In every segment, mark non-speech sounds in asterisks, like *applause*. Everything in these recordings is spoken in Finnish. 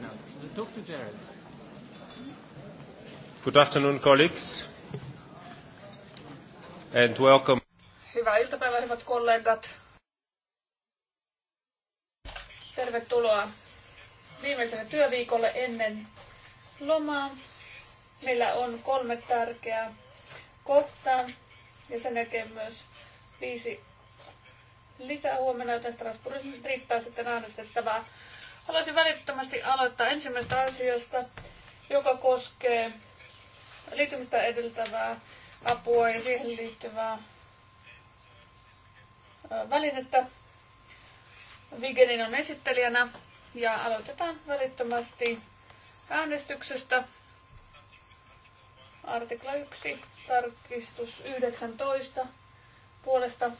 now. Talk to Jared. Good afternoon, colleagues. And welcome. Hyvää iltapäivää, hyvät kollegat. Tervetuloa viimeiselle työviikolle ennen lomaa. Meillä on kolme tärkeää kohtaa ja sen jälkeen myös viisi lisää huomenna, joten Strasbourgissa riittää sitten äänestettävää. Haluaisin välittömästi aloittaa ensimmäistä asiasta, joka koskee liittymistä edeltävää apua ja siihen liittyvää välinettä. Vigenin on esittelijänä ja aloitetaan välittömästi äänestyksestä. Artikla 1, tarkistus 19 puolesta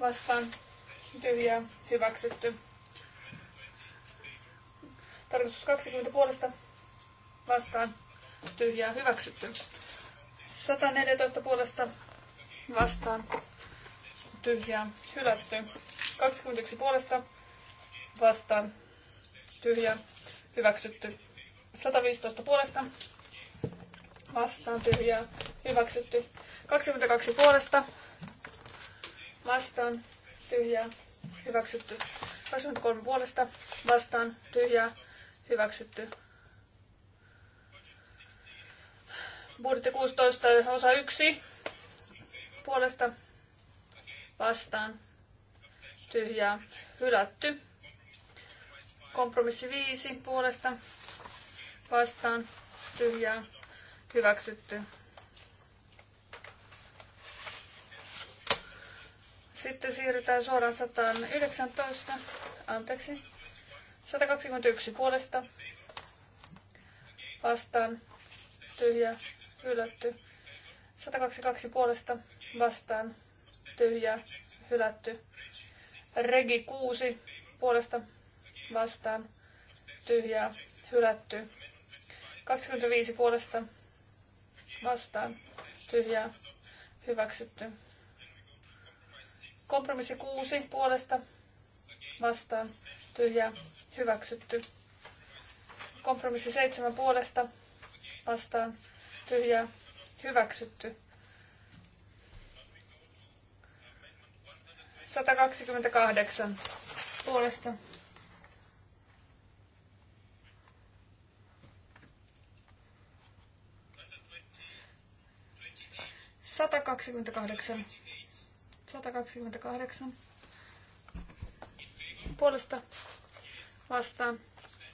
vastaan tyhjää hyväksytty. Tarkoitus 20 puolesta vastaan tyhjää hyväksytty. 114 puolesta vastaan tyhjää hylätty. 21 puolesta vastaan tyhjää hyväksytty. 115 puolesta vastaan tyhjää hyväksytty. 22 puolesta vastaan tyhjää hyväksytty. 23 puolesta vastaan tyhjää Hyväksytty. Budjetti 16, osa 1. Puolesta vastaan. Tyhjää. Hylätty. Kompromissi 5. Puolesta vastaan. Tyhjää. Hyväksytty. Sitten siirrytään suoraan 119. Anteeksi. 121 puolesta vastaan tyhjä hylätty. 122 puolesta vastaan tyhjä hylätty. Regi 6 puolesta vastaan tyhjä hylätty. 25 puolesta vastaan tyhjä hyväksytty. Kompromissi 6 puolesta vastaan tyhjä Hyväksytty. Kompromissi seitsemän puolesta vastaan tyhjää. Hyväksytty. 128 puolesta. kaksikymmentä kahdeksan. Puolesta vastaan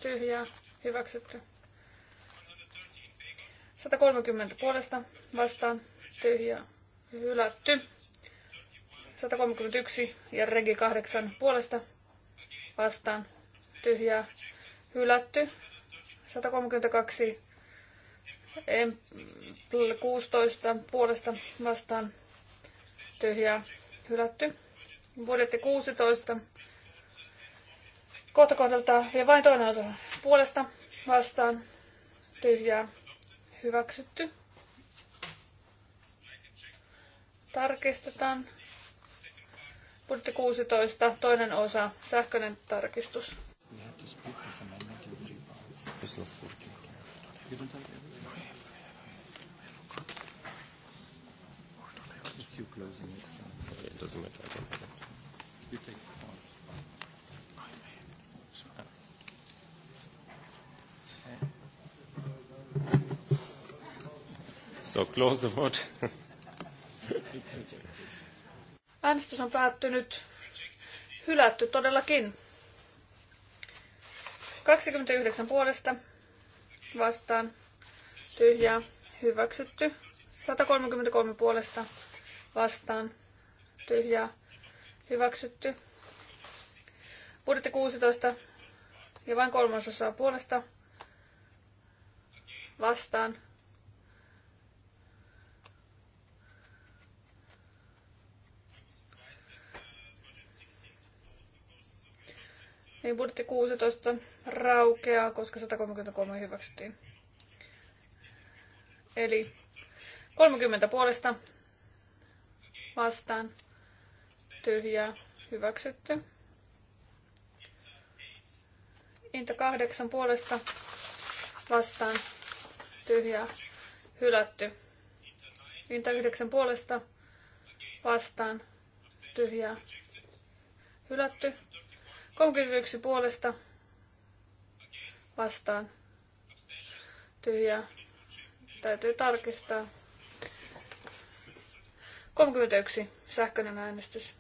tyhjää hyväksytty. 130 puolesta vastaan tyhjää hylätty. 131 ja regi 8 puolesta vastaan tyhjää hylätty. 132 16 puolesta vastaan tyhjää hylätty. Budjetti 16 kohta kohdalta ja vain toinen osa puolesta vastaan tyhjää hyväksytty. Tarkistetaan. Budjetti 16, toinen osa, sähköinen tarkistus. You You take it. So close the vote. Äänestys on päättynyt. Hylätty todellakin. 29 puolesta vastaan tyhjää hyväksytty. 133 puolesta vastaan tyhjää hyväksytty. Budjetti 16 ja vain kolmasosaa puolesta vastaan Niin budjetti 16 raukeaa, koska 133 hyväksyttiin. Eli 30 puolesta vastaan tyhjää hyväksytty. Inta 8 puolesta vastaan tyhjää hylätty. Inta 9 puolesta vastaan tyhjää hylätty. 31 puolesta vastaan. Tyhjää. Täytyy tarkistaa. 31. Sähköinen äänestys.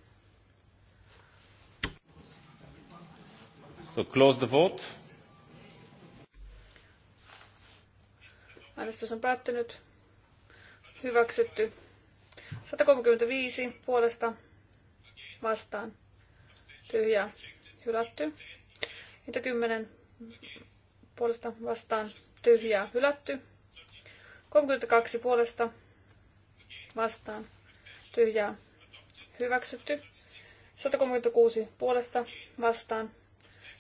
So close the vote. Äänestys on päättynyt. Hyväksytty. 135 puolesta vastaan. Tyhjää hylätty. Niitä kymmenen puolesta vastaan tyhjää hylätty. 32 puolesta vastaan tyhjää hyväksytty. 136 puolesta vastaan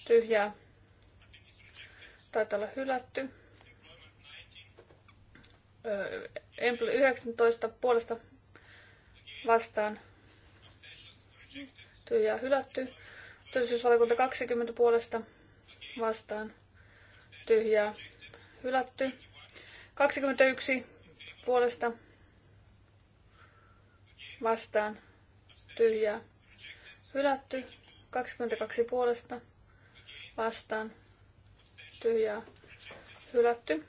tyhjää taitaa olla hylätty. 19 puolesta vastaan tyhjää hylätty. Työllisyysvaliokunta 20 puolesta vastaan. Tyhjää. Hylätty. 21 puolesta vastaan. Tyhjää. Hylätty. 22 puolesta vastaan. Tyhjää. Hylätty.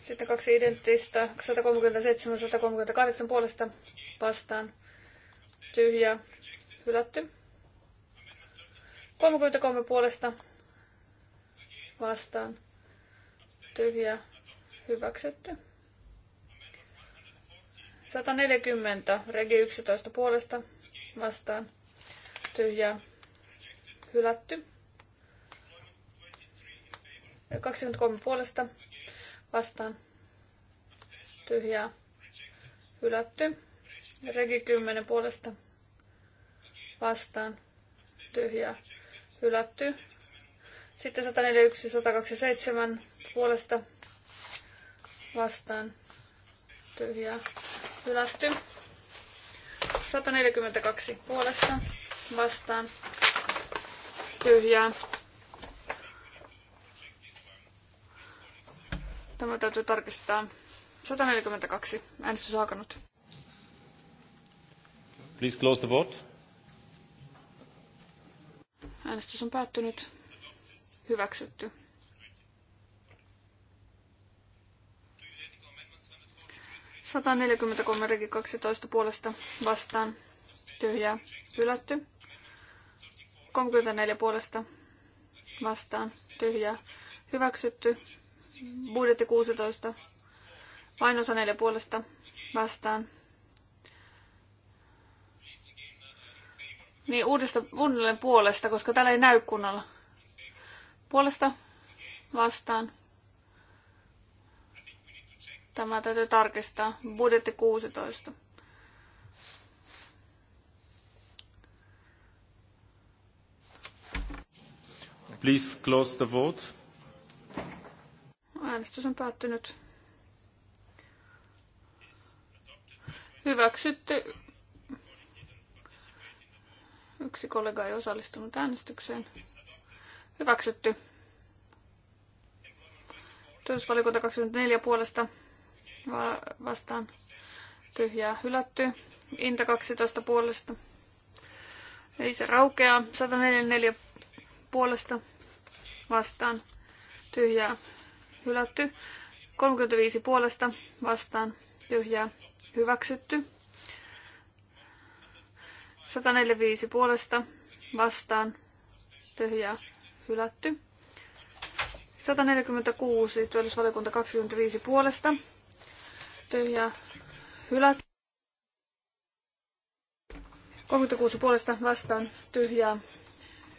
Sitten kaksi identtistä. 137 138 puolesta vastaan. Tyhjää. Hylätty. 33 puolesta vastaan. Tyhjä. Hyväksytty. 140. Regi 11 puolesta vastaan. Tyhjä. Hylätty. 23 puolesta vastaan. tyhjä Hylätty. Regi 10 puolesta vastaan. tyhjä hylätty. Sitten 141, 127 puolesta vastaan tyhjää hylätty. 142 puolesta vastaan tyhjää. Tämä täytyy tarkistaa. 142. Äänestys alkanut. Please close the vote. Äänestys on päättynyt. Hyväksytty. regi 12 puolesta vastaan. Tyhjää. Hylätty. 34 puolesta vastaan. Tyhjää. Hyväksytty. Budjetti 16. Vain osa 4 puolesta vastaan. Niin uudesta uudelleen puolesta, koska täällä ei näy kunnolla. Puolesta vastaan. Tämä täytyy tarkistaa. Budjetti 16. Please close the vote. Äänestys on päättynyt. Hyväksytty Yksi kollega ei osallistunut äänestykseen. Hyväksytty. Työllisyysvaliokunta 24 puolesta Va- vastaan tyhjää hylätty. Inta 12 puolesta. Ei se raukea. 144 puolesta vastaan tyhjää hylätty. 35 puolesta vastaan tyhjää hyväksytty. 145 puolesta vastaan tyhjää hylätty. 146 työllisvaliokunta 25 puolesta tyhjää hylätty. 36 puolesta vastaan tyhjää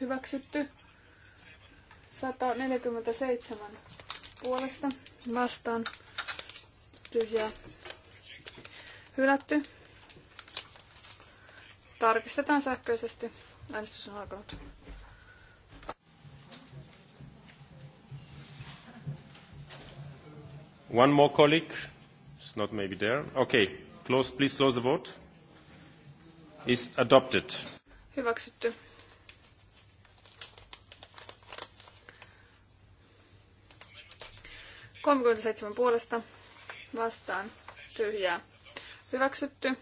hyväksytty. 147 puolesta vastaan tyhjää hylätty. Tarkistetaan sähköisesti. Äänestys on alkanut. One more colleague. It's not maybe there. Okay. Close, please close the vote. Is adopted. Hyväksytty. Kolmekymmentäseitsemän puolesta vastaan tyhjää. Hyväksytty.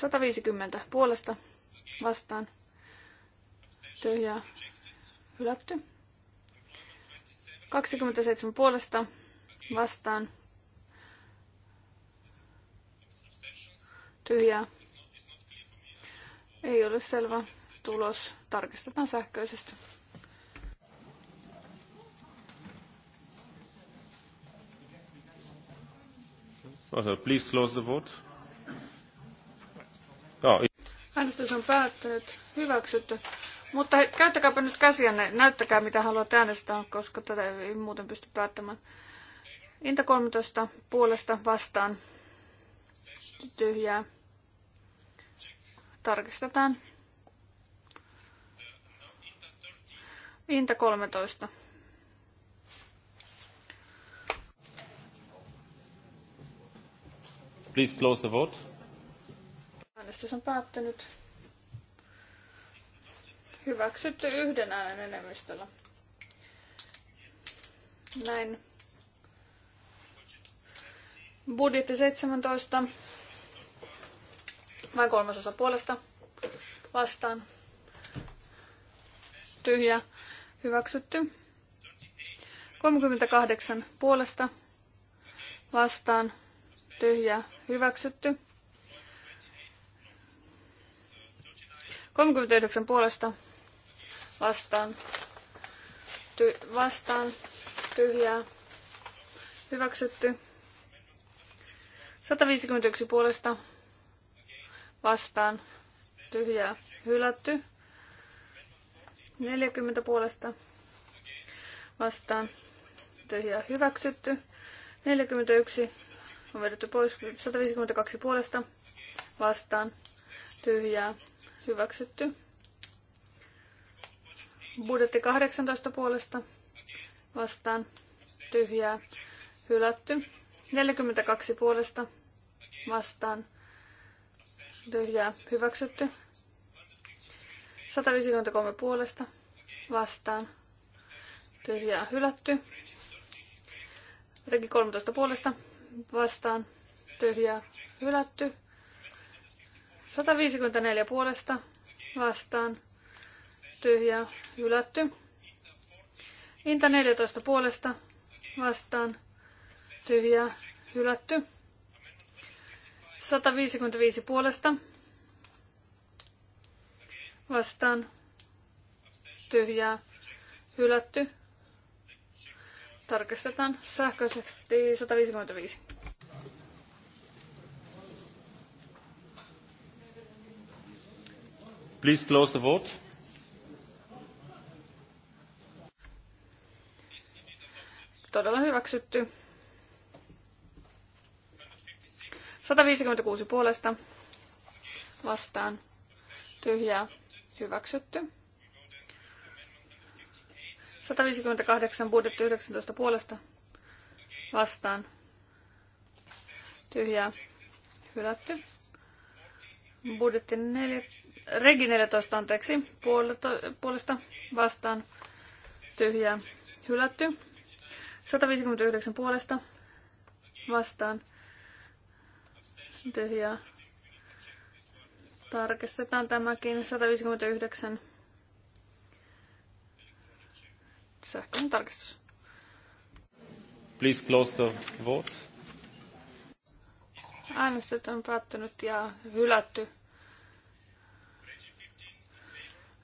150 puolesta vastaan. Tyhjää hylätty. 27 puolesta vastaan. Tyhjää. Ei ole selvä tulos. Tarkistetaan sähköisesti. Also, please close the vote. Joo. Äänestys on päättynyt. Hyväksytty. Mutta he, käyttäkääpä nyt käsiänne. Näyttäkää mitä haluat äänestää, koska tätä ei muuten pysty päättämään. Inta 13 puolesta vastaan. Tyhjää. Tarkistetaan. Inta 13. Please close the vote. Äänestys on päättynyt. Hyväksytty yhden äänen enemmistöllä. Näin. Budjetti 17. Vain kolmasosa puolesta. Vastaan. Tyhjä. Hyväksytty. 38 puolesta. Vastaan. Tyhjä. Hyväksytty. 39 puolesta vastaan, ty- vastaan tyhjää hyväksytty. 151 puolesta vastaan tyhjää hylätty. 40 puolesta vastaan tyhjää hyväksytty. 41 on vedetty pois 152 puolesta vastaan tyhjää Hyväksytty. Budjetti 18 puolesta vastaan tyhjää. Hylätty. 42 puolesta vastaan tyhjää. Hyväksytty. 153 puolesta vastaan tyhjää. Hylätty. Regi 13 puolesta vastaan tyhjää. Hylätty. 154 puolesta vastaan. tyhjä hylätty. Inta 14 puolesta vastaan. Tyhjä, hylätty. 155 puolesta vastaan. tyhjä hylätty. Tarkistetaan sähköisesti 155. Please close the vote. Todella hyväksytty. 156 puolesta vastaan tyhjää hyväksytty. 158 budjetti 19 puolesta vastaan tyhjää hylätty. Budjetti 4, Regi 14, anteeksi, puolesta vastaan tyhjää hylätty. 159 puolesta vastaan tyhjää. Tarkistetaan tämäkin. 159 sähköinen tarkistus. Please close the vote. Äänestys on päättynyt ja hylätty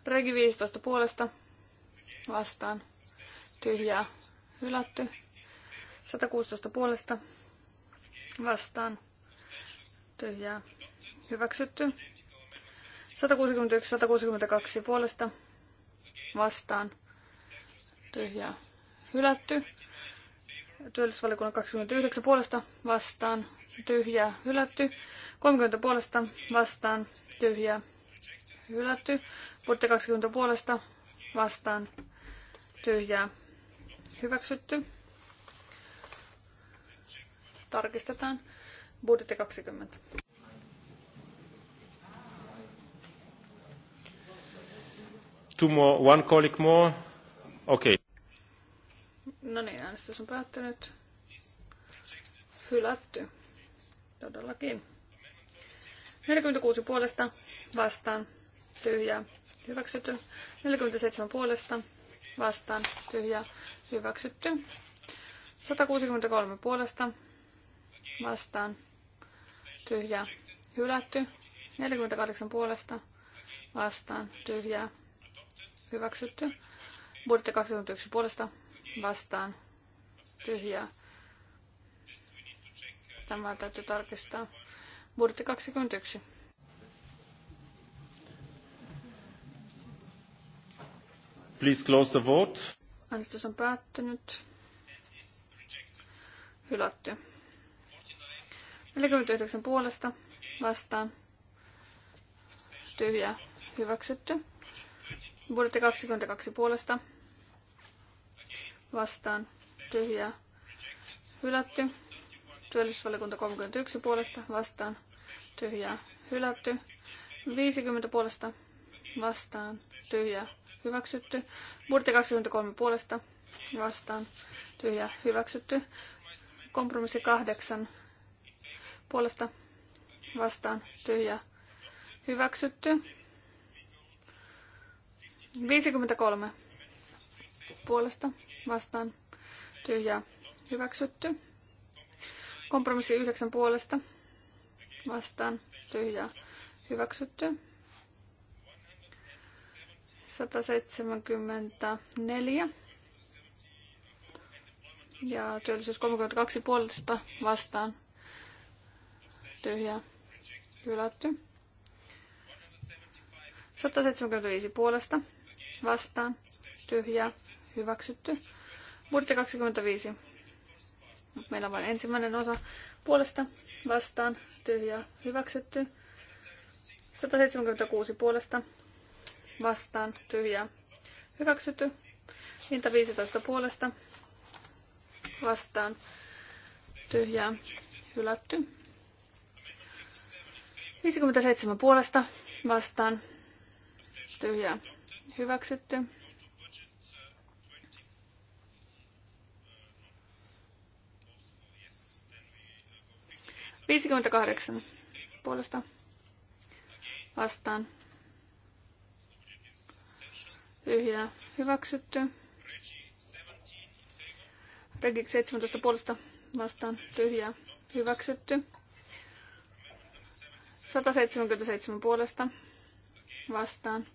Regi 15 puolesta vastaan. Tyhjää hylätty. 116 puolesta vastaan. Tyhjää hyväksytty. 161, 162 puolesta vastaan. Tyhjää hylätty. Työllisvalikunnan 29 puolesta vastaan. Tyhjää hylätty. 30 puolesta vastaan. Tyhjää hylätty. Budjetti 20 puolesta vastaan tyhjää hyväksytty. Tarkistetaan. Budjetti 20. Two more, one colleague more. Okay. No niin, äänestys on päättynyt. Hylätty. Todellakin. 46 puolesta vastaan tyhjää, hyväksytty. 47 puolesta, vastaan, tyhjää, hyväksytty. 163 puolesta, vastaan, tyhjää, hylätty. 48 puolesta, vastaan, tyhjää, hyväksytty. Budjetti 21 puolesta, vastaan, tyhjää. Tämä täytyy tarkistaa. Budjetti 21. Please close the vote. Äänestys on päättynyt. Hylätty. 49 puolesta vastaan. Tyhjä. Hyväksytty. Budjetti 22 puolesta vastaan. Tyhjä. Hylätty. Työllisyysvaliokunta 31 puolesta vastaan. Tyhjä. Hylätty. 50 puolesta vastaan. Tyhjä hyväksytty. Burti 23 puolesta vastaan tyhjä. hyväksytty. Kompromissi 8 puolesta vastaan tyhjä. hyväksytty. 53 puolesta vastaan tyhjä. hyväksytty. Kompromissi 9 puolesta vastaan tyhjä. hyväksytty. 174 ja työllisyys 32 puolesta vastaan tyhjä hylätty. 175 puolesta vastaan tyhjä hyväksytty. Budjetti 25. Meillä on vain ensimmäinen osa puolesta vastaan tyhjä hyväksytty. 176 puolesta vastaan tyhjää hyväksytty. Hinta 15 puolesta vastaan tyhjää hylätty. 57 puolesta vastaan tyhjää hyväksytty. Viisikymmentäkahdeksan puolesta vastaan tyhjää hyväksytty. Regik 17 puolesta vastaan tyhjää hyväksytty. 177 puolesta vastaan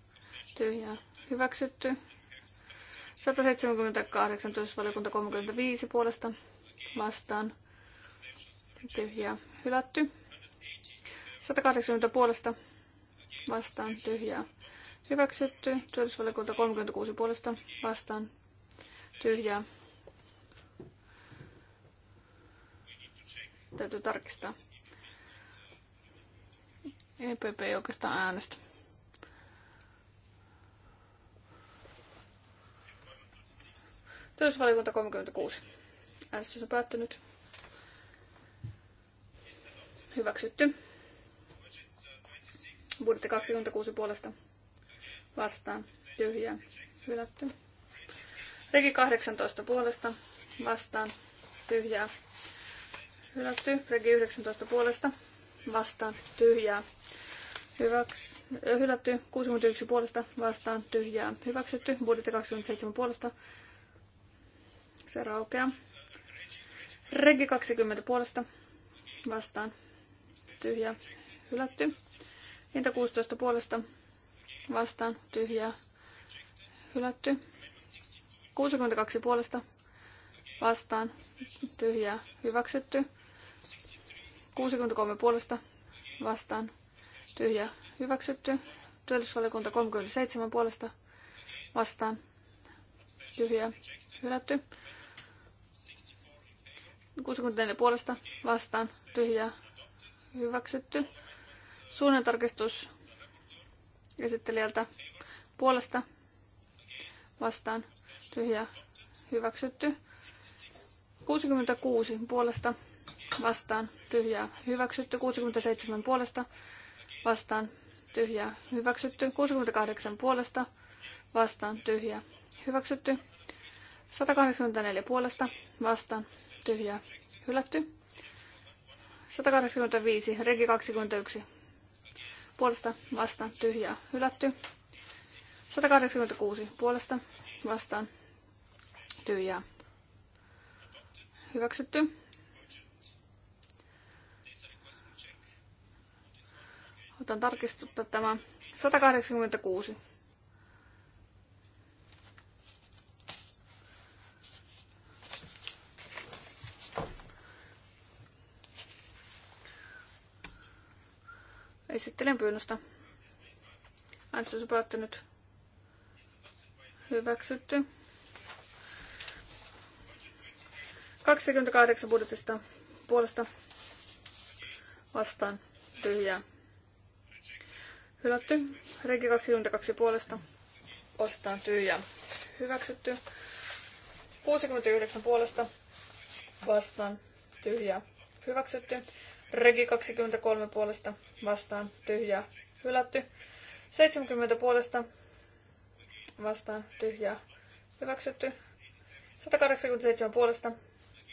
tyhjää hyväksytty. 178 valiokunta 35 puolesta vastaan tyhjää hylätty. 180 puolesta vastaan tyhjää Hyväksytty. Työllisyysvaliokunta 36 puolesta vastaan. Tyhjää. Täytyy tarkistaa. EPP ei oikeastaan äänestä. Työllisyysvaliokunta 36. Äänestys on päättynyt. Hyväksytty. Budjetti 26 puolesta vastaan tyhjä hylätty. Regi 18 puolesta vastaan tyhjää hylätty. Regi 19 puolesta vastaan tyhjää hyväks, hylätty. 61 puolesta vastaan tyhjää hyväksytty. Budjetti 27 puolesta se raukeaa. Regi 20 puolesta vastaan tyhjää hylätty. Hinta 16 puolesta vastaan tyhjää hylätty. 62 puolesta vastaan tyhjää hyväksytty. 63 puolesta vastaan tyhjää hyväksytty. Työllisyysvaliokunta 37 puolesta vastaan tyhjää hylätty. 64 puolesta vastaan tyhjää hyväksytty. Suunnan tarkistus esittelijältä puolesta vastaan tyhjä hyväksytty. 66 puolesta vastaan tyhjä hyväksytty. 67 puolesta vastaan tyhjä hyväksytty. 68 puolesta vastaan tyhjä hyväksytty. 184 puolesta vastaan tyhjä hylätty. 185 regi 21 puolesta vastaan tyhjää hylätty. 186 puolesta vastaan tyhjää hyväksytty. Otan tarkistuttaa tämä 186. Esittelen pyynnöstä. Äänestys on päättynyt. Hyväksytty. 28 budjetista puolesta vastaan tyhjää. Hylätty. Regi 22 puolesta vastaan tyhjää. Hyväksytty. 69 puolesta vastaan tyhjää. Hyväksytty. Regi 23 puolesta vastaan tyhjää hylätty. 70 puolesta vastaan tyhjää hyväksytty. 187 puolesta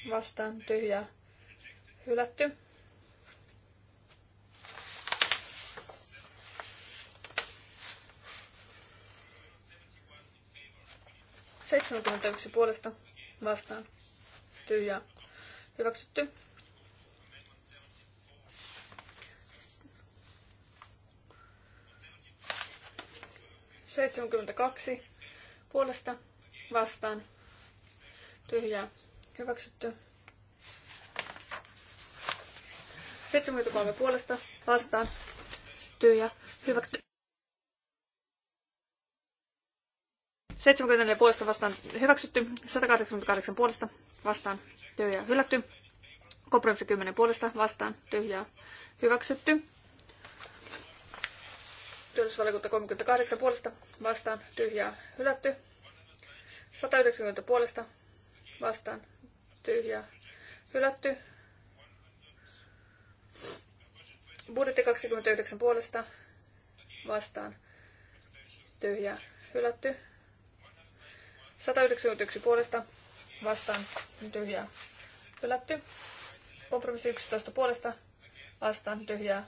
vastaan tyhjää hylätty. Seitsemänkymmentäyksi puolesta vastaan tyhjää hyväksytty. 72 puolesta vastaan. Tyhjää. Hyväksytty. 73 puolesta vastaan. Tyhjä. Hyväksytty. 74 puolesta vastaan hyväksytty, 188 puolesta vastaan tyhjää hylätty, kompromissi 10 puolesta vastaan tyhjää hyväksytty, Työllisyysvaliokunta 38 puolesta vastaan tyhjää hylätty. 190 puolesta vastaan tyhjää hylätty. Budjetti 29 puolesta vastaan tyhjää hylätty. 191 puolesta vastaan tyhjää hylätty. Kompromissi 11 puolesta vastaan tyhjää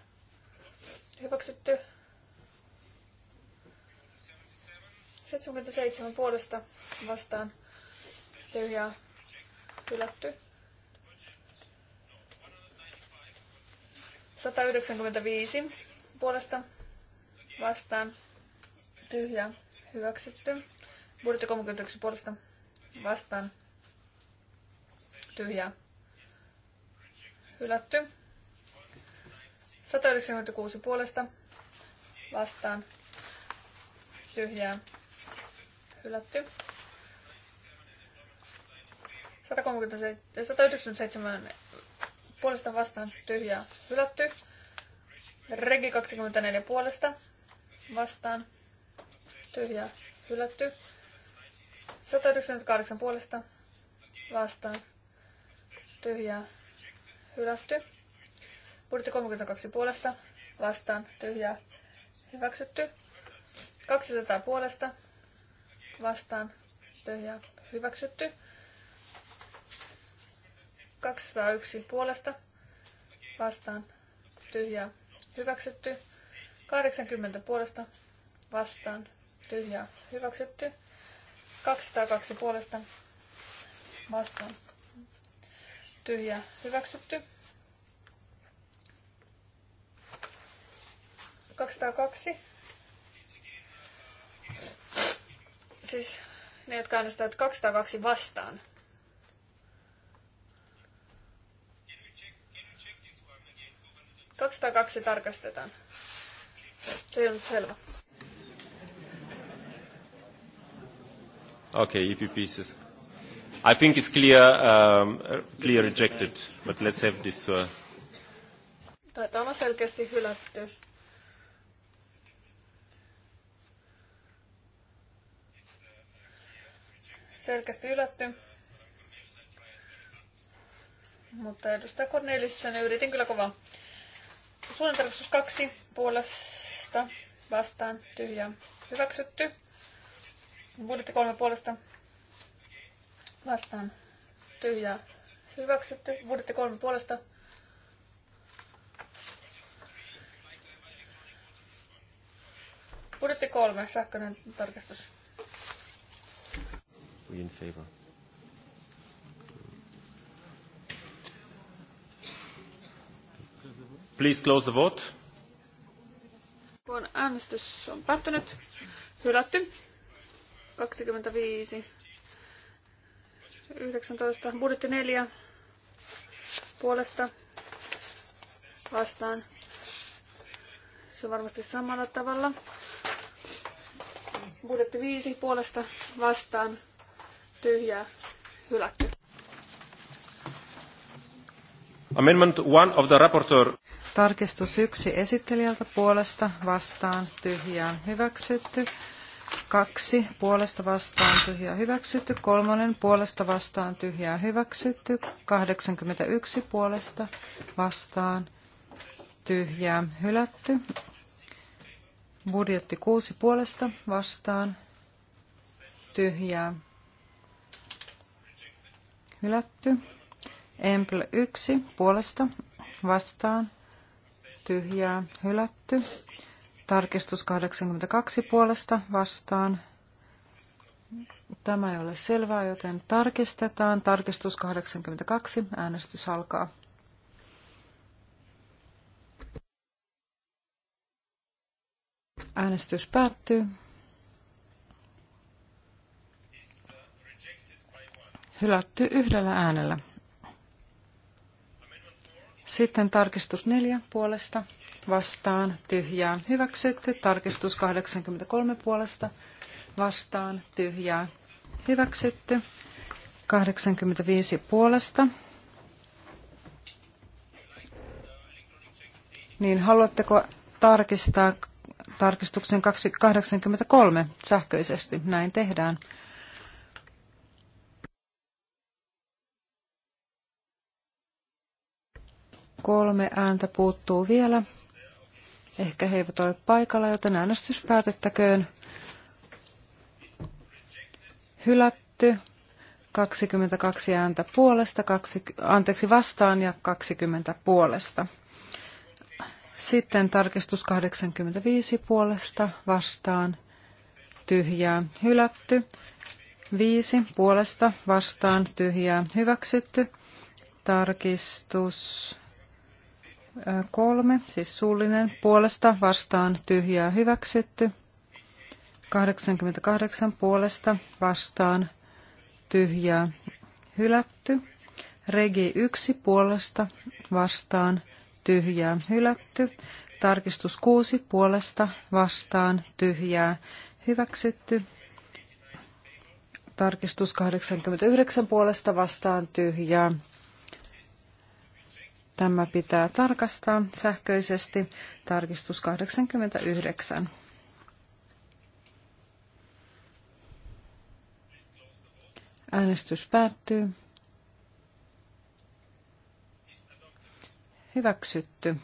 hyväksytty. 77 puolesta vastaan tyhjää hylätty. 195 puolesta vastaan tyhjää hyväksytty. Budjetti 31 puolesta vastaan tyhjää hylätty. 196 puolesta vastaan tyhjää hylätty. 197 puolesta vastaan tyhjää hylätty. Regi 24 puolesta vastaan tyhjää hylätty. 198 puolesta vastaan tyhjää hylätty. Budjetti 32 puolesta vastaan tyhjää hyväksytty. 200 puolesta vastaan ja hyväksytty. 201 puolesta vastaan tyhjää hyväksytty. 80 puolesta vastaan tyhjää hyväksytty. 202 puolesta vastaan tyhjää hyväksytty. 202 siis ne, jotka äänestävät 202 vastaan. kaksi tarkastetaan. Se on selvä. Okay, EPP pieces. I think it's clear, um, clear rejected, but let's have this. Uh... Taitaa olla selkeästi hylätty. Selkeästi ylätty. Mutta edustaja ne yritin kyllä kovaa. Suunnantarkastus kaksi puolesta vastaan tyhjää hyväksytty. Budjetti kolme puolesta vastaan tyhjää hyväksytty. Budjetti kolme puolesta Budjetti kolme, sähköinen tarkastus. We in favor? Please close the vote. Kun äänestys on päättynyt, hylätty. 25, 19, budjetti 4, puolesta vastaan. Se on varmasti samalla tavalla. Budjetti 5 puolesta vastaan tyhjää hylätty. Amendment one of the rapporteur. Tarkistus yksi esittelijältä puolesta vastaan tyhjään hyväksytty. Kaksi puolesta vastaan tyhjää hyväksytty. Kolmonen puolesta vastaan tyhjää hyväksytty. 81 puolesta vastaan tyhjää hylätty. Budjetti kuusi puolesta vastaan tyhjää hylätty. Empl 1 puolesta vastaan tyhjää hylätty. Tarkistus 82 puolesta vastaan. Tämä ei ole selvää, joten tarkistetaan. Tarkistus 82. Äänestys alkaa. Äänestys päättyy. Hylätty yhdellä äänellä. Sitten tarkistus neljä puolesta vastaan tyhjää hyväksytty. Tarkistus 83 puolesta vastaan tyhjää hyväksytty. 85 puolesta. Niin haluatteko tarkistaa tarkistuksen 83 sähköisesti? Näin tehdään. Kolme ääntä puuttuu vielä. Ehkä he eivät ole paikalla, joten äänestys päätettäköön. Hylätty. 22 ääntä puolesta, kaksi, anteeksi vastaan ja 20 puolesta. Sitten tarkistus 85 puolesta vastaan, tyhjää, hylätty. 5 puolesta vastaan, tyhjää, hyväksytty. Tarkistus kolme, siis suullinen, puolesta vastaan tyhjää hyväksytty. 88 puolesta vastaan tyhjää hylätty. Regi 1 puolesta vastaan tyhjää hylätty. Tarkistus 6 puolesta vastaan tyhjää hyväksytty. Tarkistus 89 puolesta vastaan tyhjää Tämä pitää tarkastaa sähköisesti. Tarkistus 89. Äänestys päättyy. Hyväksytty.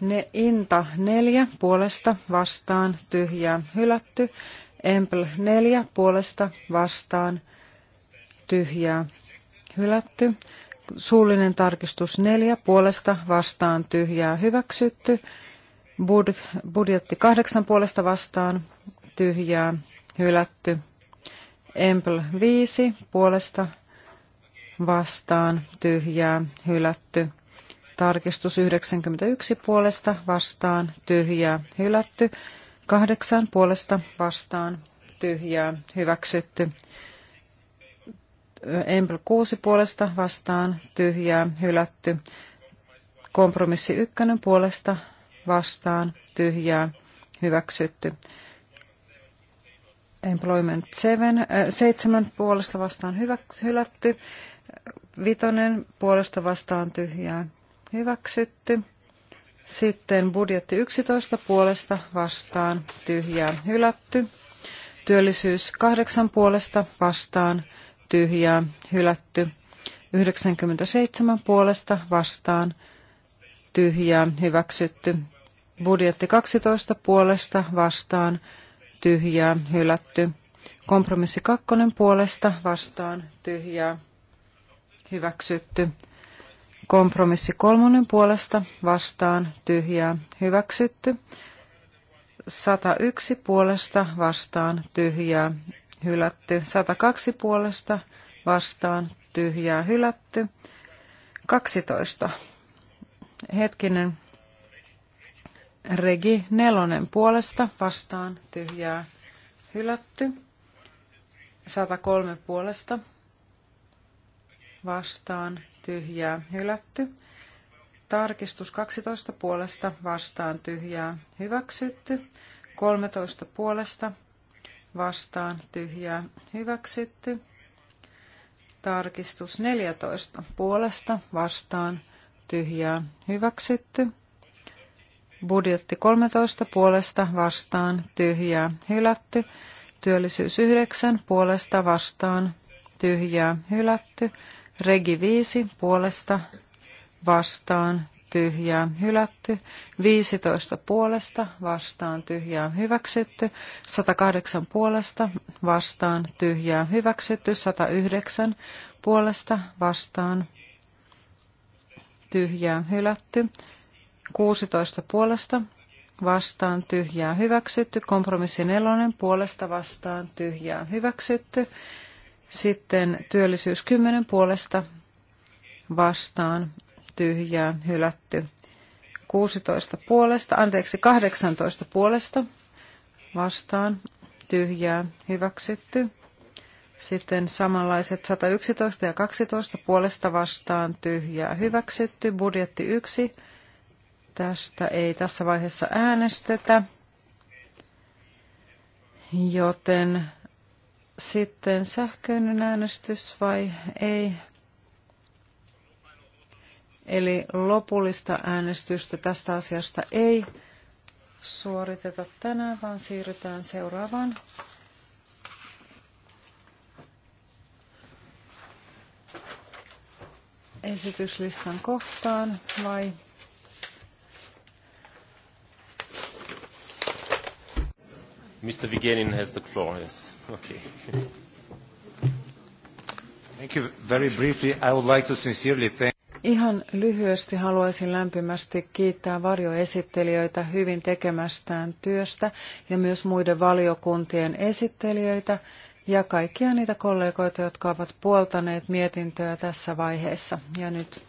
Ne inta neljä puolesta vastaan tyhjää hylätty. Empl neljä puolesta vastaan tyhjää hylätty. Suullinen tarkistus neljä puolesta vastaan tyhjää hyväksytty. Bud, budjetti kahdeksan puolesta vastaan tyhjää hylätty. Empl viisi puolesta vastaan tyhjää hylätty. Tarkistus 91 puolesta vastaan tyhjää hylätty. kahdeksan puolesta vastaan tyhjää hyväksytty. Empl 6 puolesta vastaan tyhjää hylätty. Kompromissi 1 puolesta vastaan tyhjää hyväksytty. Employment 7, 7 äh, puolesta vastaan hyväks, hylätty. Vitonen puolesta vastaan tyhjää hyväksytty. Sitten budjetti 11 puolesta vastaan tyhjää hylätty. Työllisyys 8 puolesta vastaan tyhjää hylätty. 97 puolesta vastaan tyhjää hyväksytty. Budjetti 12 puolesta vastaan tyhjää hylätty. Kompromissi 2 puolesta vastaan tyhjää hyväksytty. Kompromissi kolmonen puolesta vastaan tyhjää hyväksytty. 101 puolesta vastaan tyhjää hylätty. 102 puolesta vastaan tyhjää hylätty. 12. Hetkinen. Regi nelonen puolesta vastaan tyhjää hylätty. 103 puolesta vastaan tyhjää hylätty. Tarkistus 12 puolesta vastaan tyhjää hyväksytty. 13 puolesta vastaan tyhjää hyväksytty. Tarkistus 14 puolesta vastaan tyhjää hyväksytty. Budjetti 13 puolesta vastaan tyhjää hylätty. Työllisyys 9 puolesta vastaan tyhjää hylätty. Regi 5 puolesta vastaan tyhjää hylätty, 15 puolesta vastaan tyhjää hyväksytty, 108 puolesta vastaan tyhjää hyväksytty, 109 puolesta vastaan tyhjää hylätty, 16 puolesta vastaan tyhjää hyväksytty, kompromissi nelonen puolesta vastaan tyhjää hyväksytty, sitten työllisyys 10 puolesta vastaan tyhjää hylätty. 16 puolesta, anteeksi 18 puolesta vastaan tyhjää hyväksytty. Sitten samanlaiset 111 ja 12 puolesta vastaan tyhjää hyväksytty. Budjetti 1. Tästä ei tässä vaiheessa äänestetä. Joten sitten sähköinen äänestys vai ei? Eli lopullista äänestystä tästä asiasta ei suoriteta tänään, vaan siirrytään seuraavaan. esityslistan kohtaan vai Mr. Vigenin has the floor, yes. Okay. Thank you. Very briefly, I would like to sincerely thank Ihan lyhyesti haluaisin lämpimästi kiittää varjoesittelijöitä hyvin tekemästään työstä ja myös muiden valiokuntien esittelijöitä ja kaikkia niitä kollegoita, jotka ovat puoltaneet mietintöä tässä vaiheessa. Ja nyt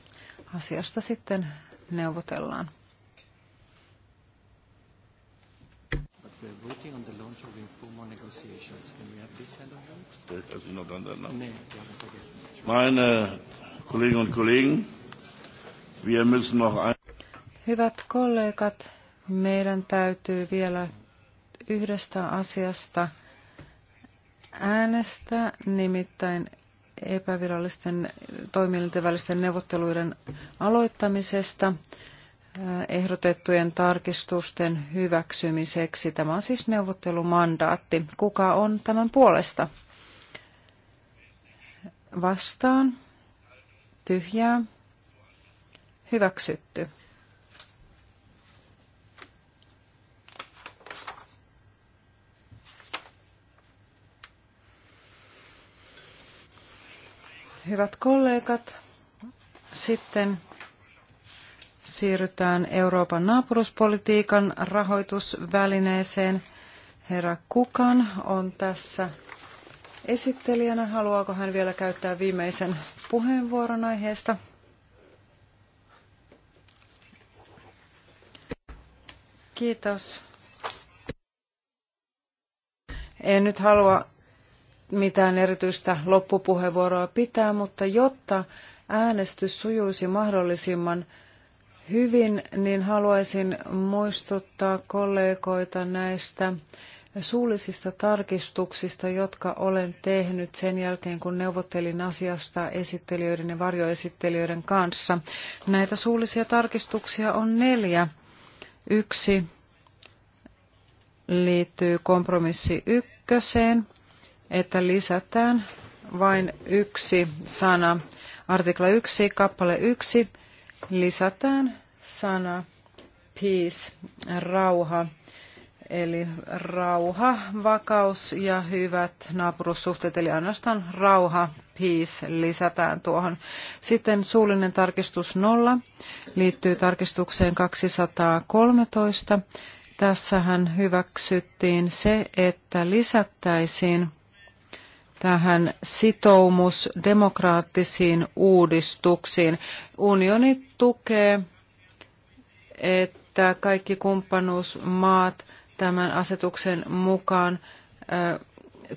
asiasta sitten neuvotellaan. Meine Kolleginnen und Kollegen, Hyvät kollegat, meidän täytyy vielä yhdestä asiasta äänestää, nimittäin epävirallisten toimielinten välisten neuvotteluiden aloittamisesta äh, ehdotettujen tarkistusten hyväksymiseksi. Tämä on siis neuvottelumandaatti. Kuka on tämän puolesta? Vastaan. Tyhjää. Hyväksytty. Hyvät kollegat, sitten siirrytään Euroopan naapuruspolitiikan rahoitusvälineeseen. Herra Kukan on tässä esittelijänä. Haluaako hän vielä käyttää viimeisen puheenvuoron aiheesta? Kiitos. En nyt halua mitään erityistä loppupuheenvuoroa pitää, mutta jotta äänestys sujuisi mahdollisimman hyvin, niin haluaisin muistuttaa kollegoita näistä suullisista tarkistuksista, jotka olen tehnyt sen jälkeen, kun neuvottelin asiasta esittelijöiden ja varjoesittelijöiden kanssa. Näitä suullisia tarkistuksia on neljä. Yksi liittyy kompromissi ykköseen, että lisätään vain yksi sana. Artikla 1, kappale 1, lisätään sana peace, rauha. Eli rauha, vakaus ja hyvät naapurussuhteet, eli ainoastaan rauha, peace, lisätään tuohon. Sitten suullinen tarkistus nolla liittyy tarkistukseen 213. Tässähän hyväksyttiin se, että lisättäisiin tähän sitoumus demokraattisiin uudistuksiin. Unioni tukee, että kaikki kumppanuusmaat – tämän asetuksen mukaan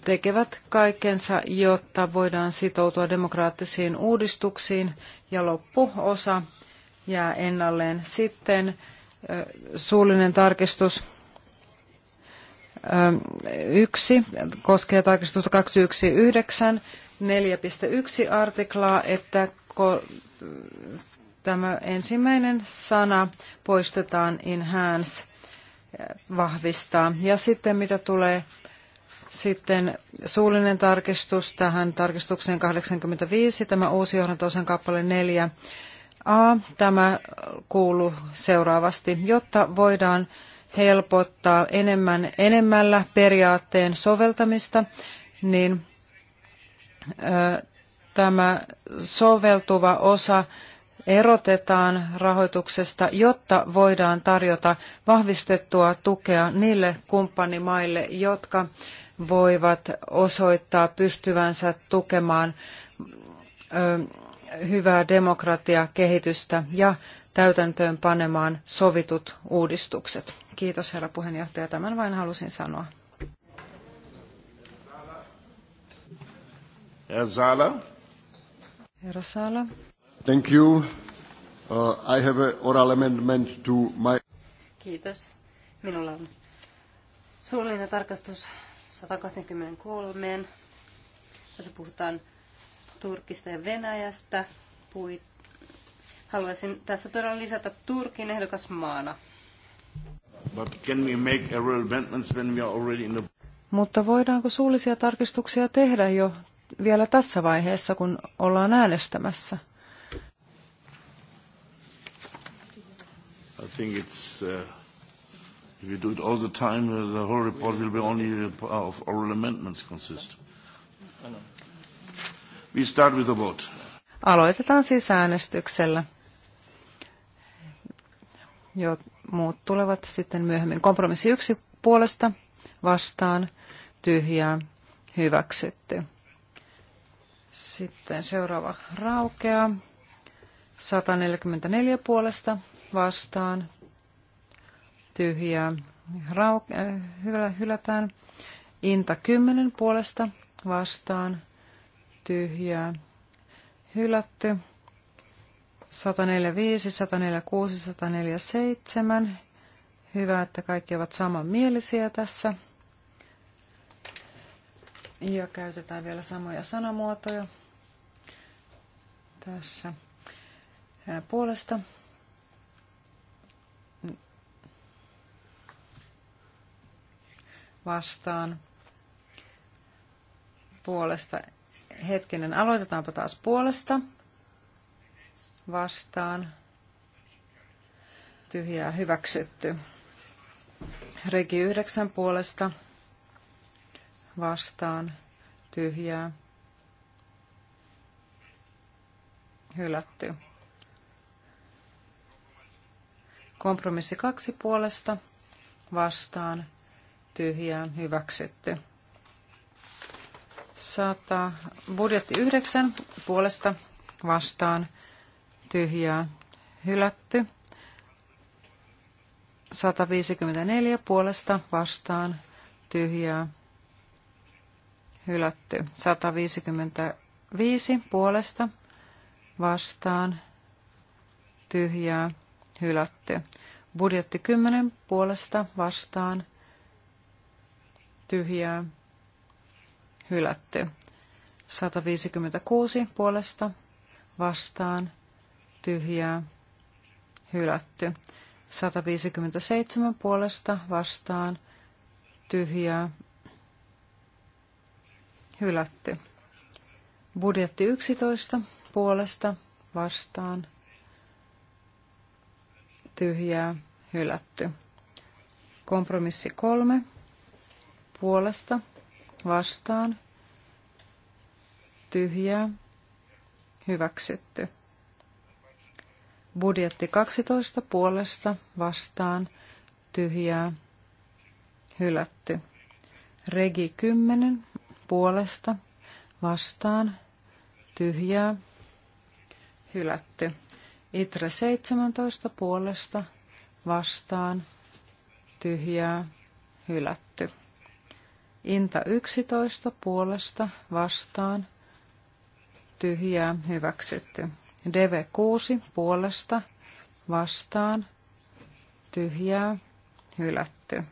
tekevät kaikkensa, jotta voidaan sitoutua demokraattisiin uudistuksiin ja loppuosa jää ennalleen. Sitten suullinen tarkistus yksi koskee tarkistusta piste 4.1 artiklaa, että tämä ensimmäinen sana poistetaan enhance vahvistaa. Ja sitten mitä tulee sitten suullinen tarkistus tähän tarkistukseen 85, tämä uusi johdantosan kappale 4. A. Tämä kuuluu seuraavasti, jotta voidaan helpottaa enemmän, enemmällä periaatteen soveltamista, niin ö, tämä soveltuva osa erotetaan rahoituksesta, jotta voidaan tarjota vahvistettua tukea niille kumppanimaille, jotka voivat osoittaa pystyvänsä tukemaan ö, hyvää demokratiakehitystä ja täytäntöön panemaan sovitut uudistukset. Kiitos herra puheenjohtaja, tämän vain halusin sanoa. Herra Sala. Herra Thank you. Uh, I have oral amendment to my... Kiitos. Minulla on suullinen tarkastus 123. Tässä puhutaan Turkista ja Venäjästä. Puit. Haluaisin tässä todella lisätä Turkin ehdokasmaana. But can we make oral amendments when we are already in the... Mutta voidaanko suullisia tarkistuksia tehdä jo vielä tässä vaiheessa, kun ollaan äänestämässä? I think it's, uh, if you do it all the time, uh, the whole report will be only uh, of oral amendments consist. We start with the vote. Aloitetaan siis äänestyksellä. Jo, muut tulevat sitten myöhemmin. Kompromissi yksi puolesta vastaan tyhjää hyväksytty. Sitten seuraava raukea. 144 puolesta vastaan tyhjää rau- äh, hylätään. Inta 10 puolesta vastaan tyhjää hylätty. 145, 146, 147. Hyvä, että kaikki ovat samanmielisiä tässä. Ja käytetään vielä samoja sanamuotoja tässä äh, puolesta vastaan puolesta. Hetkinen, aloitetaanpa taas puolesta vastaan. Tyhjää hyväksytty. Regi 9 puolesta vastaan tyhjää hylätty. Kompromissi kaksi puolesta vastaan tyhjään hyväksytty. 100, budjetti 9 puolesta vastaan tyhjää hylätty. 154 puolesta vastaan tyhjää hylätty. 155 puolesta vastaan tyhjää hylätty. Budjetti 10 puolesta vastaan tyhjää, hylätty. 156 puolesta vastaan, tyhjää, hylätty. 157 puolesta vastaan, tyhjää, hylätty. Budjetti 11 puolesta vastaan, tyhjää, hylätty. Kompromissi 3 puolesta vastaan tyhjää hyväksytty. Budjetti 12 puolesta vastaan tyhjää hylätty. Regi 10 puolesta vastaan tyhjää hylätty. Itre 17 puolesta vastaan tyhjää hylätty. Inta 11 puolesta vastaan tyhjää hyväksytty. Deve 6 puolesta vastaan tyhjää hylätty.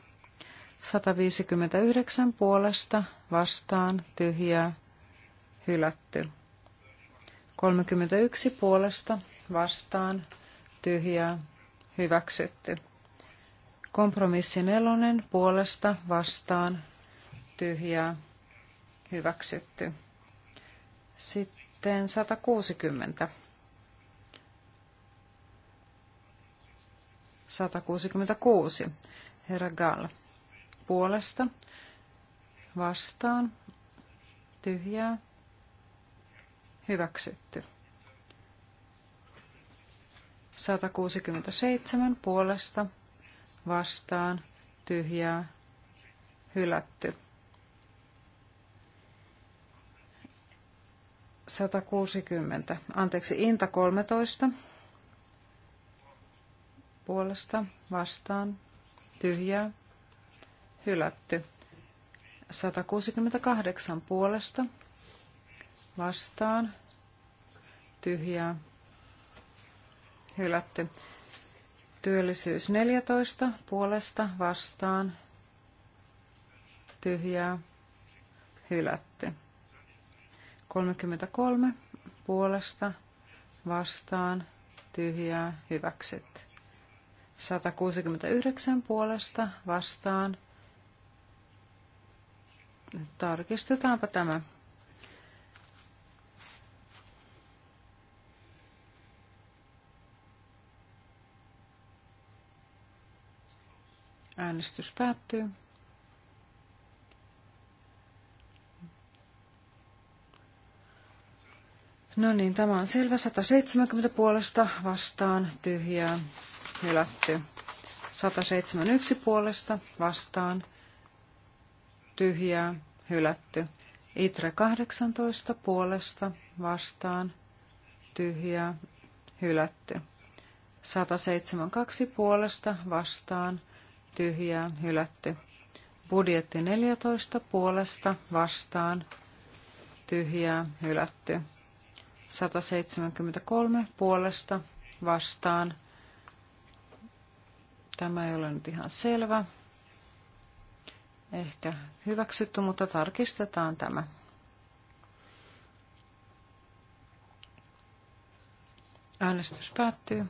159 puolesta vastaan tyhjää hylätty. 31 puolesta vastaan tyhjää hyväksytty. Kompromissi nelonen puolesta vastaan tyhjää hyväksytty. Sitten 160. 166. Herra Gall. Puolesta. Vastaan. Tyhjää. Hyväksytty. 167. Puolesta. Vastaan. Tyhjää. Hylätty. 160, anteeksi, Inta 13, puolesta, vastaan, tyhjää, hylätty. 168 puolesta, vastaan, tyhjää, hylätty. Työllisyys 14 puolesta, vastaan, tyhjää, hylätty. 33 puolesta vastaan tyhjää hyväksyt 169 puolesta vastaan. Tarkistetaanpa tämä. Äänestys päättyy. No niin, tämä on selvä. 170 puolesta vastaan tyhjää hylätty. 171 puolesta vastaan tyhjää hylätty. Itre 18 puolesta vastaan tyhjää hylätty. 172 puolesta vastaan tyhjää hylätty. Budjetti 14 puolesta vastaan tyhjää hylätty. 173 puolesta vastaan. Tämä ei ole nyt ihan selvä. Ehkä hyväksytty, mutta tarkistetaan tämä. Äänestys päättyy.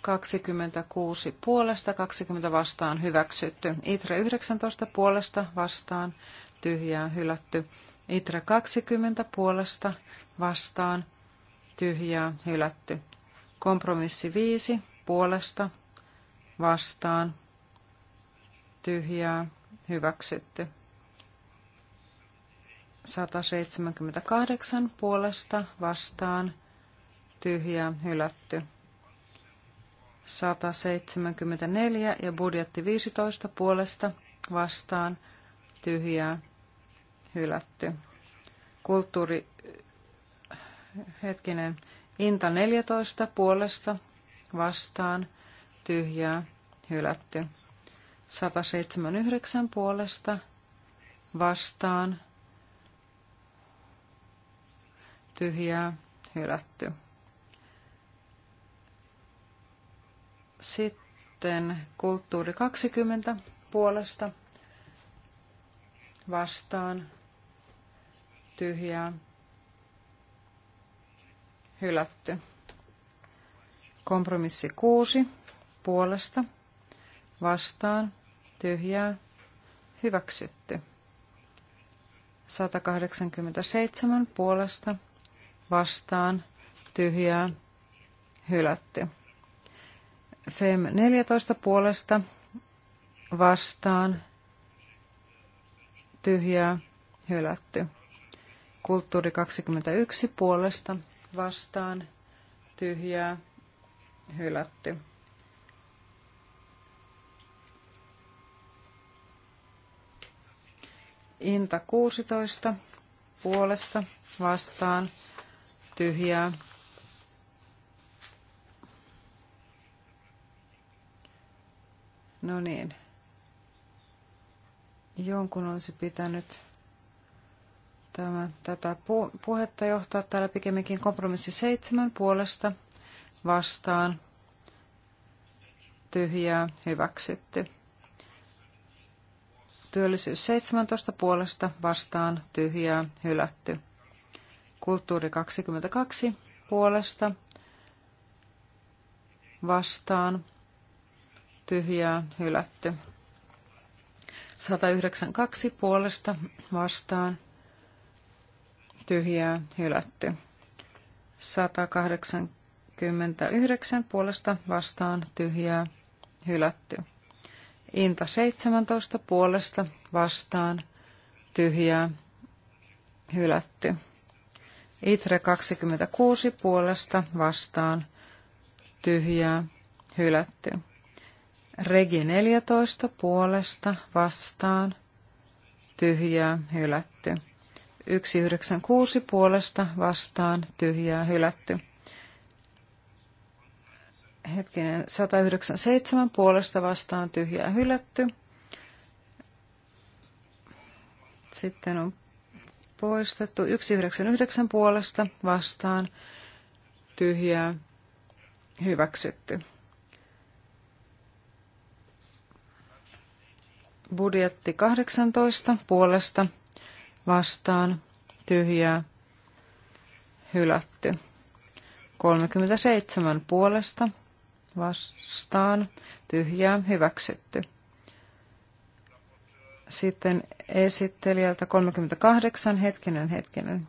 26 puolesta, 20 vastaan hyväksytty. Itre 19 puolesta vastaan, tyhjää hylätty. Itra 20 puolesta vastaan tyhjää hylätty. Kompromissi 5 puolesta vastaan tyhjää hyväksytty. 178 puolesta vastaan tyhjää hylätty. 174 ja budjetti 15 puolesta vastaan tyhjää hylätty. Kulttuuri, hetkinen, Inta 14 puolesta vastaan tyhjää hylätty. 179 puolesta vastaan tyhjää hylätty. Sitten kulttuuri 20 puolesta vastaan tyhjää hylätty. Kompromissi 6 puolesta vastaan tyhjää hyväksytty. 187 puolesta vastaan tyhjää hylätty. FEM 14 puolesta vastaan tyhjää hylätty. Kulttuuri 21 puolesta vastaan tyhjää hylätty. Inta 16 puolesta vastaan tyhjää No niin. Jonkun olisi pitänyt tämä, tätä puhetta johtaa täällä pikemminkin kompromissi seitsemän puolesta vastaan tyhjää hyväksytty. Työllisyys 17 puolesta vastaan tyhjää hylätty. Kulttuuri 22 puolesta vastaan tyhjää hylätty. 192 puolesta vastaan tyhjää hylätty. 189 puolesta vastaan tyhjää hylätty. Inta 17 puolesta vastaan tyhjää hylätty. Itre 26 puolesta vastaan tyhjää hylätty. Regi 14 puolesta vastaan tyhjää hylätty. 196 puolesta vastaan tyhjää hylätty. Hetkinen, 197 puolesta vastaan tyhjää hylätty. Sitten on poistettu 199 puolesta vastaan tyhjää hyväksytty. Budjetti 18 puolesta vastaan tyhjää hylätty. 37 puolesta vastaan tyhjää hyväksytty. Sitten esittelijältä 38 hetkinen hetkinen.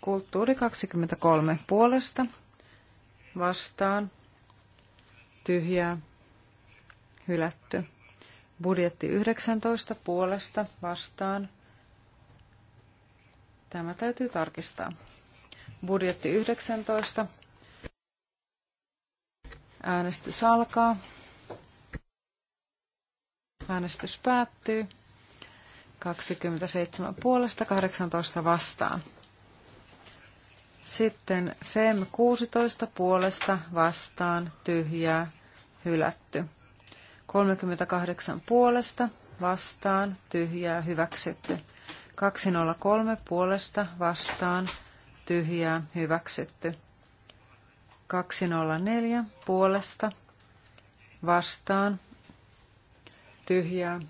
Kulttuuri 23 puolesta vastaan tyhjää, hylätty. Budjetti 19 puolesta vastaan. Tämä täytyy tarkistaa. Budjetti 19. Äänestys alkaa. Äänestys päättyy. 27 puolesta 18 vastaan. Sitten FEM 16 puolesta vastaan tyhjää hylätty. 38 puolesta vastaan tyhjää hyväksytty. 203 puolesta vastaan tyhjää hyväksytty. 204 puolesta vastaan tyhjää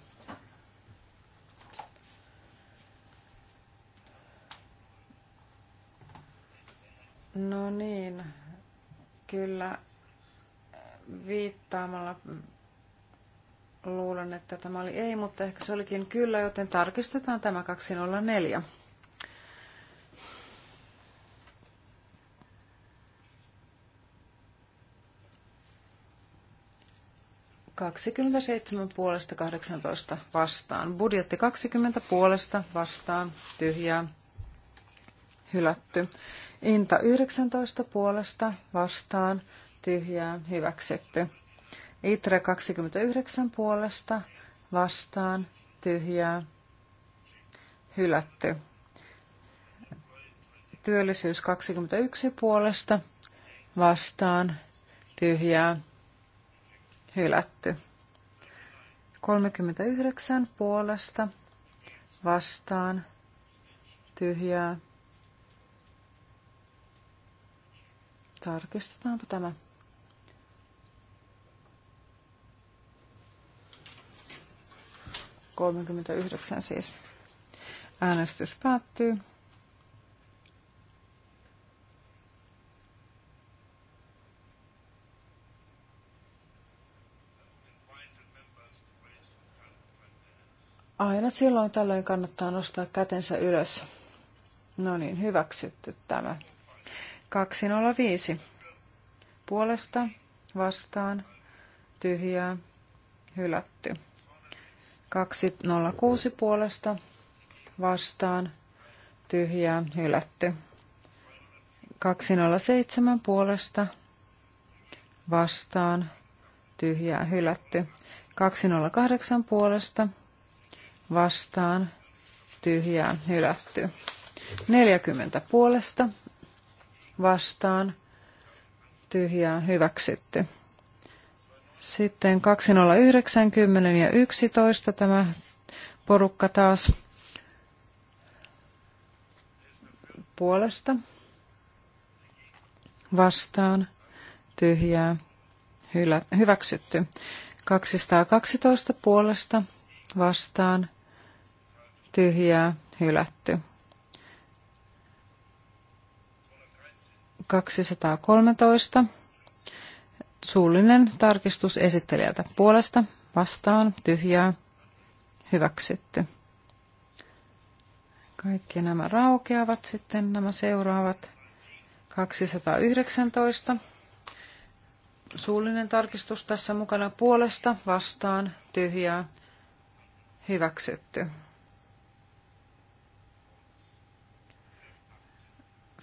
No niin, kyllä viittaamalla luulen, että tämä oli ei, mutta ehkä se olikin kyllä, joten tarkistetaan tämä 204. Kaksikymmentäseitsemän puolesta kahdeksantoista vastaan. Budjetti kaksikymmentä puolesta vastaan. Tyhjää hylätty. Inta 19 puolesta vastaan tyhjää hyväksytty. Itre 29 puolesta vastaan tyhjää hylätty. Työllisyys 21 puolesta vastaan tyhjää hylätty. 39 puolesta vastaan tyhjää hylätty Tarkistetaanpa tämä. Kolmekymmentäyhdeksän siis. Äänestys päättyy. Aina silloin tällöin kannattaa nostaa kätensä ylös. No niin, hyväksytty tämä. 205. Puolesta, vastaan, tyhjää, hylätty. 206 puolesta, vastaan, tyhjää, hylätty. 207 puolesta, vastaan, tyhjää, hylätty. 208 puolesta, vastaan, tyhjää, hylätty. 40 puolesta, vastaan tyhjää hyväksytty. Sitten 209, ja 11 tämä porukka taas puolesta vastaan tyhjää hylä, hyväksytty. 212 puolesta vastaan tyhjää hylätty. 213. Suullinen tarkistus esittelijältä puolesta vastaan tyhjää hyväksytty. Kaikki nämä raukeavat sitten nämä seuraavat. 219. Suullinen tarkistus tässä mukana puolesta vastaan tyhjää hyväksytty.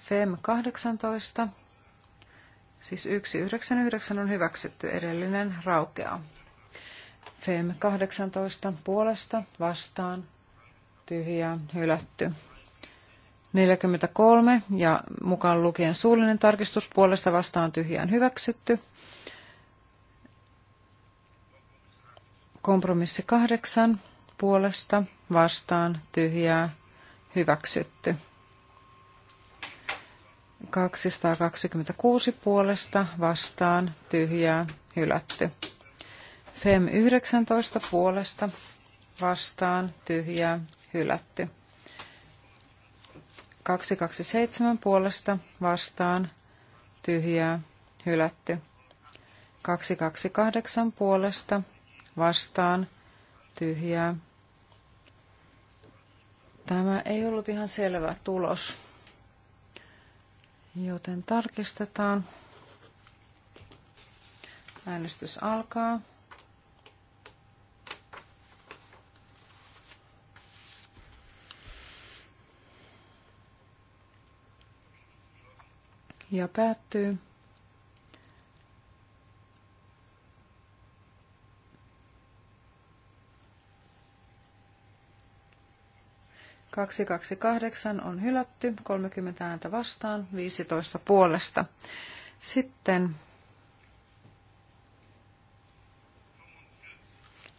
FEM 18, siis 199 on hyväksytty, edellinen raukea. FEM 18 puolesta vastaan tyhjää hylätty. 43 ja mukaan lukien suullinen tarkistus puolesta vastaan tyhjään hyväksytty. Kompromissi 8 puolesta vastaan tyhjää hyväksytty. 226 puolesta vastaan tyhjää hylätty. FEM 19 puolesta vastaan tyhjää hylätty. 227 puolesta vastaan tyhjää hylätty. 228 puolesta vastaan tyhjää. Tämä ei ollut ihan selvä tulos. Joten tarkistetaan. Äänestys alkaa. Ja päättyy. 228 on hylätty, 30 ääntä vastaan, 15 puolesta. Sitten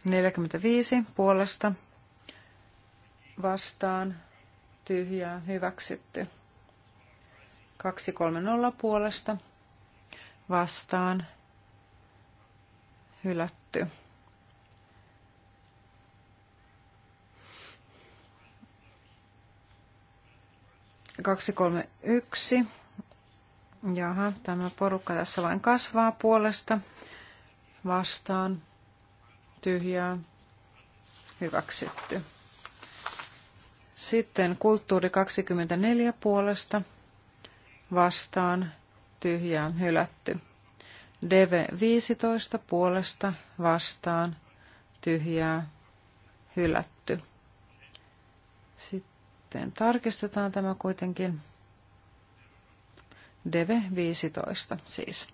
45 puolesta vastaan, tyhjää, hyväksytty. 230 puolesta vastaan, hylätty. 231. Jaha, tämä porukka tässä vain kasvaa puolesta. Vastaan. Tyhjää. Hyväksytty. Sitten kulttuuri 24 puolesta. Vastaan. Tyhjää. Hylätty. DV 15 puolesta. Vastaan. Tyhjää. Hylätty. Sitten sitten tarkistetaan tämä kuitenkin. Deve 15 siis.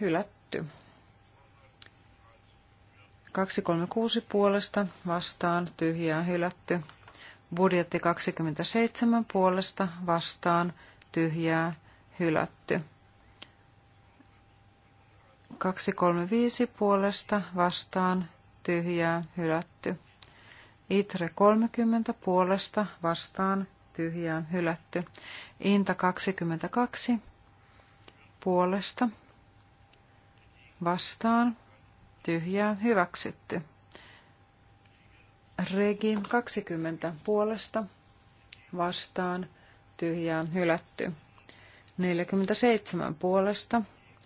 Hylätty. 236 puolesta vastaan tyhjää hylätty. Budjetti 27 puolesta vastaan tyhjää hylätty. 235 puolesta vastaan tyhjää hylätty. Itre 30 puolesta vastaan tyhjään hylätty. Inta 22 puolesta vastaan tyhjää hyväksytty. Regi 20 puolesta vastaan tyhjää hylätty. 47 puolesta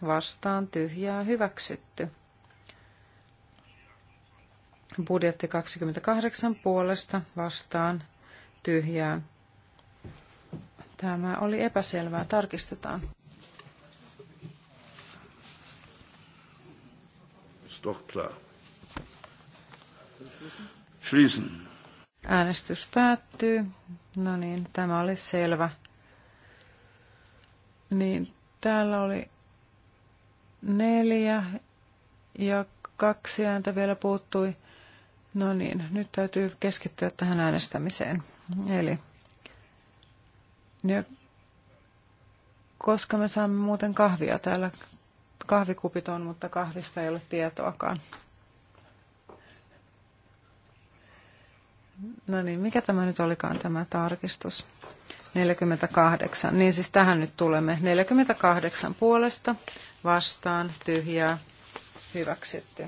vastaan tyhjää hyväksytty. Budjetti 28 puolesta vastaan tyhjää. Tämä oli epäselvää. Tarkistetaan. Schließen. Äänestys päättyy. No niin, tämä oli selvä. Niin, täällä oli neljä ja kaksi ääntä vielä puuttui. No niin, nyt täytyy keskittyä tähän äänestämiseen. Eli ja koska me saamme muuten kahvia täällä, kahvikupit on, mutta kahvista ei ole tietoakaan. No niin, mikä tämä nyt olikaan tämä tarkistus? 48. Niin siis tähän nyt tulemme. 48 puolesta vastaan tyhjää hyväksytty.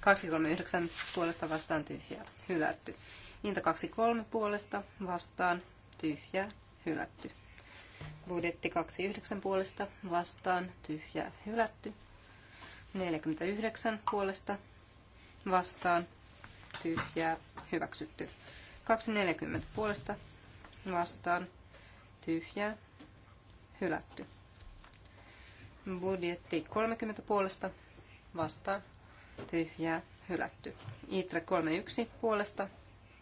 239 puolesta vastaan tyhjää hylätty. Inta 23 puolesta vastaan tyhjää hylätty. Budjetti 29 puolesta vastaan tyhjää hylätty. 49 puolesta vastaan tyhjää hyväksytty. 240 puolesta vastaan tyhjää hylätty. Budjetti 30 puolesta vastaan. Tyhjää. Hylätty. Itre 31 puolesta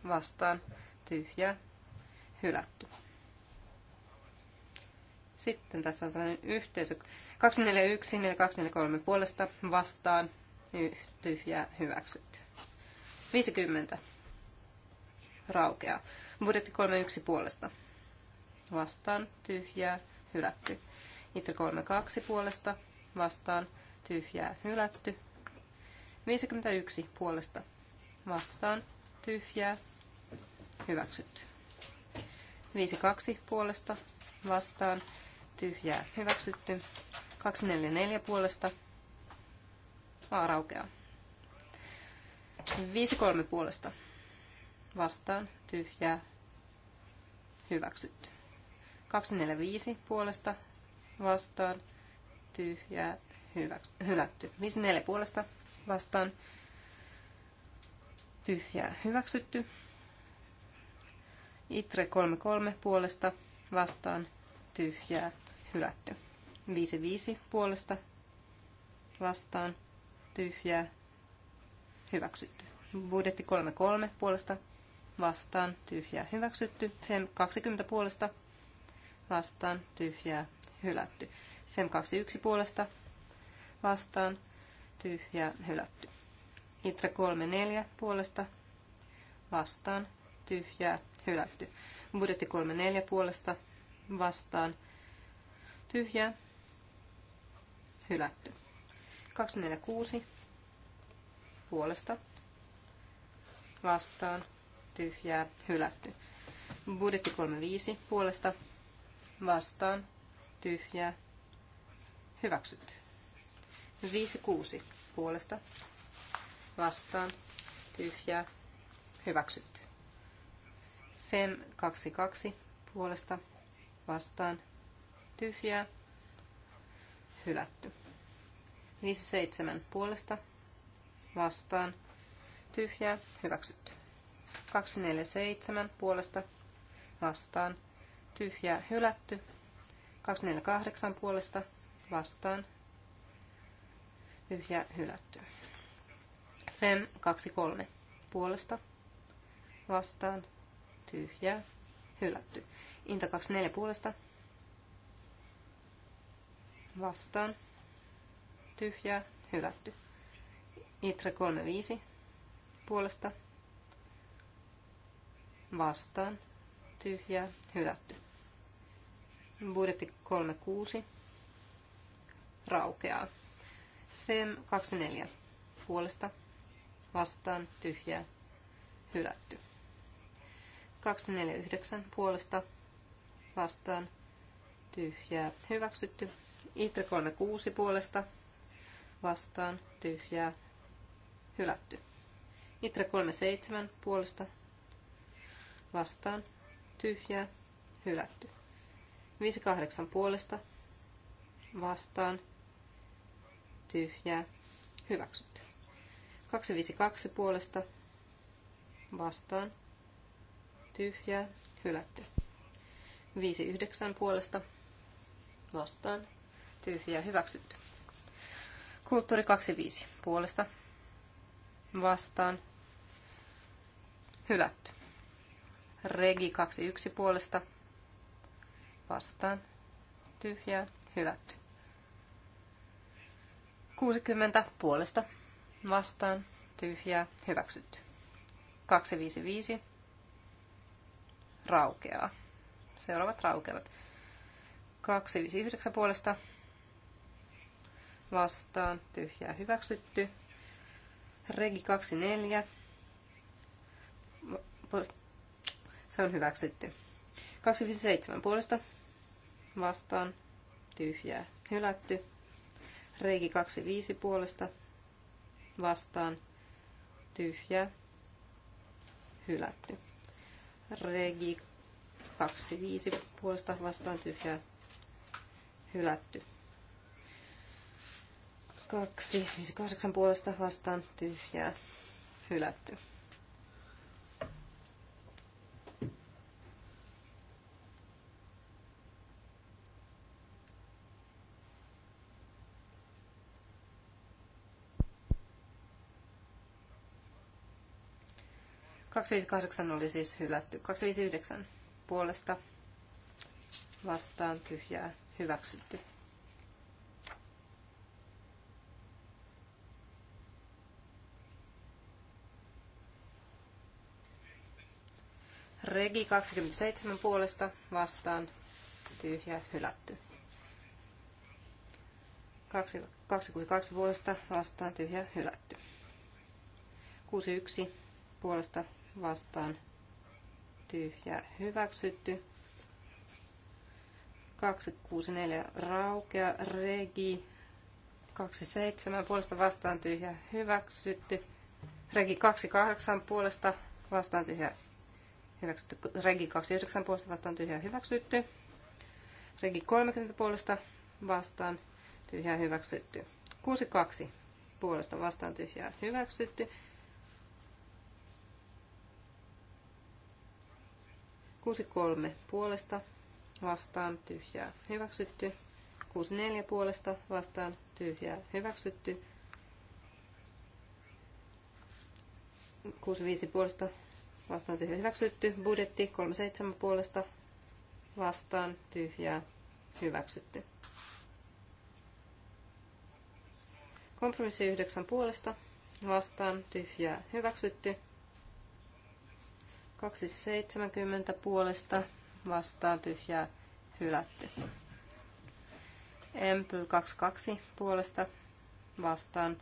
vastaan. Tyhjää. Hylätty. Sitten tässä on tällainen yhteisö. 241, ja 243 puolesta vastaan. Tyhjää. Hyväksytty. 50 raukeaa. Budjetti 31 puolesta. Vastaan tyhjää, hylätty. Itse 32 puolesta vastaan tyhjää hylätty. 51 puolesta vastaan tyhjää hyväksytty. 52 puolesta vastaan tyhjää hyväksytty. 244 puolesta A raukeaa. 53 puolesta vastaan tyhjää hyväksytty. 245 puolesta vastaan, tyhjää, hyväks, hylätty. 54 puolesta vastaan, tyhjää, hyväksytty. Itre 33 puolesta vastaan, tyhjää, hylätty. 55 puolesta vastaan, tyhjää, hyväksytty. Budjetti 33 puolesta vastaan, tyhjää, hyväksytty. Sen 20 puolesta vastaan, tyhjää, hylätty. FEM 21 puolesta vastaan, tyhjää, hylätty. ITRE 34 puolesta vastaan, tyhjää, hylätty. Budjetti 34 puolesta vastaan, tyhjää, hylätty. 246 puolesta vastaan, tyhjää, hylätty. Budjetti 35 puolesta vastaan, tyhjää, hyväksytty. 5-6 puolesta, vastaan, tyhjää, hyväksytty. Fem 22 puolesta, vastaan, tyhjää, hylätty. 57 puolesta, vastaan, tyhjää, hyväksytty. 247 puolesta vastaan, tyhjää hylätty. 248 puolesta vastaan tyhjä, hylätty. FEM 23 puolesta vastaan tyhjää hylätty. Inta 24 puolesta vastaan tyhjää hylätty. Itre 35 puolesta vastaan tyhjää, hylätty. Budjetti 36 raukeaa. FEM 24 puolesta vastaan tyhjää, hylätty. 249 puolesta vastaan tyhjää, hyväksytty. ITRE 36 puolesta vastaan tyhjää, hylätty. ITRE 37 puolesta vastaan tyhjää, hylätty. 58 puolesta, vastaan, tyhjää, hyväksytty. 252 puolesta, vastaan, tyhjää, hylätty. 59 puolesta, vastaan, tyhjää, hyväksytty. Kulttuuri 25 puolesta, vastaan, hylätty. Regi 21 puolesta vastaan. Tyhjää. Hylätty. 60 puolesta vastaan. Tyhjää. Hyväksytty. 255 raukeaa. Seuraavat raukeavat. 259 puolesta vastaan. Tyhjää. Hyväksytty. Regi 24 se on hyväksytty. 257 puolesta vastaan tyhjää hylätty. Reiki 25 puolesta vastaan tyhjää hylätty. Regi 25 puolesta vastaan tyhjää hylätty. 258 puolesta vastaan tyhjää hylätty. 258 oli siis hylätty. 259 puolesta vastaan tyhjää hyväksytty. Regi 27 puolesta vastaan tyhjä hylätty. 22 puolesta vastaan tyhjä hylätty. 61 puolesta vastaan tyhjä hyväksytty. 264 raukea regi 27 puolesta vastaan tyhjä hyväksytty. Regi 28 puolesta vastaan tyhjä hyväksytty. Regi 29 puolesta vastaan tyhjä hyväksytty. Regi 30 puolesta vastaan tyhjä hyväksytty. 62 puolesta vastaan tyhjää hyväksytty. 63 puolesta vastaan tyhjää hyväksytty. 64 puolesta vastaan tyhjää hyväksytty. 65 puolesta vastaan tyhjää hyväksytty. Budjetti 37 puolesta vastaan tyhjää hyväksytty. Kompromissi 9 puolesta vastaan tyhjää hyväksytty. 270 puolesta vastaan tyhjää hylätty. Empl 22 puolesta vastaan.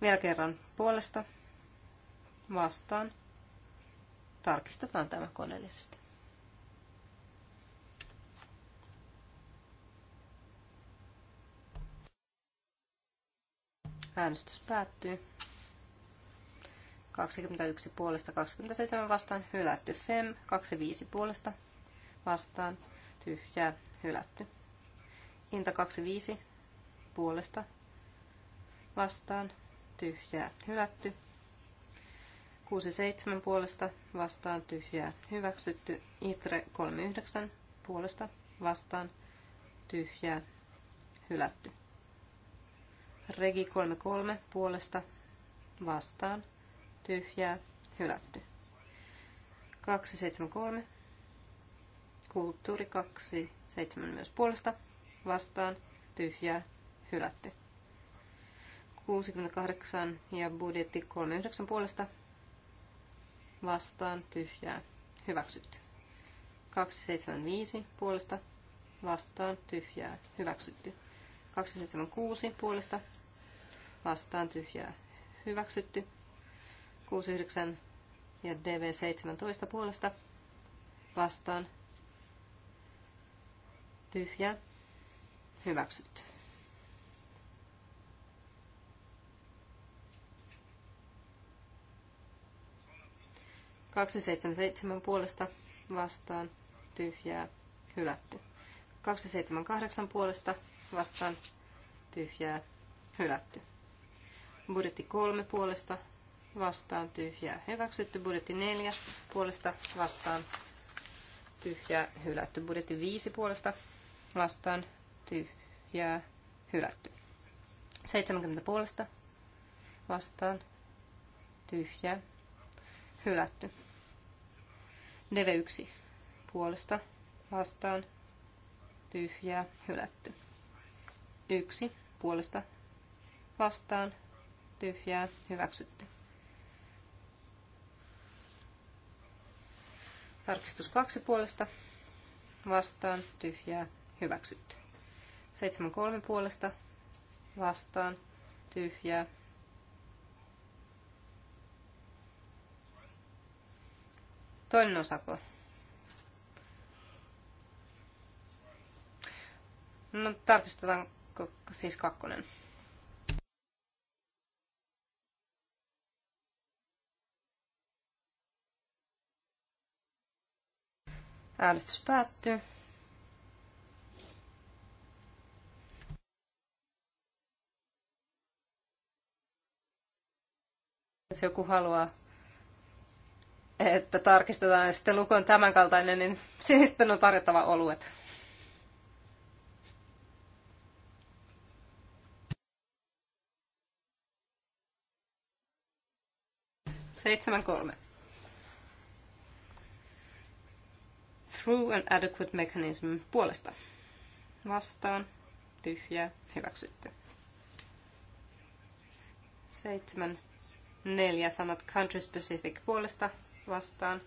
Vielä kerran puolesta vastaan. Tarkistetaan tämä koneellisesti. Äänestys päättyy. 21 puolesta 27 vastaan hylätty. Fem 25 puolesta vastaan tyhjää hylätty. Inta 25 puolesta vastaan tyhjää hylätty. 67 puolesta vastaan tyhjää hyväksytty. Itre 39 puolesta vastaan tyhjää hylätty. Regi 33 puolesta vastaan tyhjää, hylätty. 273. Kulttuuri 2, 7 myös puolesta vastaan tyhjää, hylätty. 68 ja budjetti 39 puolesta vastaan tyhjää, hyväksytty. 275 puolesta vastaan tyhjää, hyväksytty. 276 puolesta vastaan tyhjää, hyväksytty. 69 ja DV17 puolesta vastaan. Tyhjä. Hyväksytty. Kaksi seitsemän seitsemän puolesta vastaan tyhjää hylätty. kaksi seitsemän kahdeksan puolesta vastaan tyhjää hylätty. Budjetti kolme puolesta vastaan tyhjää hyväksytty. Budjetti 4 puolesta vastaan tyhjää hylätty. Budjetti 5 puolesta vastaan tyhjää hylätty. 70 puolesta vastaan tyhjää hylätty. DV1 puolesta vastaan tyhjää hylätty. 1 puolesta vastaan tyhjää hyväksytty. Tarkistus kaksi puolesta vastaan tyhjää hyväksytty. 7.3 puolesta vastaan tyhjää. Toinen osako. No tarkistetaanko siis kakkonen. Äänestys päättyy. Jos joku haluaa, että tarkistetaan ja sitten luku on tämänkaltainen, niin sitten on tarjottava oluet. Seitsemän kolme. True and Adequate Mechanism puolesta. Vastaan. Tyhjää. Hyväksytty. Seitsemän. Neljä sanat country specific puolesta vastaan.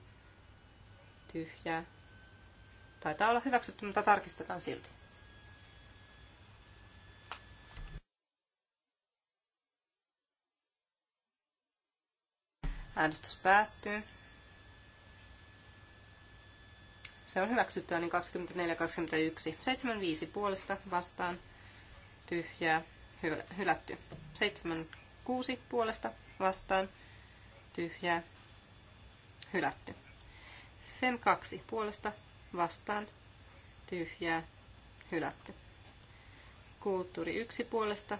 Tyhjää. Taitaa olla hyväksytty, mutta tarkistetaan silti. Äänestys päättyy. se on hyväksyttyä, niin 24-21. 75 puolesta vastaan tyhjää hylätty. 76 puolesta vastaan tyhjää hylätty. Fem 2 puolesta vastaan tyhjää hylätty. Kulttuuri 1 puolesta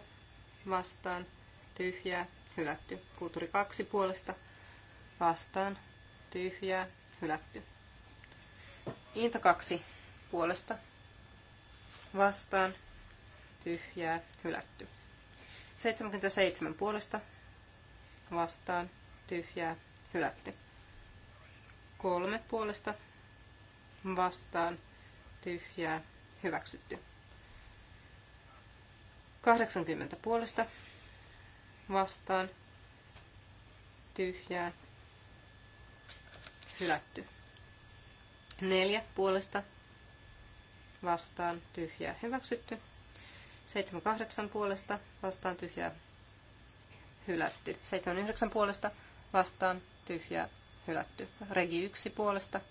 vastaan tyhjää hylätty. Kulttuuri 2 puolesta vastaan tyhjää hylätty. Inta 2 puolesta vastaan tyhjää hylätty. 77 puolesta vastaan tyhjää hylätty. 3 puolesta vastaan tyhjää hyväksytty. 80 puolesta vastaan tyhjää hylätty. Neljä puolesta vastaan tyhjää hyväksytty. Seitsemän kahdeksan puolesta vastaan tyhjää hylätty. Seitsemän yhdeksän puolesta vastaan tyhjää hylätty. Regi yksi puolesta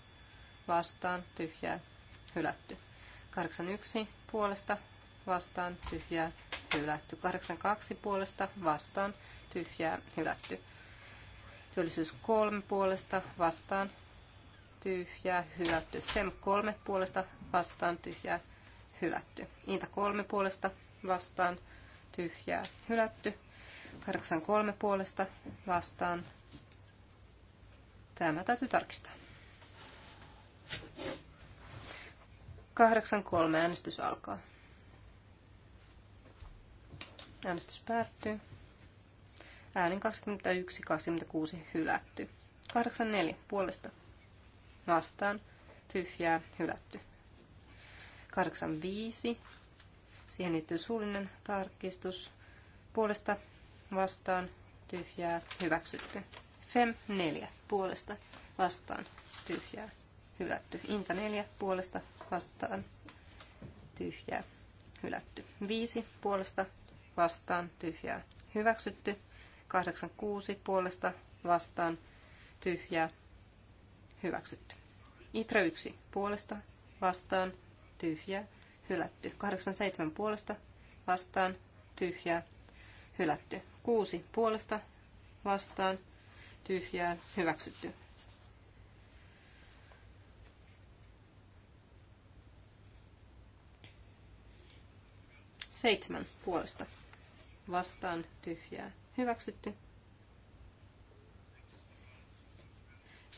vastaan tyhjää hylätty. Kahdeksan yksi puolesta vastaan tyhjää hylätty. Kahdeksan kaksi puolesta vastaan tyhjää hylätty. Työllisyys kolme puolesta vastaan tyhjä, hylätty. Sem 3 puolesta vastaan, tyhjä, hylätty. Inta 3 puolesta vastaan, tyhjä, hylätty. 83 puolesta vastaan. Tämä täytyy tarkistaa. 83 äänestys alkaa. Äänestys päättyy. Äänin 21, 26 hylätty. 84 puolesta vastaan tyhjää hylätty. 85. Siihen liittyy suullinen tarkistus. Puolesta vastaan tyhjää hyväksytty. Fem 4. Puolesta vastaan tyhjää hylätty. Inta 4. Puolesta vastaan tyhjää hylätty. 5. Puolesta vastaan tyhjää hyväksytty. 86. Puolesta vastaan tyhjää hyväksytty. Itra 1 puolesta, vastaan, tyhjää, hylätty. 87 puolesta, vastaan, tyhjää, hylätty. 6 puolesta, vastaan, tyhjää, hyväksytty. Seitsemän puolesta, vastaan, tyhjää, hyväksytty.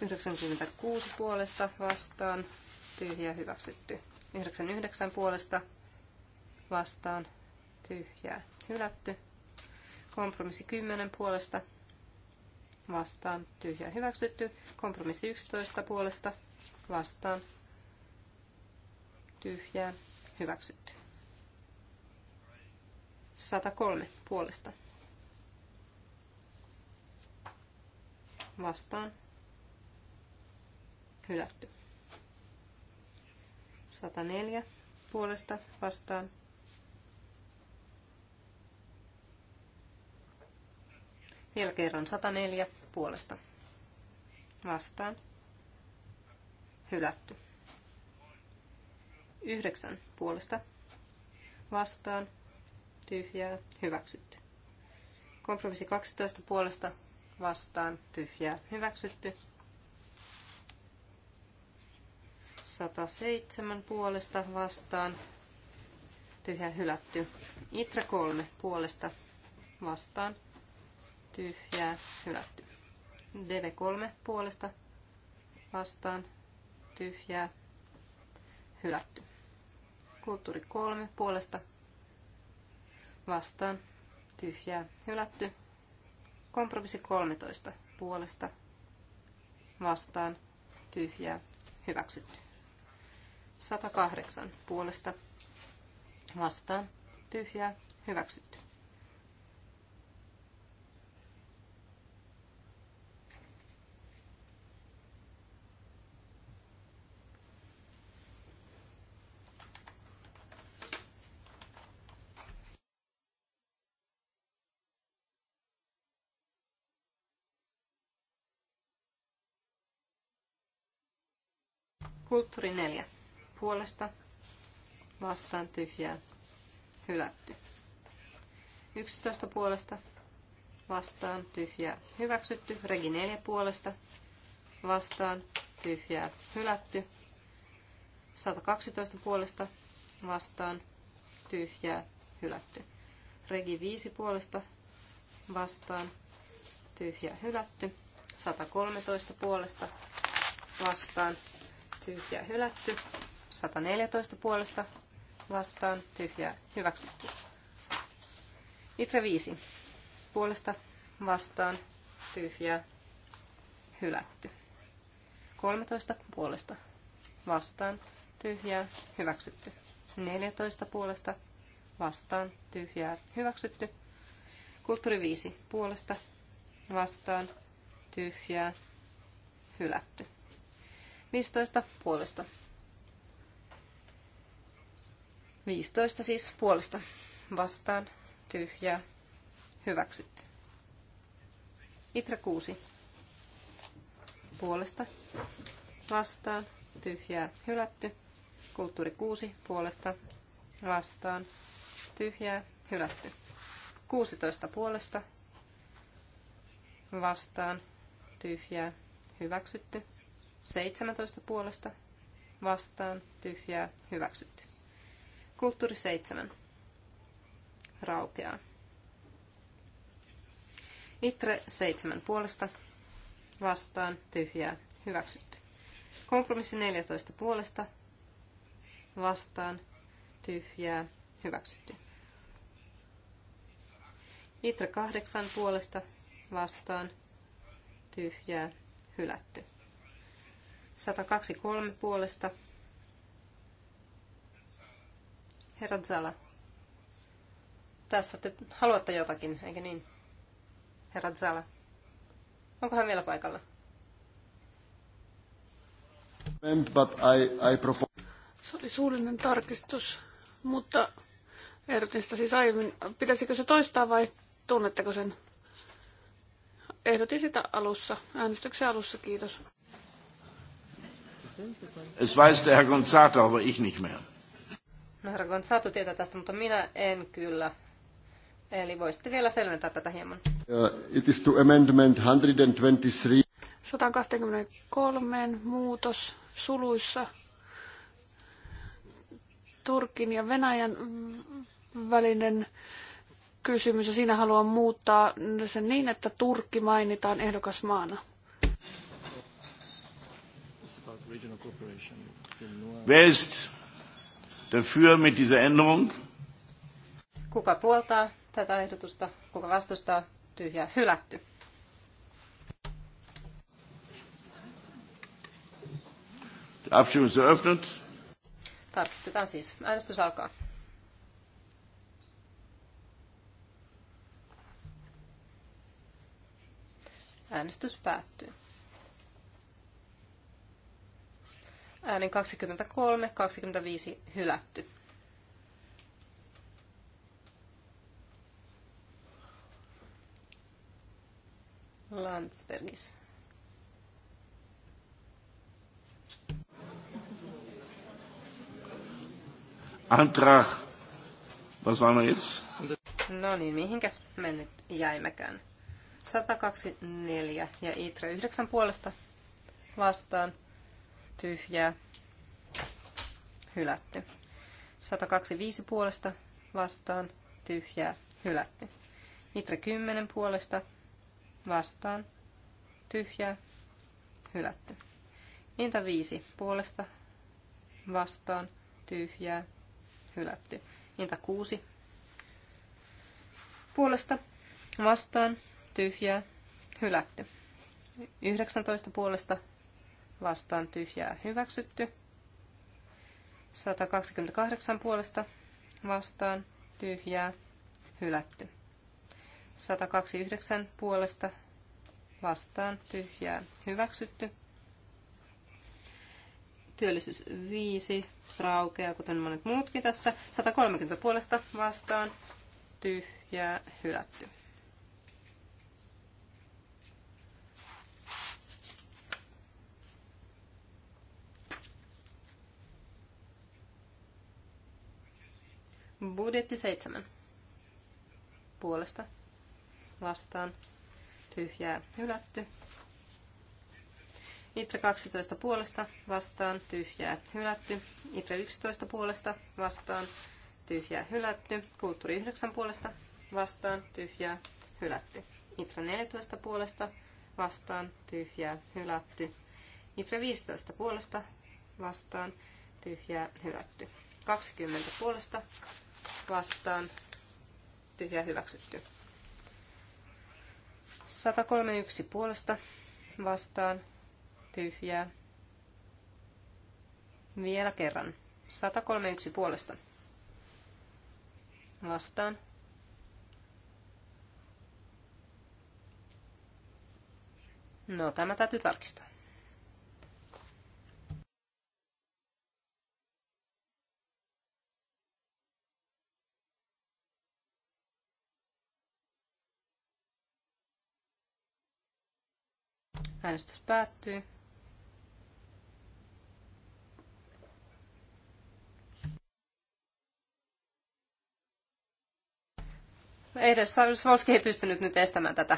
96 puolesta vastaan, tyhjä hyväksytty. 99 puolesta vastaan, tyhjää hylätty. Kompromissi 10 puolesta vastaan, tyhjä hyväksytty. Kompromissi 11 puolesta vastaan, tyhjää hyväksytty. 103 puolesta vastaan, hylätty. 104 puolesta vastaan Vielä kerran 104 puolesta. Vastaan. Hylätty. 9 puolesta. Vastaan. Tyhjää. Hyväksytty. Kompromissi 12 puolesta. Vastaan. Tyhjää. Hyväksytty. 107 puolesta vastaan. Tyhjä hylätty. Itra 3 puolesta vastaan. tyhjä hylätty. DV3 puolesta vastaan. tyhjä hylätty. Kulttuuri 3 puolesta vastaan. tyhjä hylätty. Kompromissi 13 puolesta vastaan. tyhjä hyväksytty. 108 puolesta vastaan tyhjää hyväksytty. Kulttuuri 4 puolesta vastaan tyhjää hylätty. 11 puolesta vastaan tyhjää hyväksytty. Regi 4 puolesta vastaan tyhjää hylätty. 112 puolesta vastaan tyhjää hylätty. Regi 5 puolesta vastaan tyhjää hylätty. 113 puolesta vastaan tyhjää hylätty. 114 puolesta vastaan tyhjää hyväksytty. Itre 5 puolesta vastaan tyhjää hylätty. 13 puolesta vastaan tyhjää hyväksytty. 14 puolesta vastaan tyhjää hyväksytty. Kulttuuri 5 puolesta vastaan tyhjää hylätty. 15 puolesta 15 siis puolesta vastaan tyhjää hyväksytty. Itra 6 puolesta vastaan tyhjää hylätty. Kulttuuri 6 puolesta vastaan tyhjää hylätty. 16 puolesta vastaan tyhjää hyväksytty. 17 puolesta vastaan tyhjää hyväksytty. Kulttuuri 7 raukeaa. Itre 7 puolesta vastaan tyhjää hyväksytty. Kompromissi 14 puolesta vastaan tyhjää hyväksytty. Itre 8 puolesta vastaan tyhjää hylätty. 123 puolesta Herra Zala. Tässä te haluatte jotakin, eikö niin? Herra Zala. Onko hän vielä paikalla? But I, I propose... Se oli suullinen tarkistus, mutta ehdotin sitä siis aiemmin. Pitäisikö se toistaa vai tunnetteko sen? Ehdotin sitä alussa, äänestyksen alussa, kiitos. Es weiß der Herr Gonzato, aber ich nicht mehr. No, herra saatu tietää tästä, mutta minä en kyllä. Eli voisitte vielä selventää tätä hieman. Uh, it is to amendment 123. 123 muutos suluissa Turkin ja Venäjän välinen kysymys ja siinä haluan muuttaa sen niin, että Turkki mainitaan ehdokasmaana. West Dafür mit dieser Änderung? Kuka puoltaa tätä ehdotusta? Kuka vastustaa? Tyhjää hylätty. Die Abstimmung ist eröffnet. Tarkistetaan siis. Äänestys alkaa. Äänestys päättyy. Äänin 23-25 hylätty. Landsbergis. Antrag. Was waren wir jetzt? No niin, mihinkäs me nyt jäimmekään? 124 ja Itre 9 puolesta vastaan tyhjää, hylätty. 125 puolesta vastaan, tyhjää, hylätty. Mitra 10 puolesta vastaan, tyhjää, hylätty. Inta 5 puolesta vastaan, tyhjää, hylätty. Inta 6 puolesta vastaan, tyhjää, hylätty. 19 puolesta vastaan tyhjää hyväksytty. 128 puolesta vastaan tyhjää hylätty. 129 puolesta vastaan tyhjää hyväksytty. Työllisyys 5 raukeaa, kuten monet muutkin tässä. 130 puolesta vastaan tyhjää hylätty. Budjetti seitsemän. Puolesta vastaan tyhjää hylätty. Itre 12 puolesta vastaan tyhjää hylätty. Itre 11 puolesta vastaan tyhjää hylätty. Kulttuuri 9 puolesta vastaan tyhjää hylätty. Itre 14 puolesta vastaan tyhjää hylätty. Itre 15 puolesta vastaan tyhjää hylätty. 20 puolesta vastaan tyhjää hyväksytty. 131 puolesta vastaan tyhjää. Vielä kerran. 131 puolesta vastaan No, tämä täytyy tarkistaa. Äänestys päättyy. Ei edes Volski ei pystynyt nyt estämään tätä.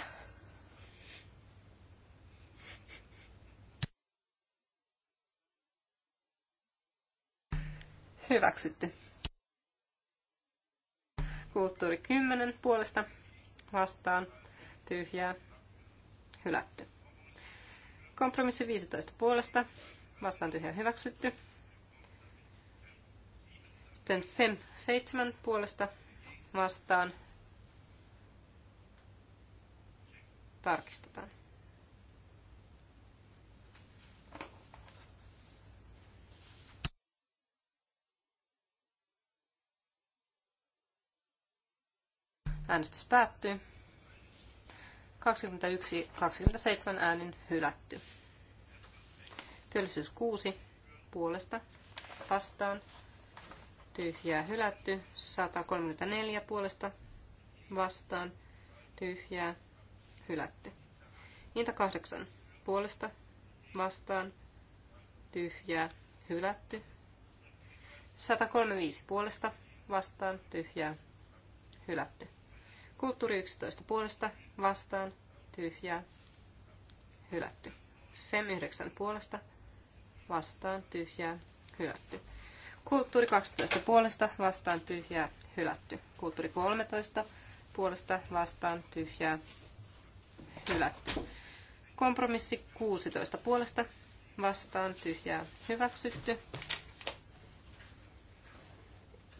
Hyväksytty. Kulttuuri 10 puolesta vastaan tyhjää hylätty. Kompromissi 15 puolesta. Vastaan tyhjä hyväksytty. Sitten FEM 7 puolesta vastaan. Tarkistetaan. Äänestys päättyy. 21-27 äänin hylätty. Työllisyys 6 puolesta vastaan. Tyhjää hylätty. 134 puolesta vastaan. Tyhjää hylätty. Niitä kahdeksan puolesta vastaan. Tyhjää hylätty. 135 puolesta vastaan. Tyhjää hylätty. Kulttuuri 11 puolesta vastaan, tyhjää, hylätty. FEM 9 puolesta, vastaan, tyhjää, hylätty. Kulttuuri 12 puolesta, vastaan, tyhjää, hylätty. Kulttuuri 13 puolesta, vastaan, tyhjää, hylätty. Kompromissi 16 puolesta, vastaan, tyhjää, hyväksytty.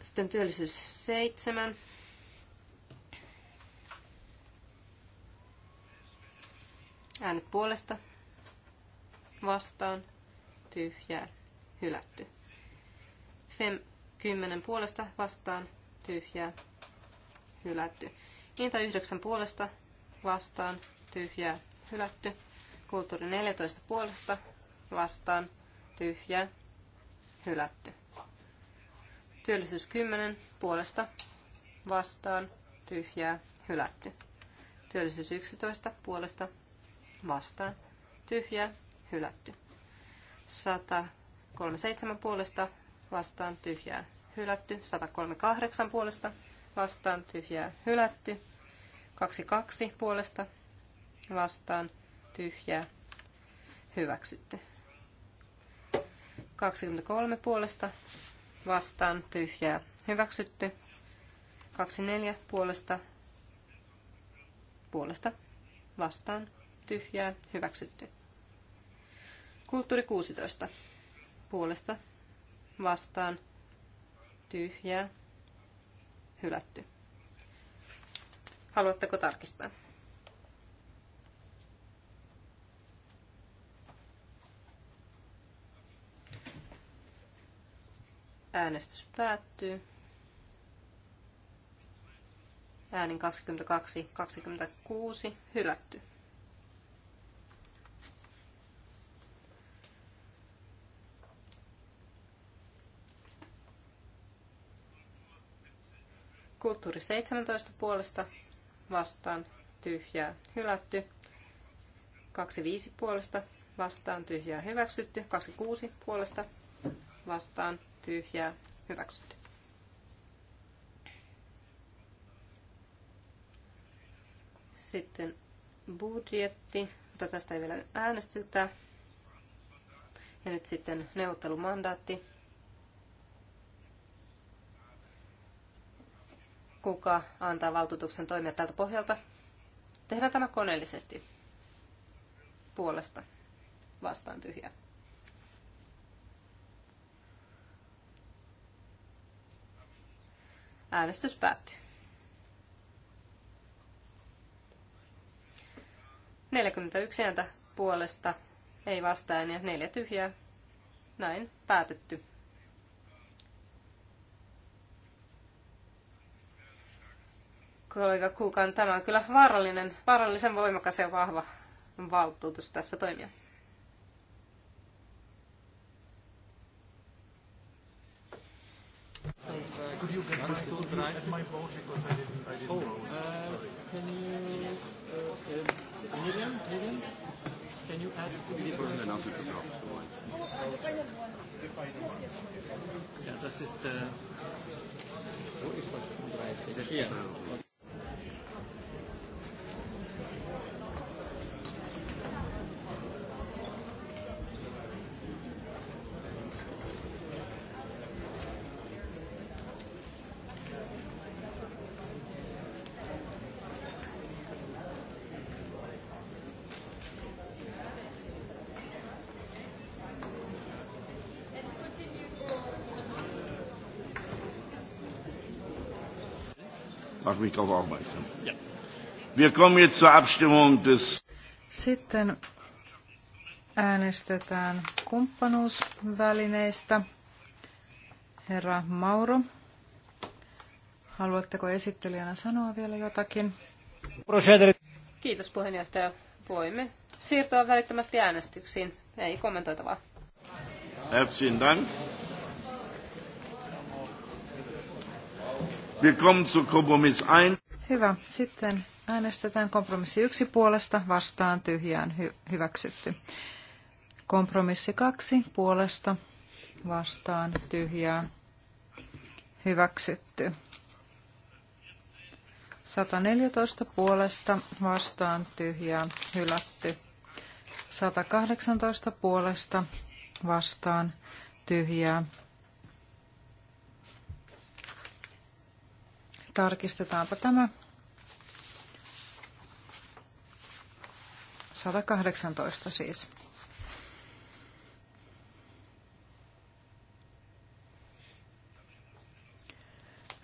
Sitten työllisyys 7 Äänet puolesta. Vastaan. Tyhjää. Hylätty. Fem 10 puolesta. Vastaan. Tyhjää. Hylätty. Inta 9 puolesta. Vastaan. Tyhjää. Hylätty. Kulttuuri 14 puolesta. Vastaan. Tyhjää. Hylätty. Työllisyys 10 puolesta. Vastaan. Tyhjää. Hylätty. Työllisyys 11 puolesta vastaan tyhjää hylätty. 137 puolesta vastaan tyhjää hylätty. 138 puolesta vastaan tyhjää hylätty. 22 puolesta vastaan tyhjää hyväksytty. 23 puolesta vastaan tyhjää hyväksytty. 24 puolesta puolesta vastaan tyhjää, hyväksytty. Kulttuuri 16. Puolesta, vastaan, tyhjää, hylätty. Haluatteko tarkistaa? Äänestys päättyy. Äänin 22, 26, hylätty. Kulttuuri 17 puolesta vastaan tyhjää hylätty. 25 puolesta vastaan tyhjää hyväksytty. 26 puolesta vastaan tyhjää hyväksytty. Sitten budjetti, mutta tästä ei vielä äänestetä. Ja nyt sitten neuvottelumandaatti. kuka antaa valtuutuksen toimia tältä pohjalta. Tehdään tämä koneellisesti puolesta vastaan tyhjä. Äänestys päättyy. 41 ääntä puolesta, ei vastaan ja neljä tyhjää. Näin päätetty. kollega Kuukan, tämä on kyllä vaarallinen, vaarallisen voimakas ja vahva valtuutus tässä toimia. can you, uh, add? the Mach mich darauf aufmerksam. Ja. Wir kommen jetzt zur Abstimmung des... Sitten äänestetään kumppanuusvälineistä. Herra Mauro, haluatteko esittelijänä sanoa vielä jotakin? Kiitos puheenjohtaja. Voimme siirtyä välittömästi äänestyksiin. Ei kommentoitavaa. Herzlichen Dank. Hyvä. Sitten äänestetään kompromissi yksi puolesta vastaan tyhjään hy- hyväksytty. Kompromissi kaksi puolesta vastaan tyhjään hyväksytty. 114 puolesta vastaan tyhjään hylätty. 118 puolesta vastaan tyhjään Tarkistetaanpa tämä. 118 siis.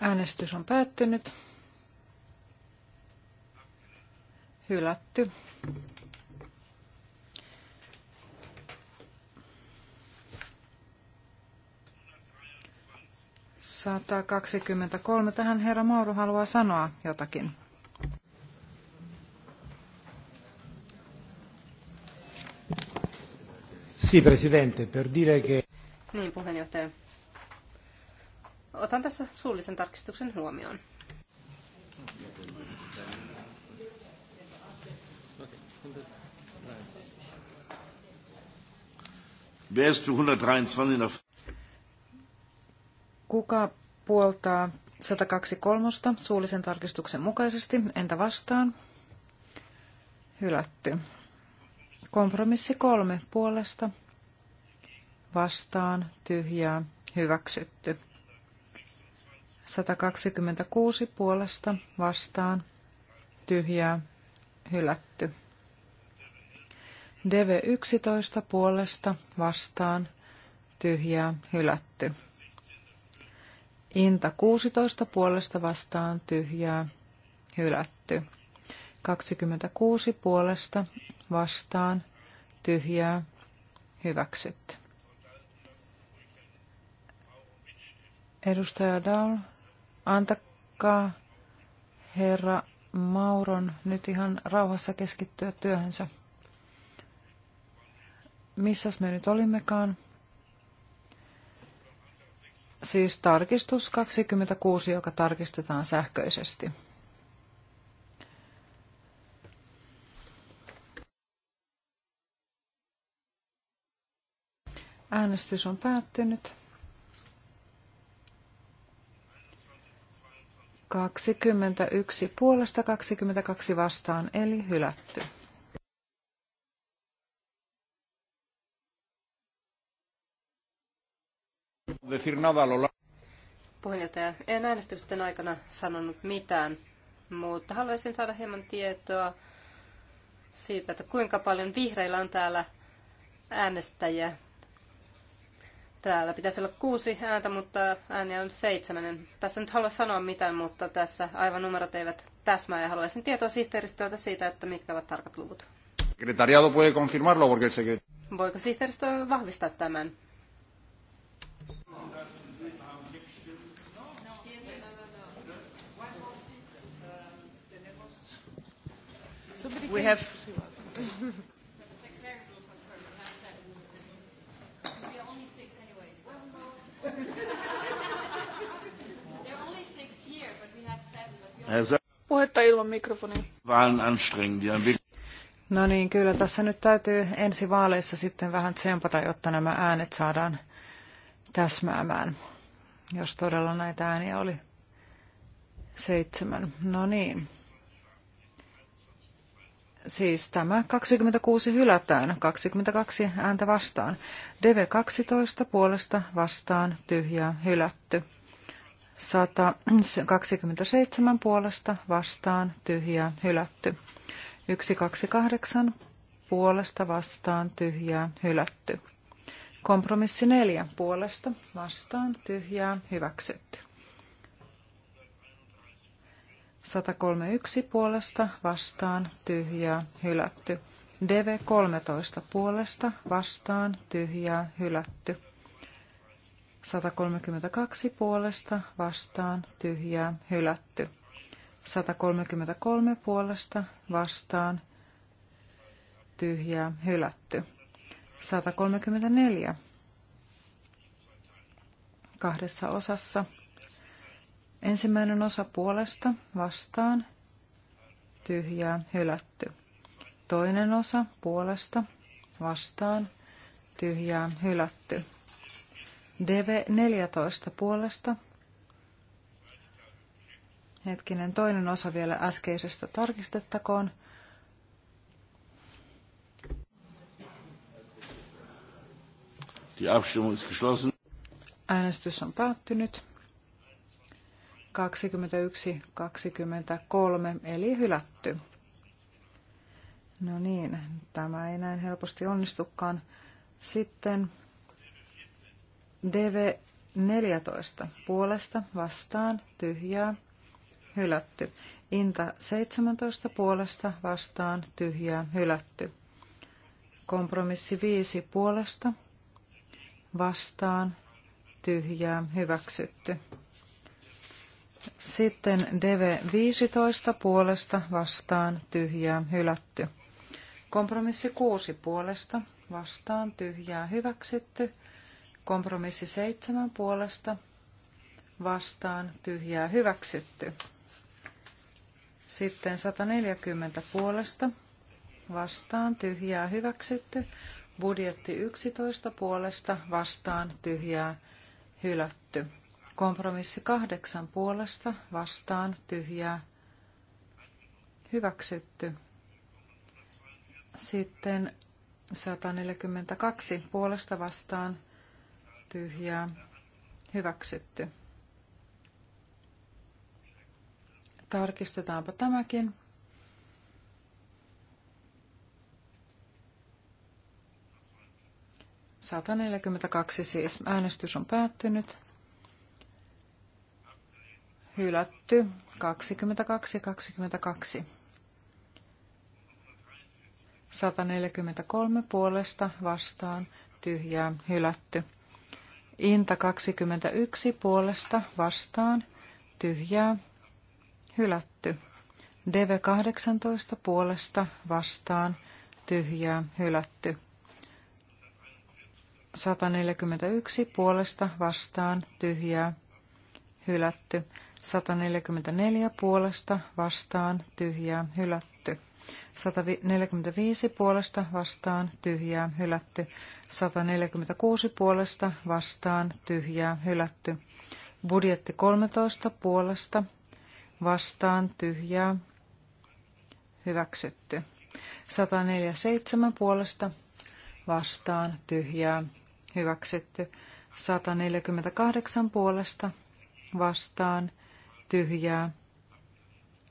Äänestys on päättynyt. Hylätty. 123. Tähän herra Mauru haluaa sanoa jotakin. Sì, Presidente, per dire che... Niin, puheenjohtaja. Otan tässä suullisen tarkistuksen huomioon. Wer ist zu 123 Kuka puoltaa 123 suullisen tarkistuksen mukaisesti? Entä vastaan? Hylätty. Kompromissi kolme puolesta. Vastaan tyhjää hyväksytty. 126 puolesta vastaan tyhjää hylätty. DV11 puolesta vastaan tyhjää hylätty. Inta 16 puolesta vastaan tyhjää hylätty. 26 puolesta vastaan tyhjää hyväksytty. Edustaja Daul, antakaa herra Mauron nyt ihan rauhassa keskittyä työhönsä. Missäs me nyt olimmekaan? Siis tarkistus 26, joka tarkistetaan sähköisesti. Äänestys on päättynyt. 21 puolesta 22 vastaan, eli hylätty. decir Puheenjohtaja, en äänestysten aikana sanonut mitään, mutta haluaisin saada hieman tietoa siitä, että kuinka paljon vihreillä on täällä äänestäjiä. Täällä pitäisi olla kuusi ääntä, mutta ääniä on seitsemänen. Tässä nyt halua sanoa mitään, mutta tässä aivan numerot eivät täsmää ja haluaisin tietoa sihteeristöltä siitä, että mitkä ovat tarkat luvut. Voiko sihteeristö vahvistaa tämän? Somebody we have. *laughs* Puhetta ilman mikrofonia. Vähän No niin, kyllä tässä nyt täytyy ensi vaaleissa sitten vähän tsempata, jotta nämä äänet saadaan täsmäämään, jos todella näitä ääniä oli seitsemän. No niin. Siis tämä 26 hylätään, 22 ääntä vastaan. DV12 puolesta vastaan, tyhjä hylätty. 127 puolesta vastaan, tyhjä hylätty. 128 puolesta vastaan, tyhjä hylätty. Kompromissi 4 puolesta vastaan, tyhjä hyväksytty. 131 puolesta vastaan tyhjää hylätty. DV13 puolesta vastaan tyhjää hylätty. 132 puolesta vastaan tyhjää hylätty. 133 puolesta vastaan tyhjää hylätty. 134 kahdessa osassa Ensimmäinen osa puolesta vastaan tyhjää hylätty. Toinen osa puolesta vastaan tyhjää hylätty. DV14 puolesta. Hetkinen, toinen osa vielä äskeisestä tarkistettakoon. Die Abstimmung ist geschlossen. Äänestys on päättynyt. 21, 23, eli hylätty. No niin, tämä ei näin helposti onnistukaan. Sitten DV14 puolesta vastaan tyhjää hylätty. Inta 17 puolesta vastaan tyhjää hylätty. Kompromissi 5 puolesta vastaan tyhjää hyväksytty. Sitten DV15 puolesta vastaan tyhjää hylätty. Kompromissi 6 puolesta vastaan tyhjää hyväksytty. Kompromissi 7 puolesta vastaan tyhjää hyväksytty. Sitten 140 puolesta vastaan tyhjää hyväksytty. Budjetti 11 puolesta vastaan tyhjää hylätty. Kompromissi kahdeksan puolesta vastaan tyhjää hyväksytty. Sitten 142 puolesta vastaan tyhjää hyväksytty. Tarkistetaanpa tämäkin. Sataneljäkymmentäkaksi siis. Äänestys on päättynyt hylätty 22, 22. 143 puolesta vastaan tyhjää hylätty. Inta 21 puolesta vastaan tyhjää hylätty. DV 18 puolesta vastaan tyhjää hylätty. 141 puolesta vastaan tyhjää hylätty. 144 puolesta vastaan tyhjää hylätty. 145 puolesta vastaan tyhjää hylätty. 146 puolesta vastaan tyhjää hylätty. Budjetti 13 puolesta vastaan tyhjää hyväksytty. 147 puolesta vastaan tyhjää hyväksytty. 148 puolesta vastaan tyhjää,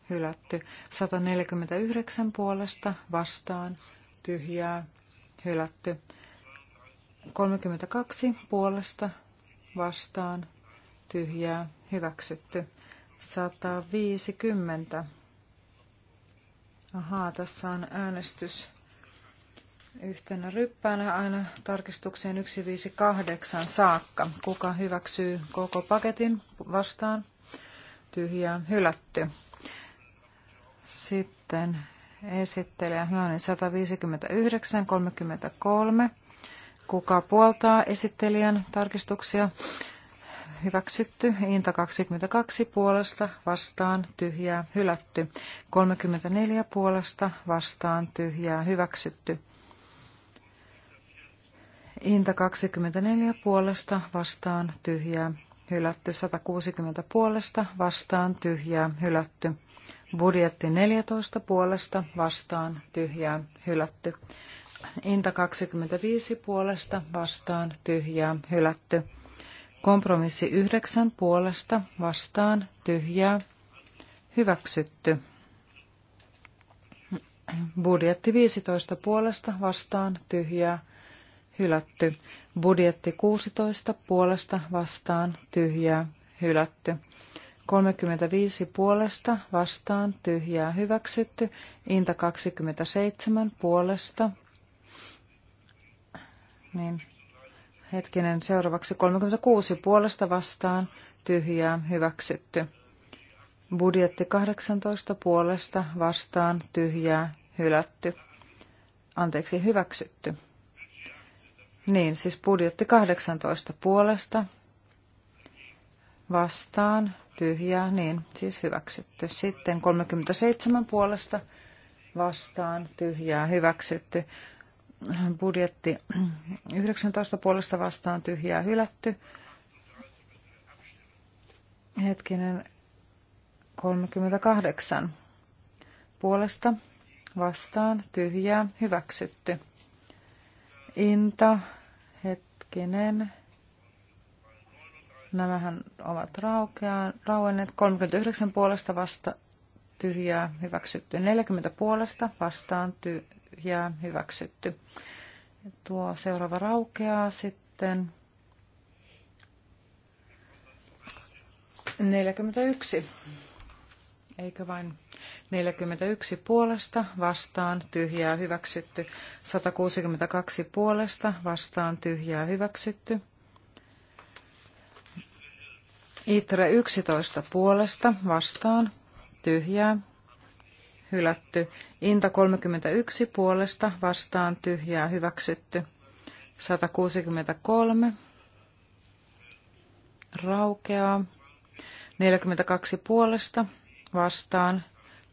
hylätty. 149 puolesta vastaan, tyhjää, hylätty. 32 puolesta vastaan, tyhjää, hyväksytty. 150. Ahaa, tässä on äänestys yhtenä ryppäänä aina tarkistukseen 158 saakka. Kuka hyväksyy koko paketin vastaan? tyhjää hylätty. Sitten esittelijä, no niin 159, 33. Kuka puoltaa esittelijän tarkistuksia? Hyväksytty. Inta 22 puolesta vastaan tyhjää hylätty. 34 puolesta vastaan tyhjää hyväksytty. Inta 24 puolesta vastaan tyhjää hylätty 160 puolesta, vastaan tyhjää, hylätty. Budjetti 14 puolesta, vastaan tyhjää, hylätty. Inta 25 puolesta, vastaan tyhjää, hylätty. Kompromissi 9 puolesta, vastaan tyhjää, hyväksytty. Budjetti 15 puolesta, vastaan tyhjää, hylätty. Budjetti 16 puolesta vastaan tyhjää hylätty. 35 puolesta vastaan tyhjää hyväksytty. Inta 27 puolesta. Niin. Hetkinen, seuraavaksi 36 puolesta vastaan tyhjää hyväksytty. Budjetti 18 puolesta vastaan tyhjää hylätty. Anteeksi, hyväksytty. Niin, siis budjetti 18 puolesta vastaan, tyhjää, niin, siis hyväksytty. Sitten 37 puolesta vastaan, tyhjää, hyväksytty. Budjetti 19 puolesta vastaan, tyhjää, hylätty. Hetkinen, 38 puolesta vastaan, tyhjää, hyväksytty. Inta hetkinen. Nämähän ovat raukeaan, rauenneet 39 puolesta vasta tyhjää hyväksytty, 40 puolesta vastaan tyhjää hyväksytty. Tuo seuraava raukeaa sitten 41. Eikö vain 41 puolesta vastaan tyhjää hyväksytty. 162 puolesta vastaan tyhjää hyväksytty. Itre 11 puolesta vastaan tyhjää hylätty. Inta 31 puolesta vastaan tyhjää hyväksytty. 163 raukeaa. 42 puolesta vastaan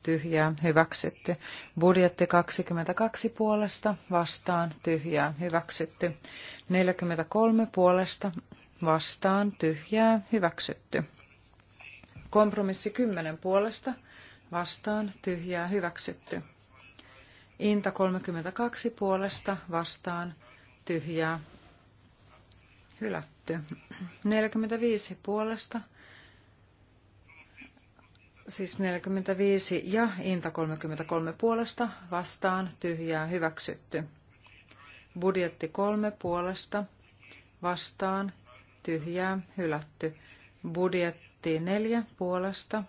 tyhjää, hyväksytty. Budjetti 22 puolesta, vastaan, tyhjää, hyväksytty. 43 puolesta, vastaan, tyhjää, hyväksytty. Kompromissi 10 puolesta, vastaan, tyhjää, hyväksytty. Inta 32 puolesta, vastaan, tyhjää, hylätty. 45 puolesta, Siis 45 ja Inta 33 puolesta vastaan tyhjää hyväksytty. Budjetti 3 puolesta vastaan tyhjää hylätty. Budjetti 4 puolesta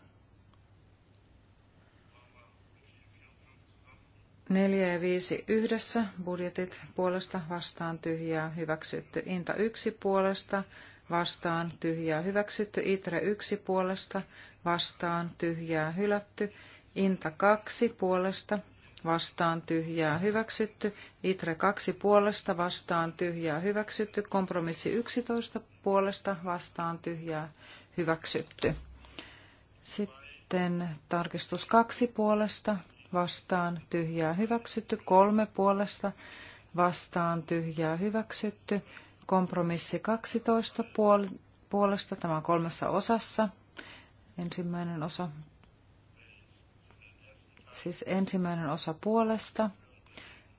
4 ja 5 yhdessä, budjetit puolesta vastaan tyhjää hyväksytty, Inta 1 puolesta vastaan tyhjää hyväksytty, Itre 1 puolesta vastaan tyhjää hylätty. Inta kaksi puolesta vastaan tyhjää hyväksytty. Itre kaksi puolesta vastaan tyhjää hyväksytty. Kompromissi yksitoista puolesta vastaan tyhjää hyväksytty. Sitten tarkistus kaksi puolesta vastaan tyhjää hyväksytty. kolme puolesta vastaan tyhjää hyväksytty. Kompromissi 12 puolesta, tämä on kolmessa osassa. Ensimmäinen osa. Siis ensimmäinen osa puolesta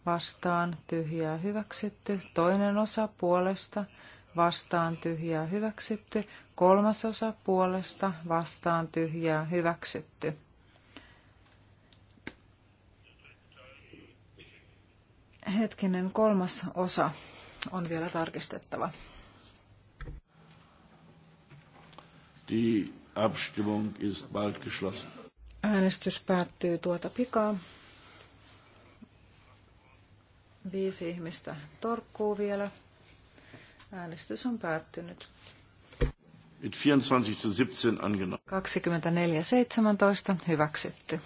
vastaan tyhjää hyväksytty, toinen osa puolesta vastaan tyhjää hyväksytty, kolmas osa puolesta vastaan tyhjää hyväksytty. Hetkinen kolmas osa on vielä tarkistettava. Die Abstimmung ist bald geschlossen. Äänestys päättyy tuota pikaa. Viisi ihmistä torkkuu vielä. Äänestys on päättynyt. 24 24.17 hyväksytty.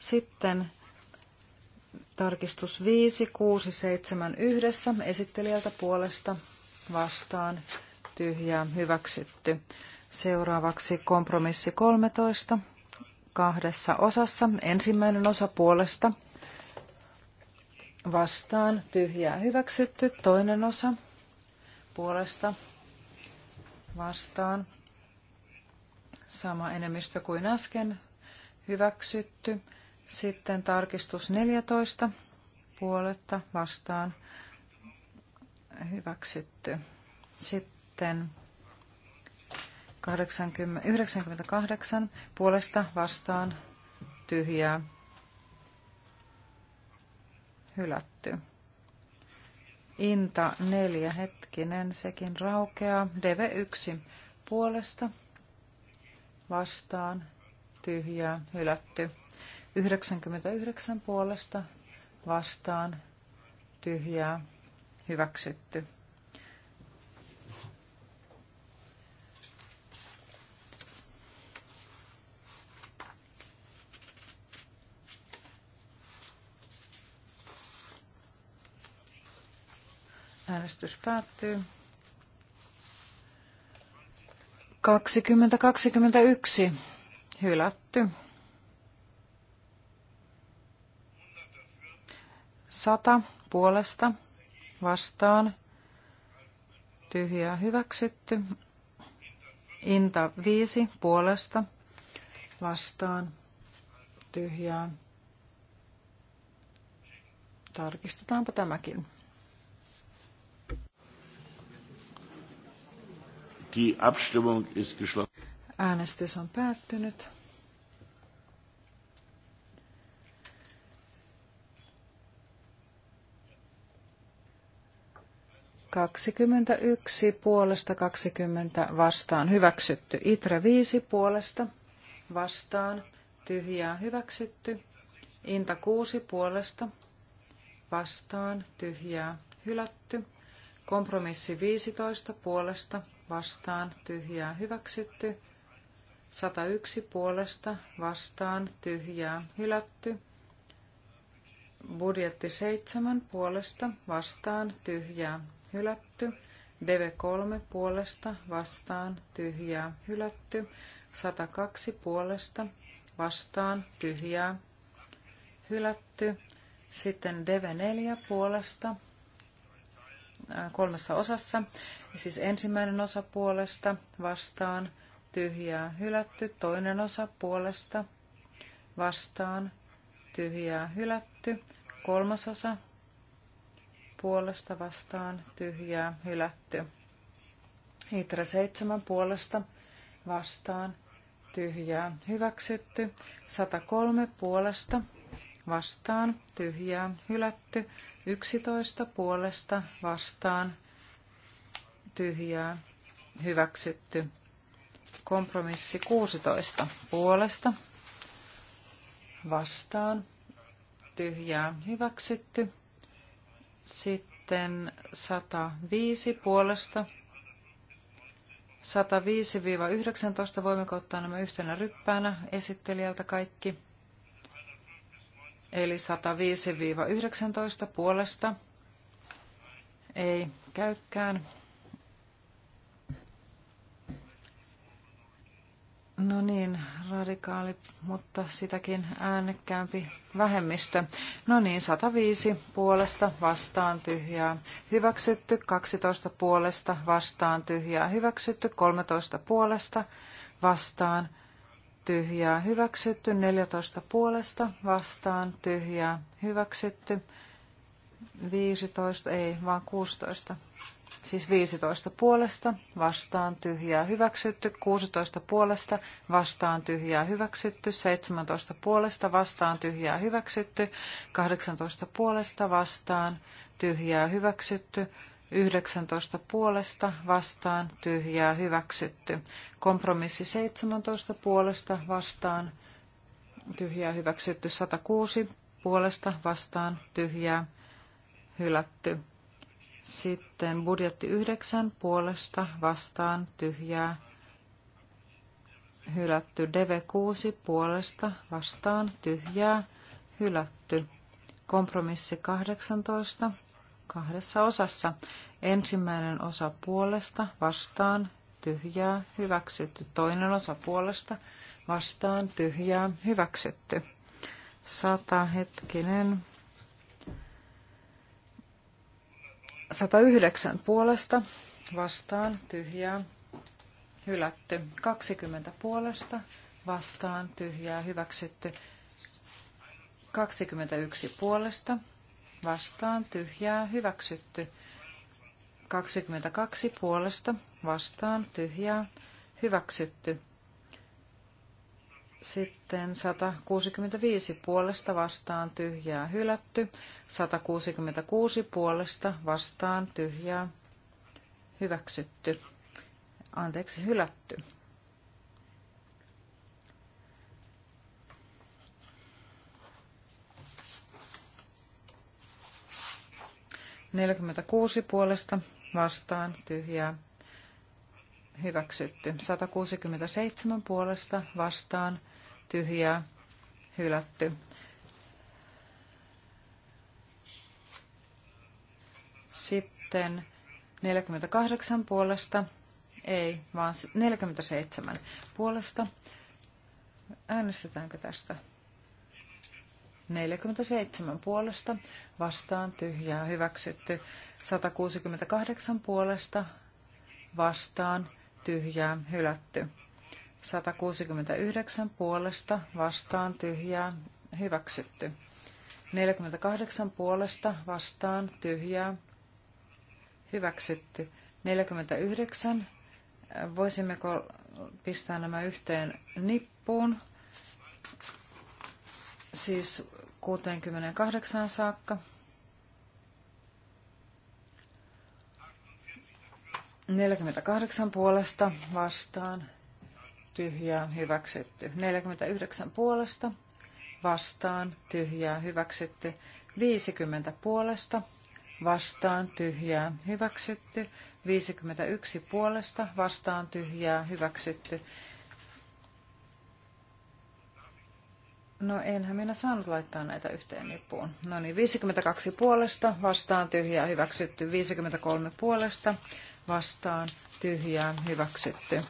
Sitten tarkistus 5, 6, 7 yhdessä esittelijältä puolesta vastaan tyhjää hyväksytty. Seuraavaksi kompromissi 13 kahdessa osassa. Ensimmäinen osa puolesta vastaan tyhjää hyväksytty. Toinen osa puolesta vastaan sama enemmistö kuin äsken hyväksytty. Sitten tarkistus 14 puoletta vastaan hyväksytty. Sitten 80, 98 puolesta vastaan tyhjää hylätty. Inta neljä hetkinen, sekin raukeaa. DV1 puolesta vastaan tyhjää hylätty. 99 puolesta vastaan tyhjää hyväksytty. Äänestys päättyy. 2021 hylätty. 100 puolesta vastaan tyhjää hyväksytty. Inta 5 puolesta vastaan tyhjää. Tarkistetaanpa tämäkin. Die Abstimmung ist geschlossen. Äänestys on päättynyt. yksi puolesta, kaksikymmentä vastaan hyväksytty. Itre viisi puolesta vastaan tyhjää hyväksytty. Inta kuusi puolesta vastaan tyhjää hylätty. Kompromissi viisitoista puolesta vastaan tyhjää hyväksytty. 101 puolesta vastaan tyhjää hylätty. Budjetti 7 puolesta vastaan tyhjää hylätty. DV3 puolesta vastaan tyhjää hylätty. 102 puolesta vastaan tyhjää hylätty. Sitten DV4 puolesta äh, kolmessa osassa. Siis ensimmäinen osa puolesta vastaan tyhjää hylätty, toinen osa puolesta vastaan tyhjää hylätty, kolmas osa puolesta vastaan tyhjää hylätty. Itra seitsemän puolesta vastaan tyhjää hyväksytty, 103 puolesta vastaan tyhjää hylätty, 11 puolesta vastaan tyhjää, hyväksytty. Kompromissi 16 puolesta, vastaan, tyhjää, hyväksytty. Sitten 105 puolesta, 105-19 voimme ottaa nämä yhtenä ryppäänä esittelijältä kaikki. Eli 105-19 puolesta ei käykään No niin, radikaali, mutta sitäkin äänekkäämpi vähemmistö. No niin, 105 puolesta vastaan tyhjää. Hyväksytty 12 puolesta vastaan tyhjää. Hyväksytty 13 puolesta vastaan tyhjää. Hyväksytty 14 puolesta vastaan tyhjää. Hyväksytty 15, ei vaan 16 Siis 15 puolesta vastaan tyhjää hyväksytty, 16 puolesta vastaan tyhjää hyväksytty, 17 puolesta vastaan tyhjää hyväksytty, 18 puolesta vastaan tyhjää hyväksytty, 19 puolesta vastaan tyhjää hyväksytty. Kompromissi 17 puolesta vastaan tyhjää hyväksytty, 106 puolesta vastaan tyhjää hylätty. Sitten budjetti yhdeksän puolesta vastaan tyhjää hylätty. DV6 puolesta vastaan tyhjää hylätty. Kompromissi 18 kahdessa osassa. Ensimmäinen osa puolesta vastaan tyhjää hyväksytty. Toinen osa puolesta vastaan tyhjää hyväksytty. Sata hetkinen. 109 puolesta vastaan tyhjää hylätty. 20 puolesta vastaan tyhjää hyväksytty. 21 puolesta vastaan tyhjää hyväksytty. 22 puolesta vastaan tyhjää hyväksytty. Sitten 165 puolesta vastaan tyhjää hylätty. 166 puolesta vastaan tyhjää hyväksytty. Anteeksi, hylätty. Neljäkymmentäkuusi puolesta vastaan tyhjää hyväksytty. 167 puolesta vastaan tyhjää hylätty. Sitten 48 puolesta, ei, vaan 47 puolesta. Äänestetäänkö tästä? 47 puolesta, vastaan tyhjää, hyväksytty. 168 puolesta, vastaan tyhjää, hylätty. 169 puolesta vastaan tyhjää, hyväksytty. 48 puolesta vastaan tyhjää, hyväksytty. 49. Voisimmeko pistää nämä yhteen nippuun? Siis 68 saakka. 48 puolesta vastaan, tyhjää, hyväksytty. 49 puolesta vastaan, tyhjää, hyväksytty. 50 puolesta vastaan, tyhjää, hyväksytty. 51 puolesta vastaan, tyhjää, hyväksytty. No enhän minä saanut laittaa näitä yhteen nippuun. No niin, 52 puolesta, vastaan tyhjää hyväksytty, 53 puolesta, vastaan tyhjää hyväksytty.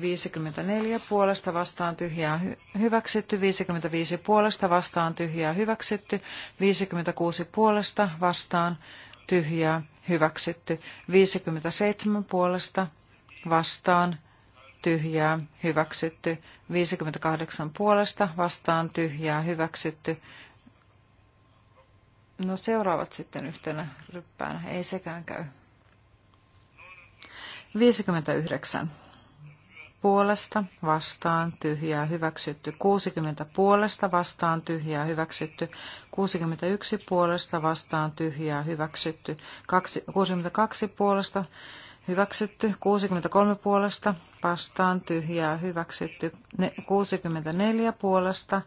54 puolesta vastaan tyhjää hyväksytty, 55 puolesta vastaan tyhjää hyväksytty, 56 puolesta vastaan tyhjää hyväksytty, 57 puolesta vastaan tyhjää hyväksytty, 58 puolesta vastaan tyhjää hyväksytty. No seuraavat sitten yhtenä ryppäänä, ei sekään käy. 59 puolesta vastaan tyhjää hyväksytty, 60 puolesta vastaan tyhjää hyväksytty, 61 puolesta vastaan tyhjää hyväksytty, 62 puolesta hyväksytty, 63 puolesta vastaan tyhjää hyväksytty, 64 puolesta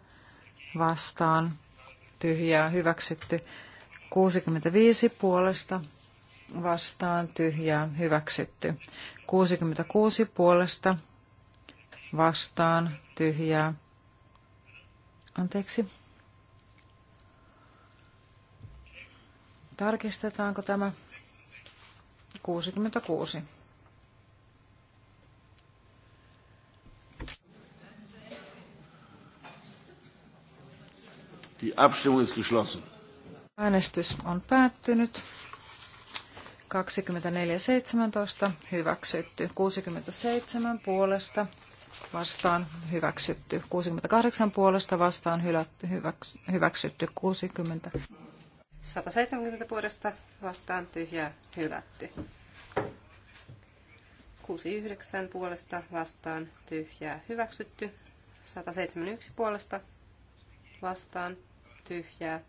vastaan tyhjää hyväksytty, 65 puolesta vastaan tyhjää hyväksytty. 66 puolesta vastaan tyhjää. Anteeksi. Tarkistetaanko tämä? 66. Die Abstimmung ist geschlossen. Äänestys on päättynyt. 24.17 hyväksytty. 67 puolesta vastaan hyväksytty. 68 puolesta vastaan hylätty, hyväks, hyväksytty. 60. 170 puolesta vastaan tyhjä hylätty. 69 puolesta vastaan tyhjää hyväksytty. 171 puolesta vastaan tyhjää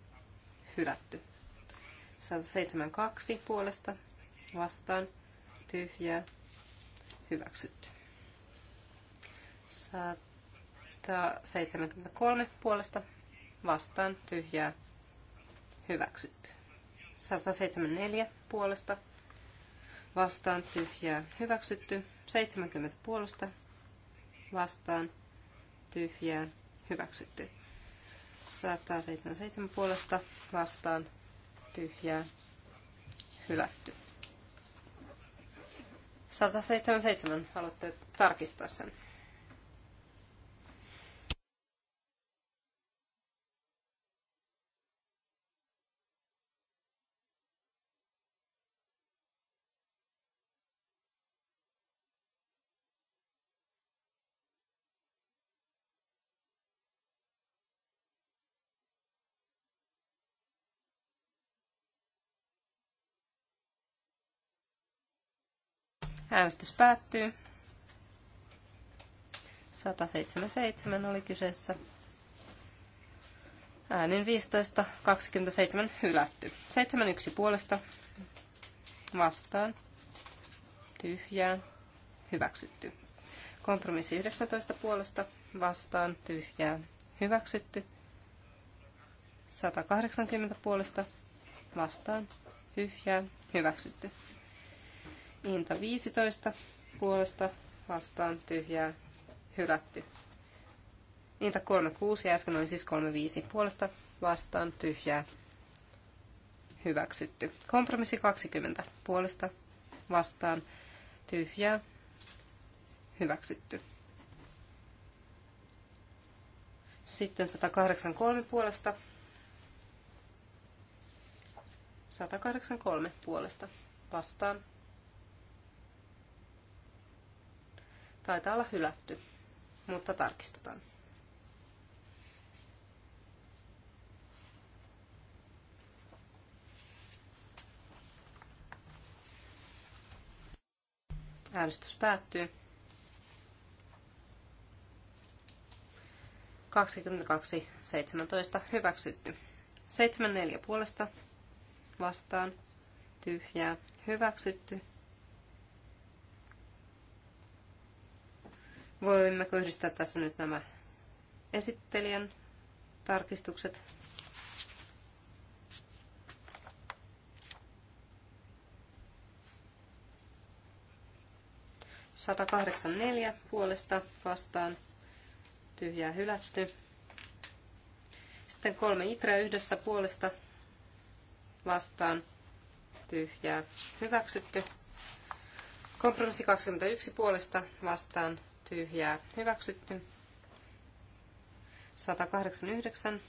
hylätty. 172 puolesta vastaan tyhjä, hyväksytty. 173 puolesta vastaan tyhjää hyväksytty. 174 puolesta vastaan tyhjää hyväksytty. 70 puolesta vastaan tyhjää hyväksytty. 177 puolesta vastaan tyhjää hylätty. 177 haluatte tarkistaa sen. Äänestys päättyy. 177 oli kyseessä. Äänin 15, 27 hylätty. 71 puolesta vastaan. Tyhjää. Hyväksytty. Kompromissi 19 puolesta vastaan. Tyhjää. Hyväksytty. 180 puolesta vastaan. Tyhjää. Hyväksytty. Inta 15 puolesta vastaan tyhjää hylätty. Inta 36 ja äsken oli siis 35 puolesta vastaan tyhjää hyväksytty. Kompromissi 20 puolesta vastaan tyhjää hyväksytty. Sitten 183 puolesta. 183 puolesta vastaan Taitaa olla hylätty, mutta tarkistetaan. Äänestys päättyy. 22.17. hyväksytty. 74 puolesta vastaan tyhjää hyväksytty. Voimme yhdistää tässä nyt nämä esittelijän tarkistukset. neljä puolesta vastaan tyhjää hylätty. Sitten kolme itreä yhdessä puolesta vastaan tyhjää hyväksytty. Kompromissi 21 puolesta vastaan tyhjää hyväksytty. 189.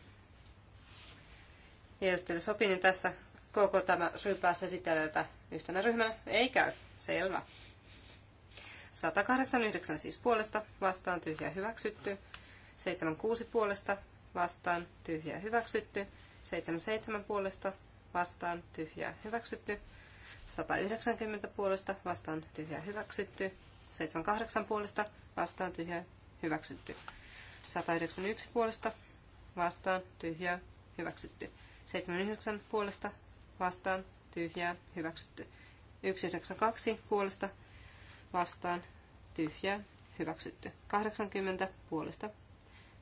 Ja jos teille sopii, niin tässä koko tämä ryhmä esitelleltä yhtenä ryhmänä ei käy. Selvä. 189 siis puolesta, vastaan tyhjä hyväksytty. 76 puolesta, vastaan tyhjä hyväksytty. 77 puolesta, vastaan tyhjä hyväksytty. 190 puolesta, vastaan tyhjä hyväksytty. 78 puolesta, vastaan tyhjä hyväksytty. 191 puolesta vastaan tyhjä hyväksytty. 79 puolesta vastaan tyhjä hyväksytty. 192 puolesta vastaan tyhjä hyväksytty. 80 puolesta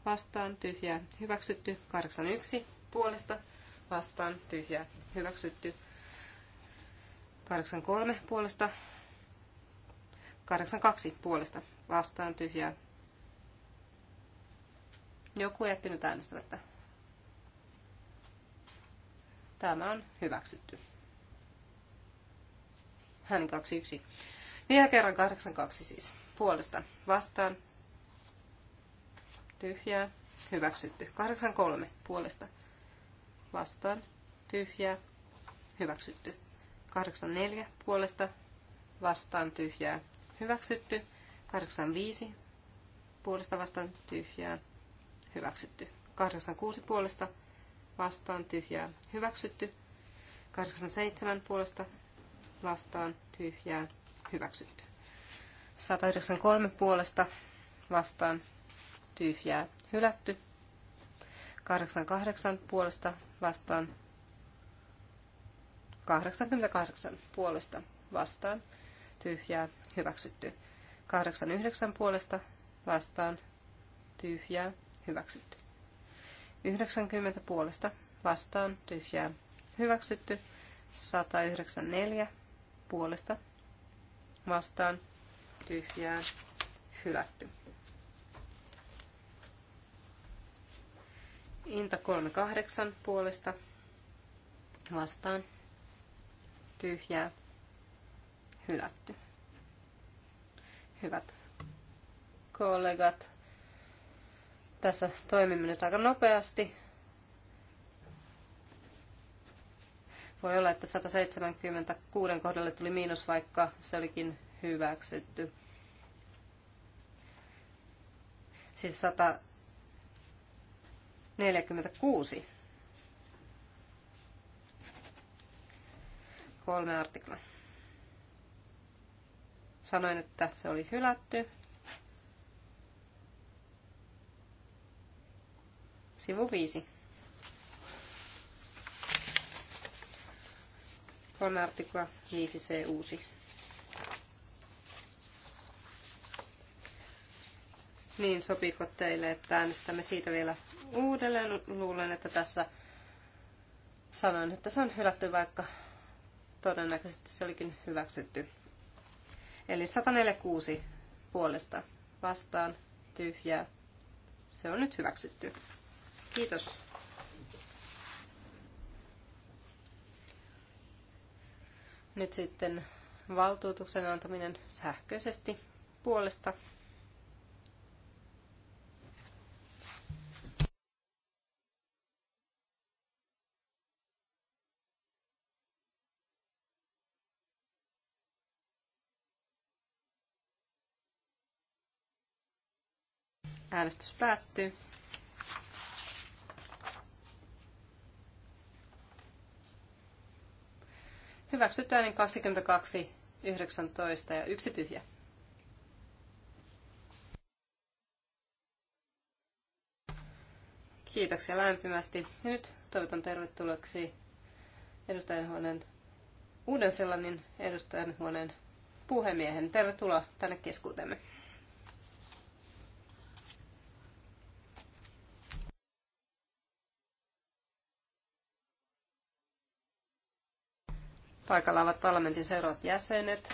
vastaan tyhjä hyväksytty. 81 puolesta vastaan tyhjä hyväksytty. 83 puolesta 82 puolesta vastaan tyhjää. Joku jätti nyt äänestämättä. Tämä on hyväksytty. Hän 21. Vielä niin kerran 82 siis. Puolesta vastaan. Tyhjää. Hyväksytty. 83 puolesta vastaan. Tyhjää. Hyväksytty. 84 puolesta vastaan tyhjää. Hyväksytty. 85 puolesta vastaan tyhjää hyväksytty. 86 puolesta vastaan tyhjää hyväksytty. 87 puolesta vastaan tyhjää hyväksytty. 193 puolesta vastaan tyhjää hylätty. 88 puolesta vastaan 88 puolesta vastaan tyhjää hyväksytty. 89 puolesta vastaan tyhjää hyväksytty. 90 puolesta vastaan tyhjää hyväksytty. 194 puolesta vastaan tyhjää hylätty. Inta 38 puolesta vastaan tyhjää hylätty. Hyvät kollegat, tässä toimimme nyt aika nopeasti. Voi olla, että 176 kohdalle tuli miinus, vaikka se olikin hyväksytty. Siis 146. Kolme artiklaa. Sanoin, että se oli hylätty. Sivu 5. Kolme artikla 5c uusi. Niin, sopiiko teille, että äänestämme siitä vielä uudelleen? Luulen, että tässä sanoin, että se on hylätty, vaikka todennäköisesti se olikin hyväksytty. Eli 146 puolesta vastaan tyhjää. Se on nyt hyväksytty. Kiitos. Nyt sitten valtuutuksen antaminen sähköisesti puolesta Äänestys päättyy. Hyväksytty äänin 22, 19 ja yksi tyhjä. Kiitoksia lämpimästi. Ja nyt toivotan tervetulleeksi edustajanhuoneen uuden sellainen edustajanhuoneen puhemiehen. Tervetuloa tänne keskuuteemme. Paikalla ovat parlamentin seuraavat jäsenet.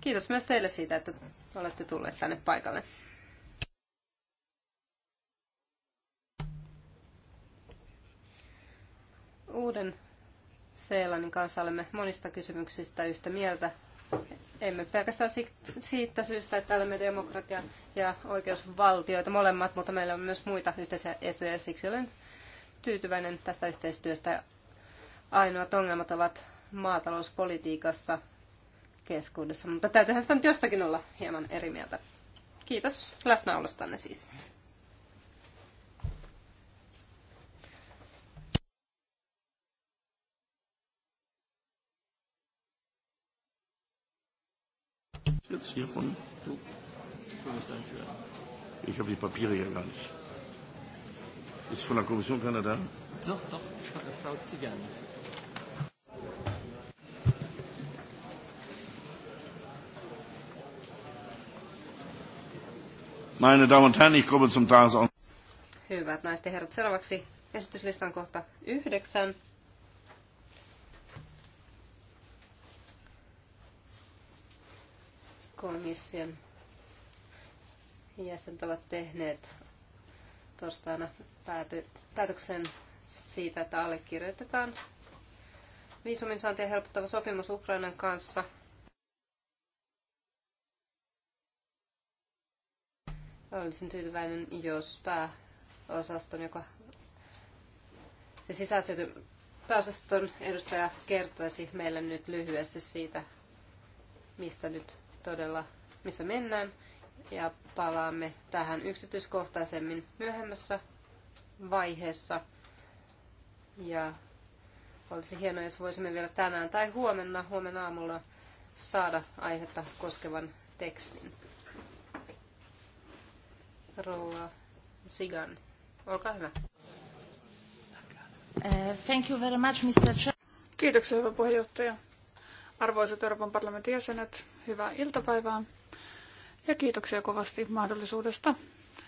Kiitos myös teille siitä, että olette tulleet tänne paikalle. Uuden Seelannin kanssa olemme monista kysymyksistä yhtä mieltä. Emme pelkästään siitä syystä, että olemme demokratia ja oikeusvaltioita molemmat, mutta meillä on myös muita yhteisiä etuja ja siksi olen tyytyväinen tästä yhteistyöstä. Ainoat ongelmat ovat maatalouspolitiikassa keskuudessa, mutta täytyyhän sitä nyt jostakin olla hieman eri mieltä. Kiitos läsnäolostanne siis. Jetzt hier von. Ich habe die Papiere hier gar nicht. Ist von der Kommission keiner da? Doch, doch, Frau Zigan. Meine Damen und Herren, ich komme zum Tagesordnung. Hyvät naiset ja herrat, seuraavaksi esityslistan kohta yhdeksän. Komission jäsenet ovat tehneet torstaina pääty, päätöksen siitä, että allekirjoitetaan viisumin saantia helpottava sopimus Ukrainan kanssa. Olisin tyytyväinen, jos pääosaston, joka se siis sisäasioiden pääosaston edustaja kertoisi meille nyt lyhyesti siitä, mistä nyt todella, missä mennään ja palaamme tähän yksityiskohtaisemmin myöhemmässä vaiheessa. Ja olisi hienoa, jos voisimme vielä tänään tai huomenna, huomenna aamulla saada aihetta koskevan tekstin. Rouva Sigan, olkaa hyvä. Uh, thank you very much, Mr. Kiitoksia, hyvä puheenjohtaja. Arvoisat Euroopan parlamentin jäsenet, hyvää iltapäivää. Ja kiitoksia kovasti mahdollisuudesta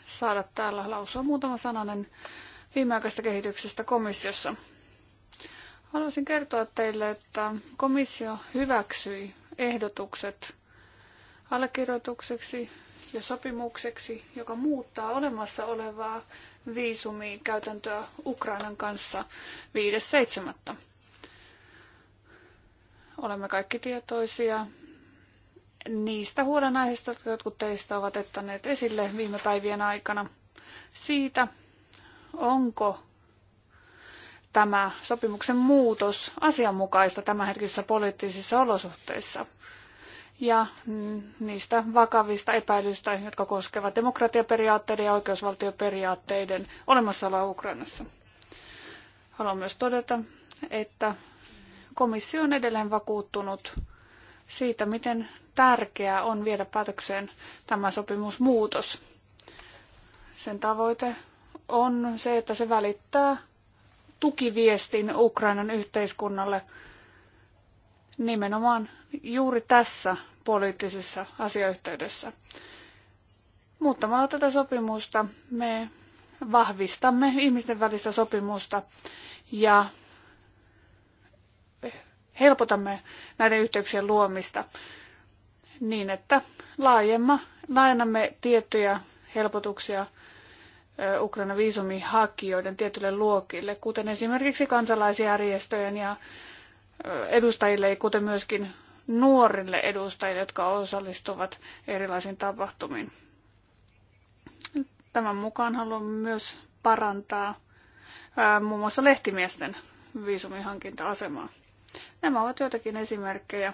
saada täällä lausua muutama sananen viimeaikaista kehityksestä komissiossa. Haluaisin kertoa teille, että komissio hyväksyi ehdotukset allekirjoitukseksi ja sopimukseksi, joka muuttaa olemassa olevaa viisumikäytäntöä Ukrainan kanssa 5.7. Olemme kaikki tietoisia niistä huolenaiheista, jotka jotkut teistä ovat ottaneet esille viime päivien aikana. Siitä, onko tämä sopimuksen muutos asianmukaista tämänhetkisissä poliittisissa olosuhteissa ja niistä vakavista epäilyistä, jotka koskevat demokratiaperiaatteiden ja oikeusvaltioperiaatteiden olemassaoloa Ukrainassa. Haluan myös todeta, että komissio on edelleen vakuuttunut siitä, miten tärkeää on viedä päätökseen tämä sopimusmuutos. Sen tavoite on se, että se välittää tukiviestin Ukrainan yhteiskunnalle nimenomaan juuri tässä poliittisessa asiayhteydessä. Muuttamalla tätä sopimusta me vahvistamme ihmisten välistä sopimusta ja helpotamme näiden yhteyksien luomista niin, että laajemma, laajennamme tiettyjä helpotuksia Ukraina viisumihakijoiden tietylle luokille, kuten esimerkiksi kansalaisjärjestöjen ja edustajille, kuten myöskin nuorille edustajille, jotka osallistuvat erilaisiin tapahtumiin. Tämän mukaan haluan myös parantaa muun mm. muassa lehtimiesten viisumihankinta-asemaa. Nämä ovat joitakin esimerkkejä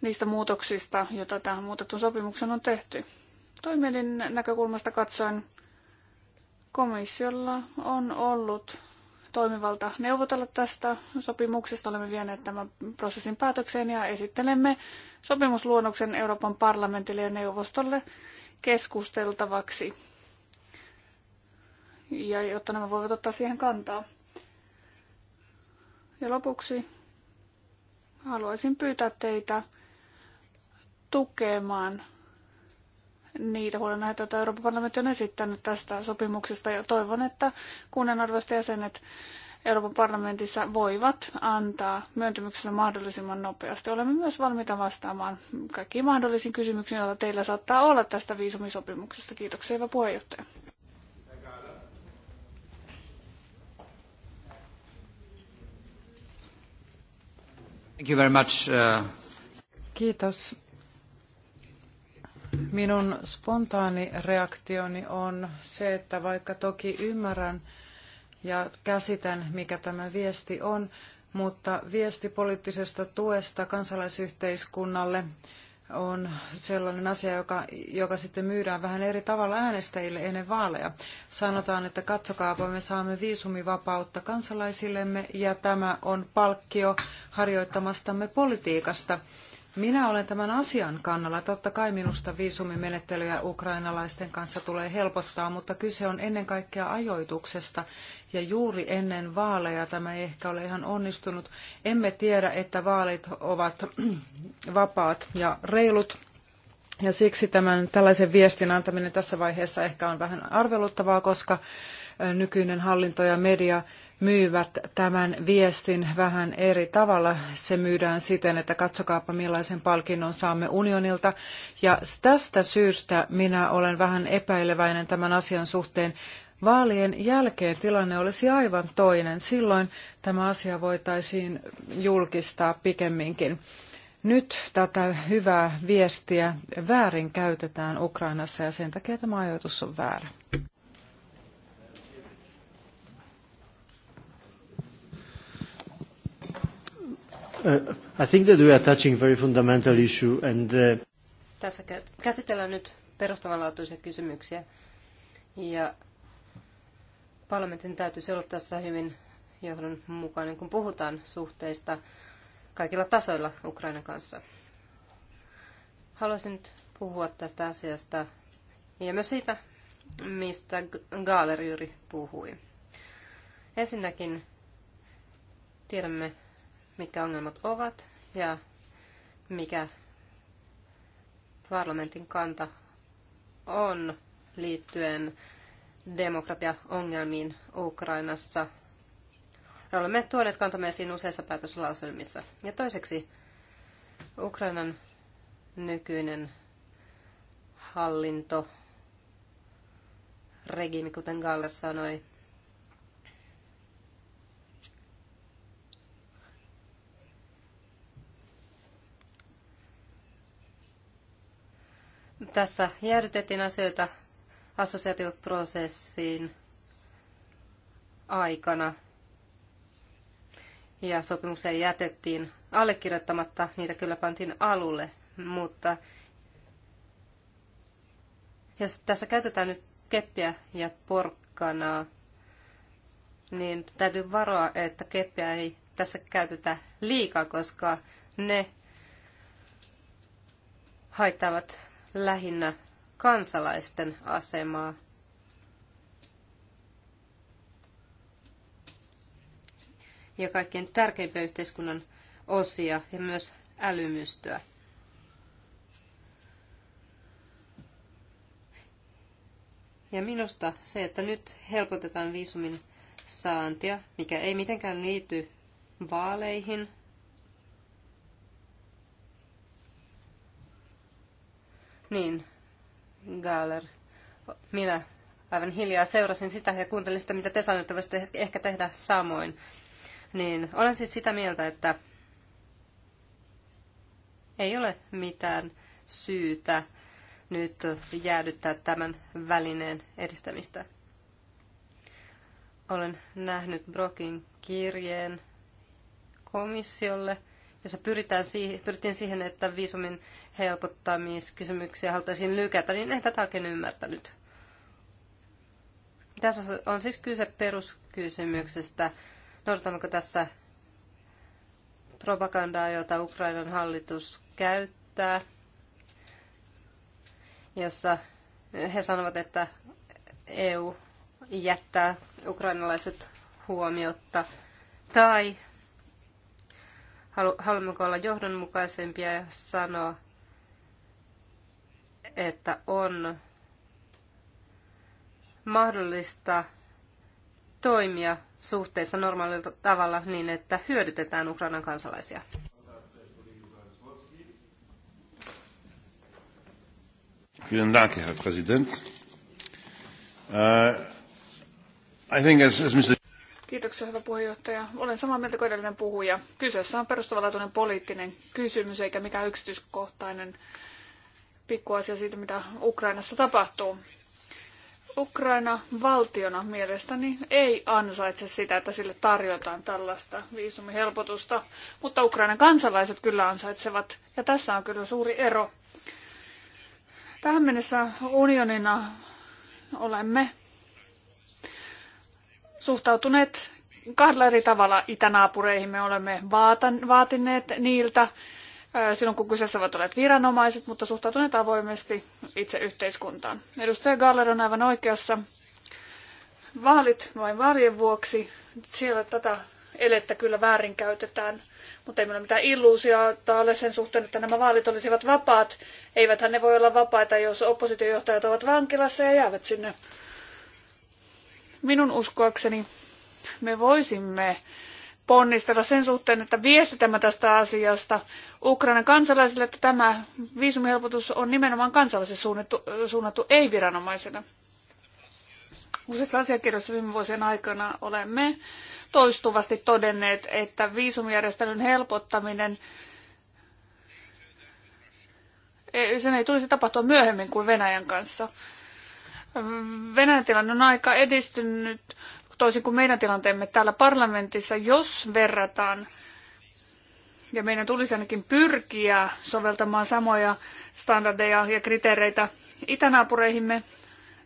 niistä muutoksista, joita tähän muutettuun sopimukseen on tehty. Toimielin näkökulmasta katsoen komissiolla on ollut toimivalta neuvotella tästä sopimuksesta. Olemme vieneet tämän prosessin päätökseen ja esittelemme sopimusluonnoksen Euroopan parlamentille ja neuvostolle keskusteltavaksi, ja jotta nämä voivat ottaa siihen kantaa. Ja lopuksi haluaisin pyytää teitä tukemaan niitä huolenaiheita, joita Euroopan parlamentti on esittänyt tästä sopimuksesta. Ja toivon, että kunnianarvoiset jäsenet Euroopan parlamentissa voivat antaa myöntymyksensä mahdollisimman nopeasti. Olemme myös valmiita vastaamaan kaikkiin mahdollisiin kysymyksiin, joita teillä saattaa olla tästä viisumisopimuksesta. Kiitoksia, hyvä puheenjohtaja. Thank you very much. Uh, Kiitos Minun spontaani reaktioni on se, että vaikka toki ymmärrän ja käsitän, mikä tämä viesti on, mutta viesti poliittisesta tuesta kansalaisyhteiskunnalle on sellainen asia, joka, joka sitten myydään vähän eri tavalla äänestäjille ennen vaaleja. Sanotaan, että katsokaapa, me saamme viisumivapautta kansalaisillemme ja tämä on palkkio harjoittamastamme politiikasta. Minä olen tämän asian kannalla. Totta kai minusta viisumimenettelyjä ukrainalaisten kanssa tulee helpottaa, mutta kyse on ennen kaikkea ajoituksesta. Ja juuri ennen vaaleja tämä ei ehkä ole ihan onnistunut. Emme tiedä, että vaalit ovat *clears throat* vapaat ja reilut. Ja siksi tämän, tällaisen viestin antaminen tässä vaiheessa ehkä on vähän arveluttavaa, koska nykyinen hallinto ja media myyvät tämän viestin vähän eri tavalla. Se myydään siten, että katsokaapa millaisen palkinnon saamme unionilta. Ja tästä syystä minä olen vähän epäileväinen tämän asian suhteen. Vaalien jälkeen tilanne olisi aivan toinen. Silloin tämä asia voitaisiin julkistaa pikemminkin. Nyt tätä hyvää viestiä väärin käytetään Ukrainassa ja sen takia tämä ajoitus on väärä. Uh, I think that we are touching very fundamental issue and, uh... Tässä käsitellään nyt perustavanlaatuisia kysymyksiä ja parlamentin täytyisi olla tässä hyvin johdonmukainen, kun puhutaan suhteista kaikilla tasoilla Ukrainan kanssa. Haluaisin nyt puhua tästä asiasta ja myös siitä, mistä Gaaler juuri puhui. Ensinnäkin tiedämme mitkä ongelmat ovat ja mikä parlamentin kanta on liittyen demokratiaongelmiin Ukrainassa. Me olemme tuoneet kantamme esiin useissa päätöslauselmissa. Ja toiseksi Ukrainan nykyinen hallinto, regiimi, kuten Galler sanoi, Tässä jäädytettiin asioita assosiaatioprosessiin aikana ja sopimuksia jätettiin allekirjoittamatta, niitä kyllä pantiin alulle, mutta jos tässä käytetään nyt keppiä ja porkkanaa, niin täytyy varoa, että keppiä ei tässä käytetä liikaa, koska ne haittavat lähinnä kansalaisten asemaa. ja kaikkein tärkeimpiä yhteiskunnan osia ja myös älymystöä. Ja minusta se, että nyt helpotetaan viisumin saantia, mikä ei mitenkään liity vaaleihin – Niin, Gaaler, minä aivan hiljaa seurasin sitä ja kuuntelin sitä, mitä te sanoitte, voisitte ehkä tehdä samoin. Niin, olen siis sitä mieltä, että ei ole mitään syytä nyt jäädyttää tämän välineen edistämistä. Olen nähnyt Brokin kirjeen komissiolle – jossa pyritään siihen, pyrittiin siihen, että viisumin helpottamiskysymyksiä haluttaisiin lykätä, niin en tätä oikein ymmärtänyt. Tässä on siis kyse peruskysymyksestä. Noudatammeko tässä propagandaa, jota Ukrainan hallitus käyttää, jossa he sanovat, että EU jättää ukrainalaiset huomiotta, tai haluammeko olla johdonmukaisempia ja sanoa, että on mahdollista toimia suhteessa normaalilla tavalla niin, että hyödytetään Ukrainan kansalaisia. Vielen Dank, Herr Präsident. Uh, I think as, as Mr. Kiitoksia, hyvä puheenjohtaja. Olen samaa mieltä kuin edellinen puhuja. Kyseessä on perustavanlaatuinen poliittinen kysymys, eikä mikään yksityiskohtainen pikkuasia siitä, mitä Ukrainassa tapahtuu. Ukraina valtiona mielestäni ei ansaitse sitä, että sille tarjotaan tällaista viisumihelpotusta, mutta Ukrainan kansalaiset kyllä ansaitsevat, ja tässä on kyllä suuri ero. Tähän mennessä unionina olemme suhtautuneet kahdella eri tavalla itänaapureihin. Me olemme vaatineet niiltä silloin, kun kyseessä ovat olleet viranomaiset, mutta suhtautuneet avoimesti itse yhteiskuntaan. Edustaja Galler on aivan oikeassa. Vaalit vain vaalien vuoksi. Siellä tätä elettä kyllä väärinkäytetään, mutta ei meillä mitään illuusiota ole sen suhteen, että nämä vaalit olisivat vapaat. Eiväthän ne voi olla vapaita, jos oppositiojohtajat ovat vankilassa ja jäävät sinne Minun uskoakseni me voisimme ponnistella sen suhteen, että viestitämme tästä asiasta Ukrainan kansalaisille, että tämä viisumihelpotus on nimenomaan kansalaisille suunnattu, suunnattu ei viranomaisena. Useissa asiakirjoissa viime vuosien aikana olemme toistuvasti todenneet, että viisumijärjestelyn helpottaminen e, sen ei tulisi tapahtua myöhemmin kuin Venäjän kanssa. Venäjän tilanne on aika edistynyt, toisin kuin meidän tilanteemme täällä parlamentissa, jos verrataan, ja meidän tulisi ainakin pyrkiä soveltamaan samoja standardeja ja kriteereitä itänaapureihimme,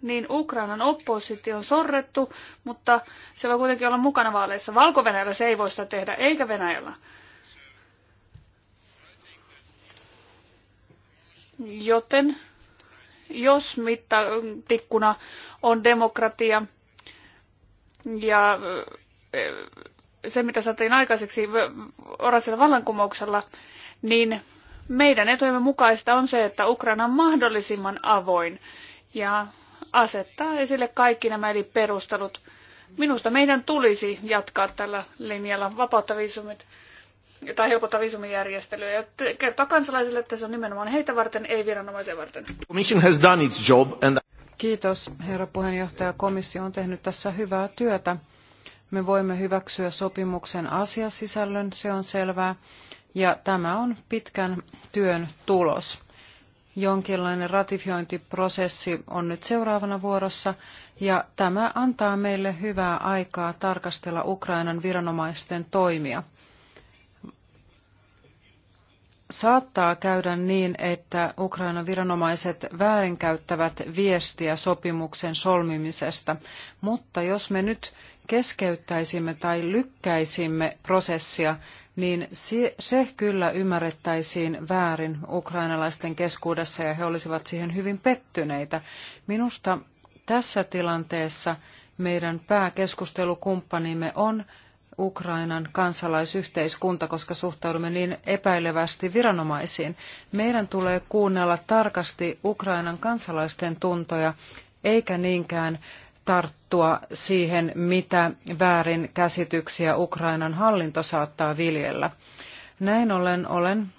niin Ukrainan oppositio on sorrettu, mutta se voi kuitenkin olla mukana vaaleissa. valko se ei voi sitä tehdä, eikä Venäjällä. Joten jos mittatikkuna on demokratia ja se, mitä saatiin aikaiseksi orasella vallankumouksella, niin meidän etujemme mukaista on se, että Ukraina on mahdollisimman avoin ja asettaa esille kaikki nämä eli perustelut. Minusta meidän tulisi jatkaa tällä linjalla vapautta viisumit tai helpottaa viisumijärjestelyä ja kertoa kansalaisille, että se on nimenomaan heitä varten, ei viranomaisia varten. Commission has done its job and... Kiitos, herra puheenjohtaja. Komissio on tehnyt tässä hyvää työtä. Me voimme hyväksyä sopimuksen asiasisällön, se on selvää, ja tämä on pitkän työn tulos. Jonkinlainen ratifiointiprosessi on nyt seuraavana vuorossa, ja tämä antaa meille hyvää aikaa tarkastella Ukrainan viranomaisten toimia saattaa käydä niin, että Ukrainan viranomaiset väärinkäyttävät viestiä sopimuksen solmimisesta, mutta jos me nyt keskeyttäisimme tai lykkäisimme prosessia, niin se, kyllä ymmärrettäisiin väärin ukrainalaisten keskuudessa ja he olisivat siihen hyvin pettyneitä. Minusta tässä tilanteessa meidän pääkeskustelukumppanimme on Ukrainan kansalaisyhteiskunta, koska suhtaudumme niin epäilevästi viranomaisiin. Meidän tulee kuunnella tarkasti Ukrainan kansalaisten tuntoja, eikä niinkään tarttua siihen, mitä väärin käsityksiä Ukrainan hallinto saattaa viljellä. Näin ollen olen,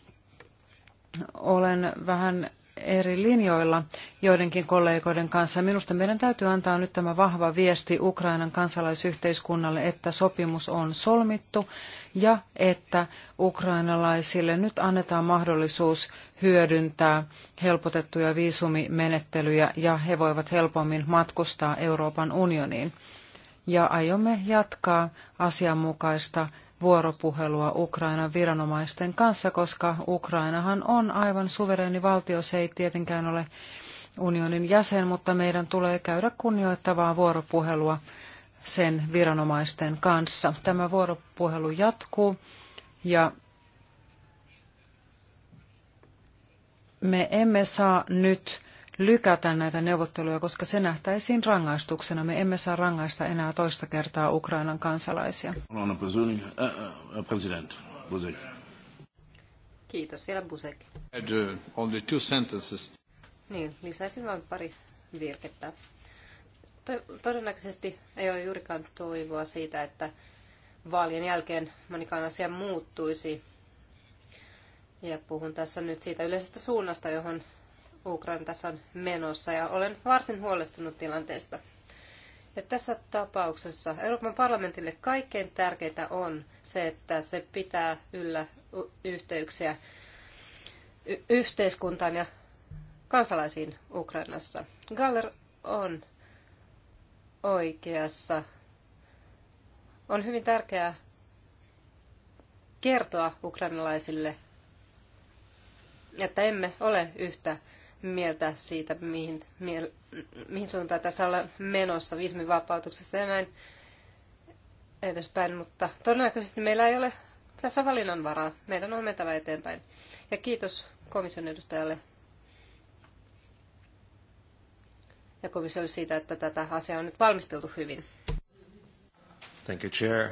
olen vähän eri linjoilla joidenkin kollegoiden kanssa. Minusta meidän täytyy antaa nyt tämä vahva viesti Ukrainan kansalaisyhteiskunnalle, että sopimus on solmittu ja että ukrainalaisille nyt annetaan mahdollisuus hyödyntää helpotettuja viisumimenettelyjä ja he voivat helpommin matkustaa Euroopan unioniin. Ja aiomme jatkaa asianmukaista vuoropuhelua Ukrainan viranomaisten kanssa, koska Ukrainahan on aivan suvereeni valtio, se ei tietenkään ole unionin jäsen, mutta meidän tulee käydä kunnioittavaa vuoropuhelua sen viranomaisten kanssa. Tämä vuoropuhelu jatkuu ja me emme saa nyt lykätä näitä neuvotteluja, koska se nähtäisiin rangaistuksena. Me emme saa rangaista enää toista kertaa Ukrainan kansalaisia. Eh, eh, eh, Kiitos vielä Busek. Uh, only two sentences. Niin, lisäisin vain pari virkettä. To- todennäköisesti ei ole juurikaan toivoa siitä, että vaalien jälkeen monikaan asia muuttuisi. Ja puhun tässä nyt siitä yleisestä suunnasta, johon Ukraina tässä on menossa ja olen varsin huolestunut tilanteesta. Ja tässä tapauksessa Euroopan parlamentille kaikkein tärkeintä on se, että se pitää yllä yhteyksiä y- yhteiskuntaan ja kansalaisiin Ukrainassa. Galler on oikeassa. On hyvin tärkeää kertoa ukrainalaisille, että emme ole yhtä mieltä siitä, mihin, miel, mihin suuntaan tässä ollaan menossa viisumin vapautuksessa ja näin edespäin, mutta todennäköisesti meillä ei ole tässä valinnanvaraa. Meidän on mentävä eteenpäin. Ja kiitos komission edustajalle ja komissiolle siitä, että tätä asiaa on nyt valmisteltu hyvin. Thank you, Chair.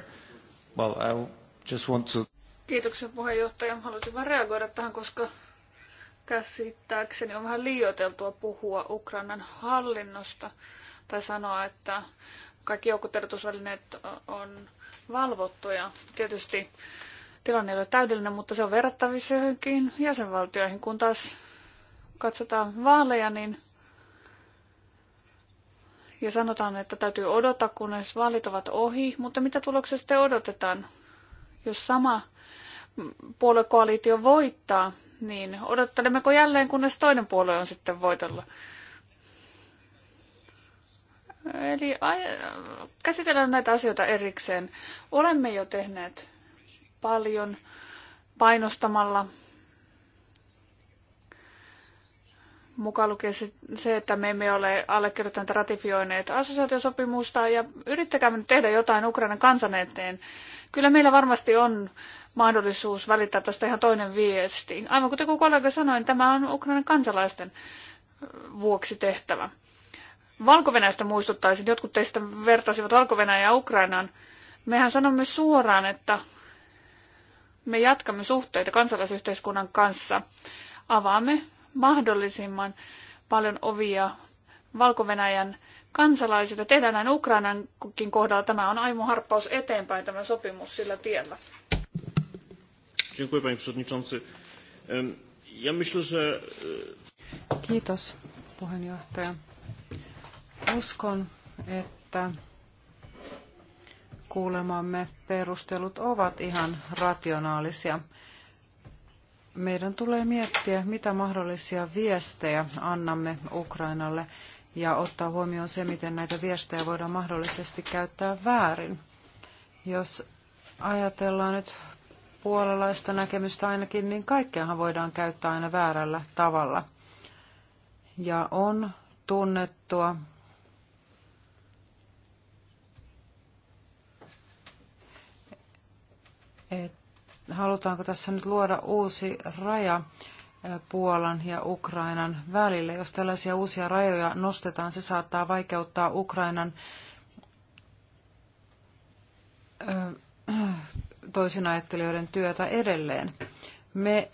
Well, I just want to... Kiitoksia puheenjohtaja. Haluaisin vain reagoida tähän, koska käsittääkseni on vähän liioiteltua puhua Ukrainan hallinnosta tai sanoa, että kaikki joukkotiedotusvälineet on valvottuja. Tietysti tilanne ei ole täydellinen, mutta se on verrattavissa johonkin jäsenvaltioihin. Kun taas katsotaan vaaleja, niin ja sanotaan, että täytyy odottaa, kunnes vaalit ovat ohi, mutta mitä tuloksia sitten odotetaan? Jos sama puoluekoalitio voittaa, niin odottelemmeko jälleen, kunnes toinen puolue on sitten voitolla? Eli käsitellään näitä asioita erikseen. Olemme jo tehneet paljon painostamalla mukaan lukien se, että me emme ole allekirjoittaneet ratifioineet assosiaatiosopimusta ja yrittäkäämme nyt tehdä jotain Ukrainan kansan eteen. Kyllä meillä varmasti on mahdollisuus välittää tästä ihan toinen viesti. Aivan kuten joku kollega sanoi, niin tämä on Ukrainan kansalaisten vuoksi tehtävä. valko muistuttaisin, jotkut teistä vertasivat valko ja Ukrainaan. Mehän sanomme suoraan, että me jatkamme suhteita kansalaisyhteiskunnan kanssa. Avaamme mahdollisimman paljon ovia valko kansalaisille. Tehdään näin Ukrainankin kohdalla. Tämä on aimo harppaus eteenpäin tämä sopimus sillä tiellä. Dziękuję, panie przewodniczący. Ja myślę, że... E, Kiitos, puheenjohtaja. Uskon, että kuulemamme perustelut ovat ihan rationaalisia. Meidän tulee miettiä, mitä mahdollisia viestejä annamme Ukrainalle ja ottaa huomioon se, miten näitä viestejä voidaan mahdollisesti käyttää väärin. Jos ajatellaan nyt puolalaista näkemystä ainakin, niin kaikkeahan voidaan käyttää aina väärällä tavalla. Ja on tunnettua että halutaanko tässä nyt luoda uusi raja Puolan ja Ukrainan välille. Jos tällaisia uusia rajoja nostetaan, se saattaa vaikeuttaa Ukrainan ajattelijoiden työtä edelleen. Me,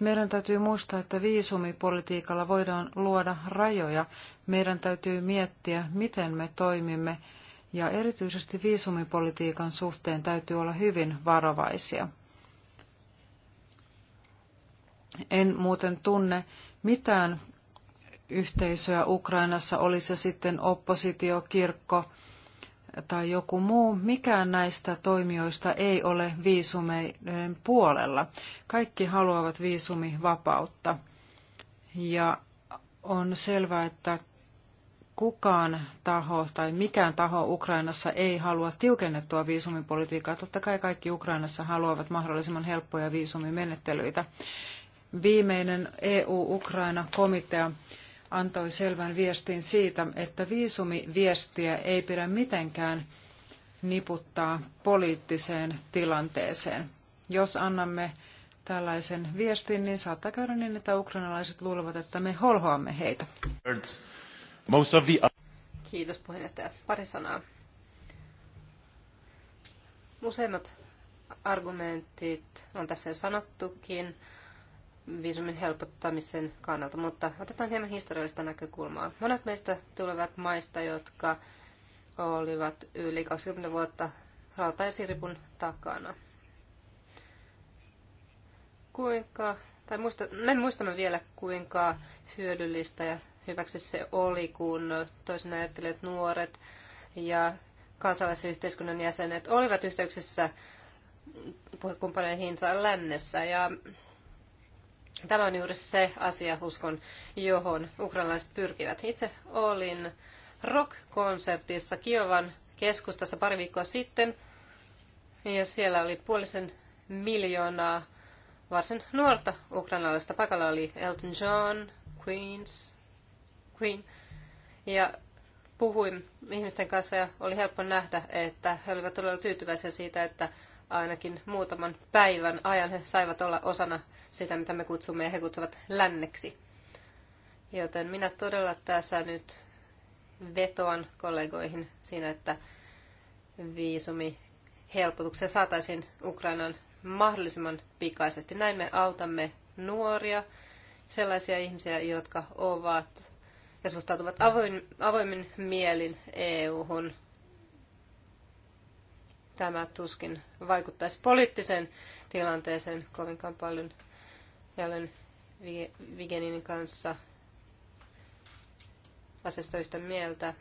meidän täytyy muistaa, että viisumipolitiikalla voidaan luoda rajoja. Meidän täytyy miettiä, miten me toimimme, ja erityisesti viisumipolitiikan suhteen täytyy olla hyvin varovaisia. En muuten tunne mitään yhteisöä Ukrainassa, oli se sitten oppositio, kirkko, tai joku muu, mikään näistä toimijoista ei ole viisumeiden puolella. Kaikki haluavat viisumivapautta. Ja on selvää, että kukaan taho tai mikään taho Ukrainassa ei halua tiukennettua viisumipolitiikkaa. Totta kai kaikki Ukrainassa haluavat mahdollisimman helppoja viisumimenettelyitä. Viimeinen EU-Ukraina-komitea antoi selvän viestin siitä, että viisumiviestiä ei pidä mitenkään niputtaa poliittiseen tilanteeseen. Jos annamme tällaisen viestin, niin saattaa käydä niin, että ukrainalaiset luulevat, että me holhoamme heitä. Kiitos puheenjohtaja. Pari sanaa. Useimmat argumentit on tässä jo sanottukin viisumin helpottamisen kannalta, mutta otetaan hieman historiallista näkökulmaa. Monet meistä tulevat maista, jotka olivat yli 20 vuotta hautajaisiripun takana. Kuinka, tai muista, me muistamme vielä, kuinka hyödyllistä ja hyväksi se oli, kun toisen ajattelijat nuoret ja kansalaisyhteiskunnan jäsenet olivat yhteyksissä puhekumppaneihinsa lännessä. Ja Tämä on juuri se asia, uskon, johon ukrainalaiset pyrkivät. Itse olin rock-konsertissa Kiovan keskustassa pari viikkoa sitten, ja siellä oli puolisen miljoonaa varsin nuorta ukrainalaista. Paikalla oli Elton John, Queens, Queen, ja puhuin ihmisten kanssa ja oli helppo nähdä, että he olivat todella tyytyväisiä siitä, että ainakin muutaman päivän ajan he saivat olla osana sitä, mitä me kutsumme ja he kutsuvat länneksi. Joten minä todella tässä nyt vetoan kollegoihin siinä, että viisumi helpotuksia saataisiin Ukrainan mahdollisimman pikaisesti. Näin me autamme nuoria, sellaisia ihmisiä, jotka ovat ja suhtautuvat avoin, avoimin mielin EU-hun tämä tuskin vaikuttaisi poliittiseen tilanteeseen kovinkaan paljon. jälleen vigenin Vigeninin kanssa asiasta yhtä mieltä.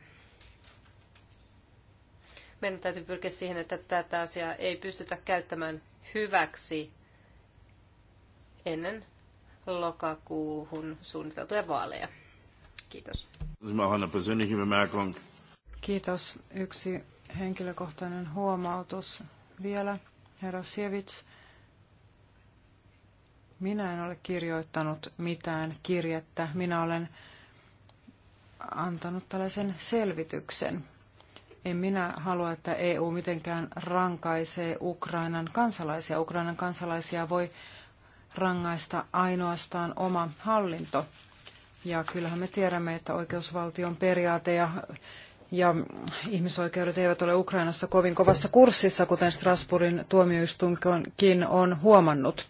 Meidän täytyy pyrkiä siihen, että tätä asiaa ei pystytä käyttämään hyväksi ennen lokakuuhun suunniteltuja vaaleja. Kiitos. Kiitos. Yksi henkilökohtainen huomautus vielä, herra Sievits. Minä en ole kirjoittanut mitään kirjettä. Minä olen antanut tällaisen selvityksen. En minä halua, että EU mitenkään rankaisee Ukrainan kansalaisia. Ukrainan kansalaisia voi rangaista ainoastaan oma hallinto. Ja kyllähän me tiedämme, että oikeusvaltion periaate ja ja ihmisoikeudet eivät ole Ukrainassa kovin kovassa kurssissa, kuten Strasbourgin tuomioistuinkin on huomannut.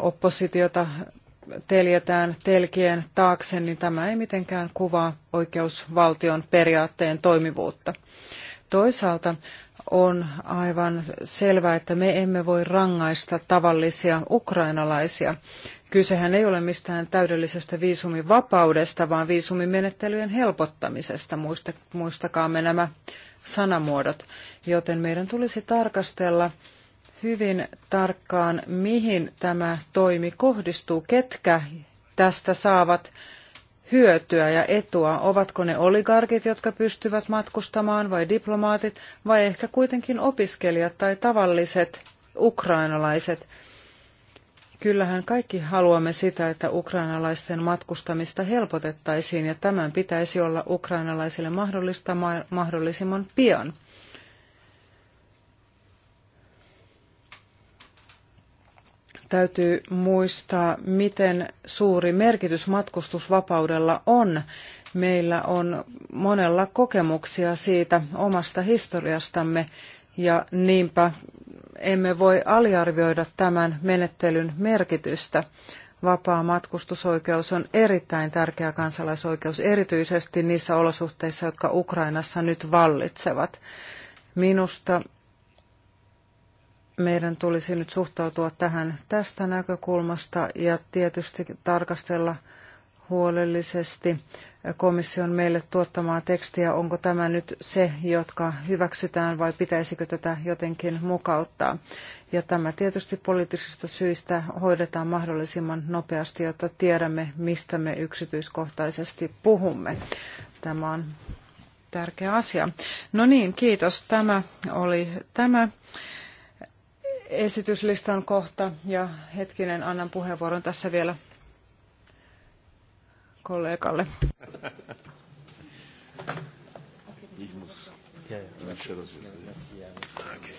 Oppositiota teljetään telkien taakse, niin tämä ei mitenkään kuvaa oikeusvaltion periaatteen toimivuutta. Toisaalta on aivan selvää, että me emme voi rangaista tavallisia ukrainalaisia. Kysehän ei ole mistään täydellisestä viisumivapaudesta, vaan viisumimenettelyjen helpottamisesta. Muistakaamme nämä sanamuodot. Joten meidän tulisi tarkastella hyvin tarkkaan, mihin tämä toimi kohdistuu, ketkä tästä saavat hyötyä ja etua? Ovatko ne oligarkit, jotka pystyvät matkustamaan, vai diplomaatit, vai ehkä kuitenkin opiskelijat tai tavalliset ukrainalaiset, Kyllähän kaikki haluamme sitä, että ukrainalaisten matkustamista helpotettaisiin ja tämän pitäisi olla ukrainalaisille mahdollista mahdollisimman pian. Täytyy muistaa, miten suuri merkitys matkustusvapaudella on. Meillä on monella kokemuksia siitä omasta historiastamme ja niinpä emme voi aliarvioida tämän menettelyn merkitystä. Vapaa matkustusoikeus on erittäin tärkeä kansalaisoikeus, erityisesti niissä olosuhteissa, jotka Ukrainassa nyt vallitsevat. Minusta meidän tulisi nyt suhtautua tähän tästä näkökulmasta ja tietysti tarkastella huolellisesti komission meille tuottamaa tekstiä. Onko tämä nyt se, jotka hyväksytään vai pitäisikö tätä jotenkin mukauttaa? Ja tämä tietysti poliittisista syistä hoidetaan mahdollisimman nopeasti, jotta tiedämme, mistä me yksityiskohtaisesti puhumme. Tämä on tärkeä asia. No niin, kiitos. Tämä oli tämä esityslistan kohta ja hetkinen annan puheenvuoron tässä vielä kollegalle. Ich muss. Ja, ja. Okay.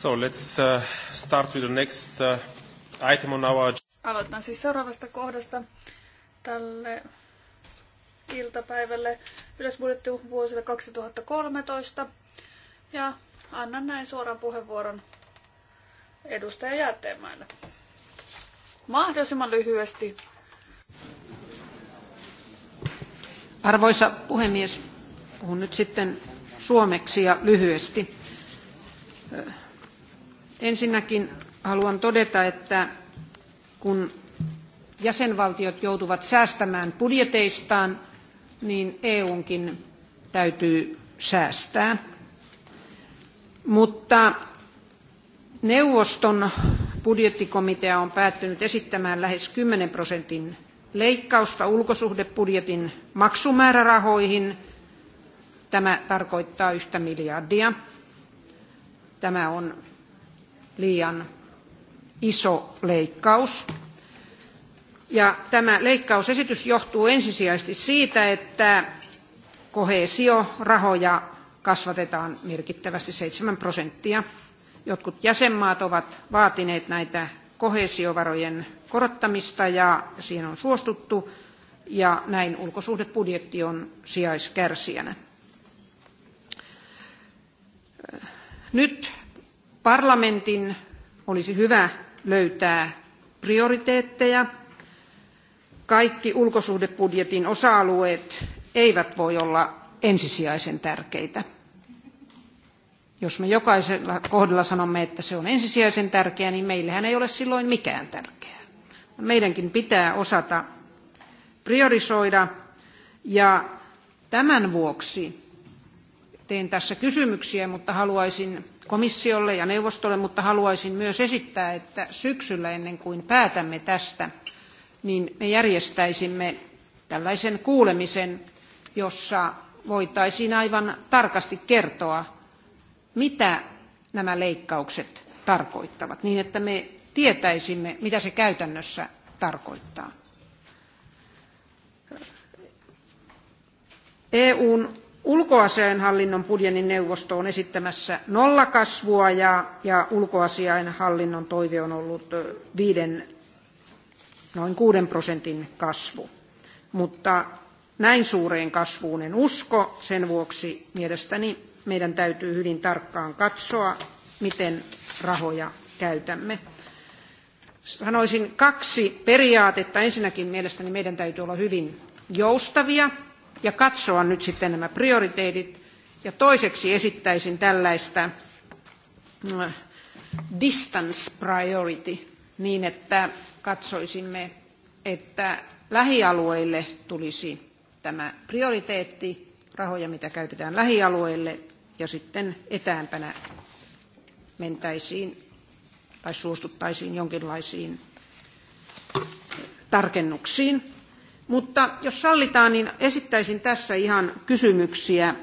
So let's uh, start with the next uh, item on our... Aloitan siis seuraavasta kohdasta tälle iltapäivälle yleisbudjetti vuosille 2013. Ja annan näin suoran puheenvuoron edustaja Jäätteenmäelle. Mahdollisimman lyhyesti. Arvoisa puhemies, puhun nyt sitten suomeksi ja lyhyesti. Ensinnäkin haluan todeta, että kun jäsenvaltiot joutuvat säästämään budjeteistaan, niin EUnkin täytyy säästää. Mutta neuvoston budjettikomitea on päättynyt esittämään lähes 10 prosentin leikkausta ulkosuhdebudjetin maksumäärärahoihin. Tämä tarkoittaa yhtä miljardia. Tämä on liian iso leikkaus. Ja tämä leikkausesitys johtuu ensisijaisesti siitä, että koheesiorahoja kasvatetaan merkittävästi seitsemän prosenttia. Jotkut jäsenmaat ovat vaatineet näitä koheesiovarojen korottamista ja siihen on suostuttu ja näin ulkosuhdebudjetti on sijaiskärsijänä. Nyt Parlamentin olisi hyvä löytää prioriteetteja. Kaikki ulkosuhdebudjetin osa-alueet eivät voi olla ensisijaisen tärkeitä. Jos me jokaisella kohdalla sanomme, että se on ensisijaisen tärkeä, niin meillähän ei ole silloin mikään tärkeää. Meidänkin pitää osata priorisoida ja tämän vuoksi teen tässä kysymyksiä, mutta haluaisin komissiolle ja neuvostolle, mutta haluaisin myös esittää, että syksyllä ennen kuin päätämme tästä, niin me järjestäisimme tällaisen kuulemisen, jossa voitaisiin aivan tarkasti kertoa, mitä nämä leikkaukset tarkoittavat, niin että me tietäisimme, mitä se käytännössä tarkoittaa. EUn ulkoasiainhallinnon neuvosto on esittämässä nollakasvua ja, ja ulkoasiainhallinnon toive on ollut viiden, noin kuuden prosentin kasvu. Mutta näin suureen kasvuun en usko, sen vuoksi mielestäni meidän täytyy hyvin tarkkaan katsoa, miten rahoja käytämme. Sanoisin kaksi periaatetta. Ensinnäkin mielestäni meidän täytyy olla hyvin joustavia ja katsoa nyt sitten nämä prioriteetit. Ja toiseksi esittäisin tällaista mm, distance priority niin, että katsoisimme, että lähialueille tulisi tämä prioriteetti, rahoja mitä käytetään lähialueille ja sitten etäämpänä mentäisiin tai suostuttaisiin jonkinlaisiin tarkennuksiin. Mutta jos sallitaan, niin esittäisin tässä ihan kysymyksiä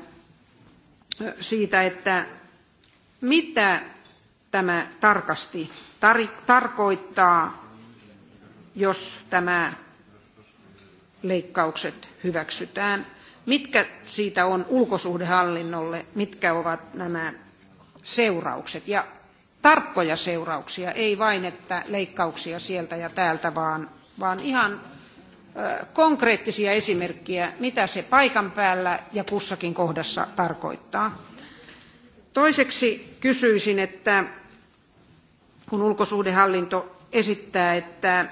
siitä, että mitä tämä tarkasti tar- tarkoittaa, jos tämä leikkaukset hyväksytään. Mitkä siitä on ulkosuhdehallinnolle, mitkä ovat nämä seuraukset ja tarkkoja seurauksia, ei vain että leikkauksia sieltä ja täältä, vaan, vaan ihan konkreettisia esimerkkejä, mitä se paikan päällä ja kussakin kohdassa tarkoittaa. Toiseksi kysyisin, että kun ulkosuhdehallinto esittää, että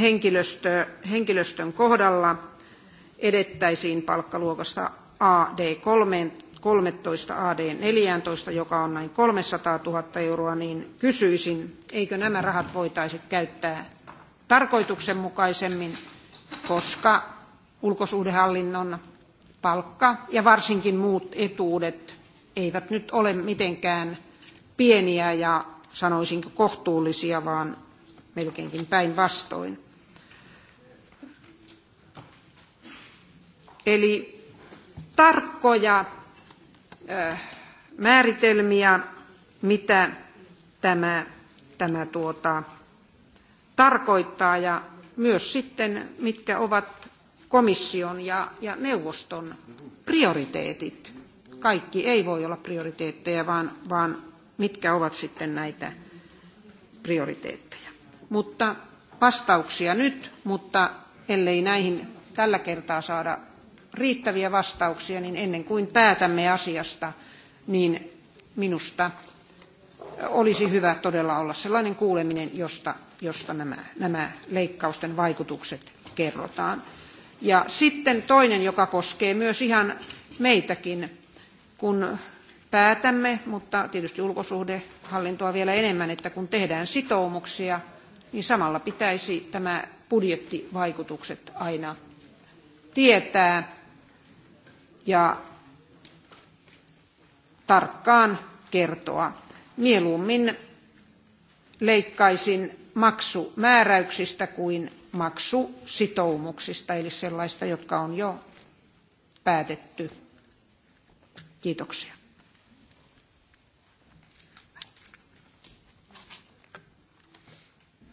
henkilöstö, henkilöstön kohdalla edettäisiin palkkaluokasta AD3 13 AD14, joka on noin 300 000 euroa, niin kysyisin, eikö nämä rahat voitaisi käyttää tarkoituksenmukaisemmin koska ulkosuhdehallinnon palkka ja varsinkin muut etuudet eivät nyt ole mitenkään pieniä ja sanoisinko kohtuullisia, vaan melkeinkin päinvastoin. Eli tarkkoja määritelmiä, mitä tämä, tämä tuota, tarkoittaa ja myös sitten, mitkä ovat komission ja, ja neuvoston prioriteetit. Kaikki ei voi olla prioriteetteja, vaan, vaan mitkä ovat sitten näitä prioriteetteja. Mutta vastauksia nyt, mutta ellei näihin tällä kertaa saada riittäviä vastauksia, niin ennen kuin päätämme asiasta, niin minusta olisi hyvä todella olla sellainen kuuleminen, josta, josta nämä, nämä leikkausten vaikutukset kerrotaan. Ja sitten toinen, joka koskee myös ihan meitäkin, kun päätämme, mutta tietysti ulkosuhdehallintoa vielä enemmän, että kun tehdään sitoumuksia, niin samalla pitäisi tämä budjettivaikutukset aina tietää ja tarkkaan kertoa. Mieluummin leikkaisin maksumääräyksistä kuin maksusitoumuksista, eli sellaista, jotka on jo päätetty. Kiitoksia.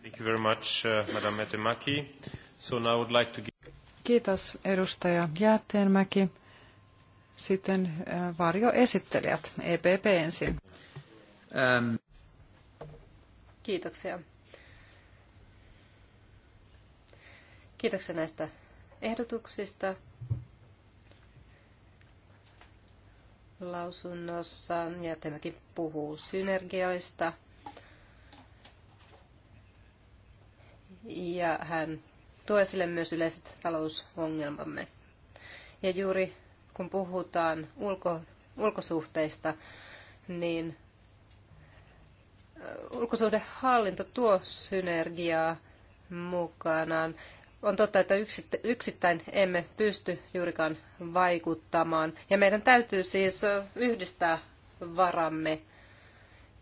Thank you very much, uh, Madam Metemaki. So now I would like to give... Kiitos edustaja Jäätteenmäki. Sitten uh, varjoesittelijät, EPP ensin. Ähm, Kiitoksia. Kiitoksia näistä ehdotuksista. lausunnossaan ja tämäkin puhuu synergioista. Ja hän tuo esille myös yleiset talousongelmamme. Ja juuri kun puhutaan ulko, ulkosuhteista, niin ulkosuhdehallinto tuo synergiaa mukanaan. On totta, että yksittäin emme pysty juurikaan vaikuttamaan. Ja meidän täytyy siis yhdistää varamme.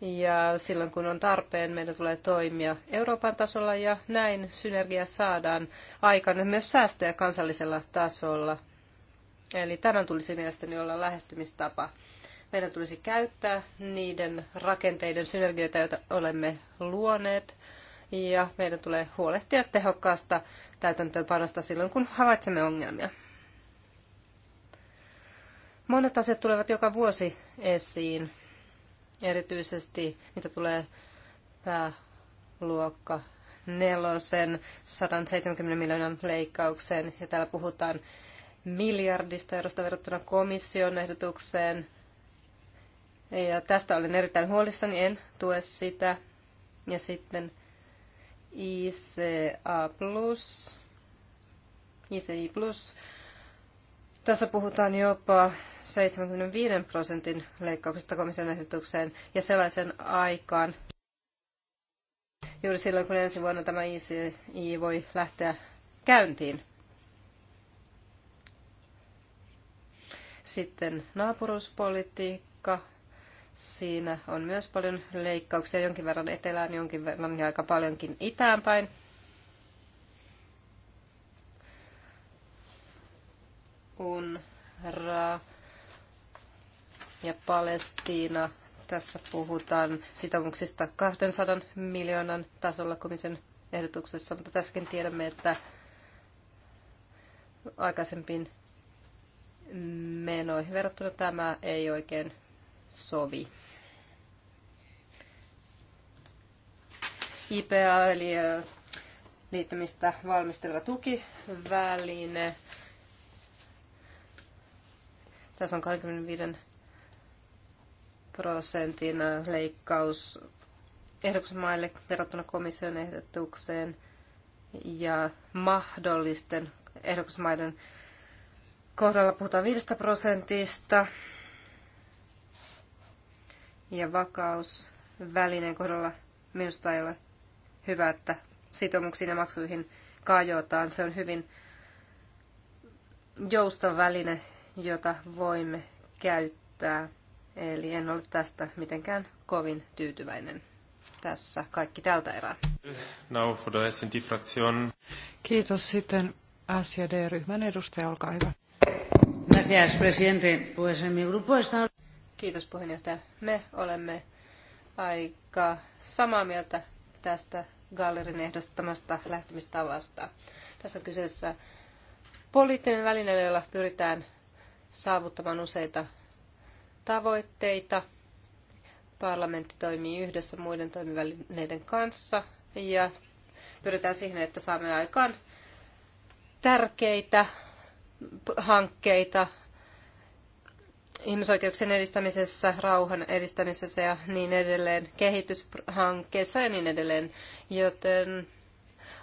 Ja silloin kun on tarpeen, meidän tulee toimia Euroopan tasolla ja näin synergia saadaan aikana myös säästöjä kansallisella tasolla. Eli tämän tulisi mielestäni olla lähestymistapa. Meidän tulisi käyttää niiden rakenteiden synergioita, joita olemme luoneet, ja meidän tulee huolehtia tehokkaasta täytäntöönpanosta silloin, kun havaitsemme ongelmia. Monet asiat tulevat joka vuosi esiin, erityisesti mitä tulee pääluokka nelosen 170 miljoonan leikkaukseen, ja täällä puhutaan miljardista eurosta verrattuna komission ehdotukseen ja tästä olen erittäin huolissani, en tue sitä. Ja sitten ICA+, ICI+, tässä puhutaan jopa 75 prosentin leikkauksesta komission ehdotukseen ja sellaisen aikaan, juuri silloin kun ensi vuonna tämä ICI voi lähteä käyntiin. Sitten naapuruspolitiikka Siinä on myös paljon leikkauksia, jonkin verran etelään, jonkin verran ja aika paljonkin itäänpäin. päin. ja Palestiina. Tässä puhutaan sitoumuksista 200 miljoonan tasolla komission ehdotuksessa, mutta tässäkin tiedämme, että aikaisempiin menoihin verrattuna tämä ei oikein sovi. IPA eli liittymistä valmisteleva tukiväline. Tässä on 25 prosentin leikkaus ehdotusmaille verrattuna komission ehdotukseen ja mahdollisten ehdotusmaiden kohdalla puhutaan 5 prosentista ja vakaus välineen kohdalla minusta ei ole hyvä, että sitoumuksiin ja maksuihin kajotaan. Se on hyvin joustava väline, jota voimme käyttää. Eli en ole tästä mitenkään kovin tyytyväinen. Tässä kaikki tältä erää. Now for the S&D fraktion Kiitos sitten SJD-ryhmän edustaja, olkaa hyvä. Gracias, presidente. Pues en mi grupo está... Kiitos puheenjohtaja. Me olemme aika samaa mieltä tästä Gallerin ehdottamasta lähestymistavasta. Tässä on kyseessä poliittinen väline, jolla pyritään saavuttamaan useita tavoitteita. Parlamentti toimii yhdessä muiden toimivälineiden kanssa ja pyritään siihen, että saamme aikaan tärkeitä hankkeita ihmisoikeuksien edistämisessä, rauhan edistämisessä ja niin edelleen, kehityshankkeessa ja niin edelleen. Joten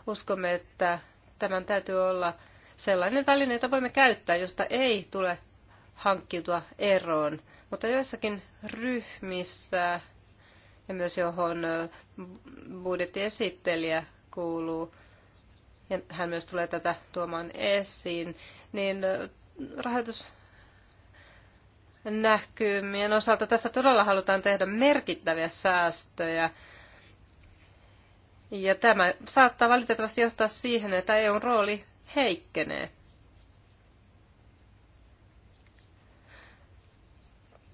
uskomme, että tämän täytyy olla sellainen väline, jota voimme käyttää, josta ei tule hankkiutua eroon. Mutta joissakin ryhmissä ja myös johon budjettiesittelijä kuuluu, ja hän myös tulee tätä tuomaan esiin, niin rahoitus näkymien osalta tässä todella halutaan tehdä merkittäviä säästöjä. Ja tämä saattaa valitettavasti johtaa siihen, että EUn rooli heikkenee.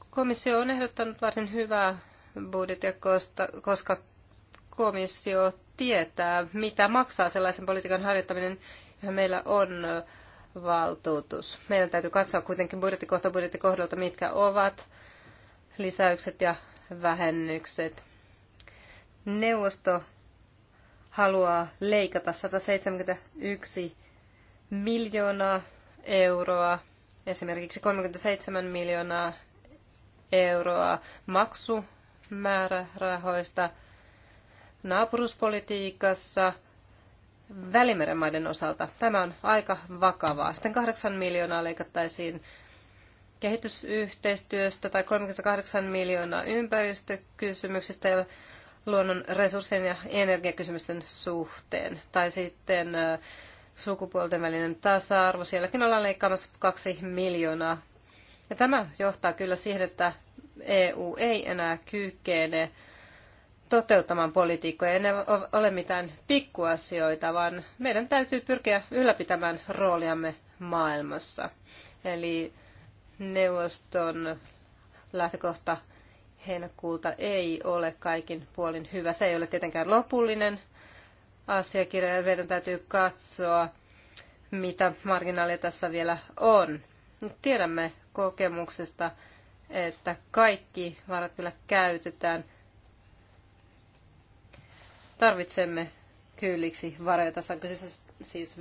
Komissio on ehdottanut varsin hyvää budjettia, koska komissio tietää, mitä maksaa sellaisen politiikan harjoittaminen, johon meillä on valtuutus. Meidän täytyy katsoa kuitenkin budjettikohta budjettikohdalta, mitkä ovat lisäykset ja vähennykset. Neuvosto haluaa leikata 171 miljoonaa euroa, esimerkiksi 37 miljoonaa euroa maksumäärärahoista naapuruspolitiikassa – Välimeren maiden osalta. Tämä on aika vakavaa. Sitten 8 miljoonaa leikattaisiin kehitysyhteistyöstä tai 38 miljoonaa ympäristökysymyksistä ja luonnon resurssien ja energiakysymysten suhteen. Tai sitten sukupuolten välinen tasa-arvo, sielläkin ollaan leikkaamassa kaksi miljoonaa. Ja tämä johtaa kyllä siihen, että EU ei enää kykene toteuttamaan politiikkoja. Ei ne ole mitään pikkuasioita, vaan meidän täytyy pyrkiä ylläpitämään rooliamme maailmassa. Eli neuvoston lähtökohta heinäkuulta ei ole kaikin puolin hyvä. Se ei ole tietenkään lopullinen asiakirja ja meidän täytyy katsoa, mitä marginaalia tässä vielä on. Tiedämme kokemuksesta, että kaikki varat kyllä käytetään tarvitsemme kylliksi varoja. Tässä on kyseessä siis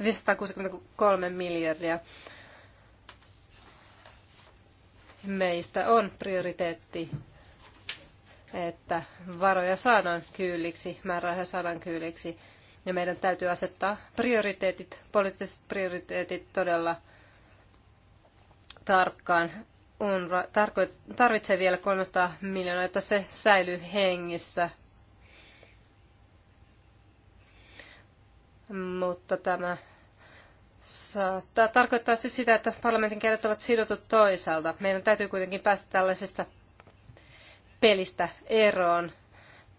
563 miljardia. Meistä on prioriteetti, että varoja saadaan kylliksi, määrärahoja saadaan kylliksi. Ja meidän täytyy asettaa prioriteetit, poliittiset prioriteetit todella tarkkaan. UNRWA tarvitsee vielä 300 miljoonaa, että se säilyy hengissä – mutta tämä saattaa tarkoittaa siis sitä, että parlamentin kädet ovat sidotut toisaalta. Meidän täytyy kuitenkin päästä tällaisesta pelistä eroon.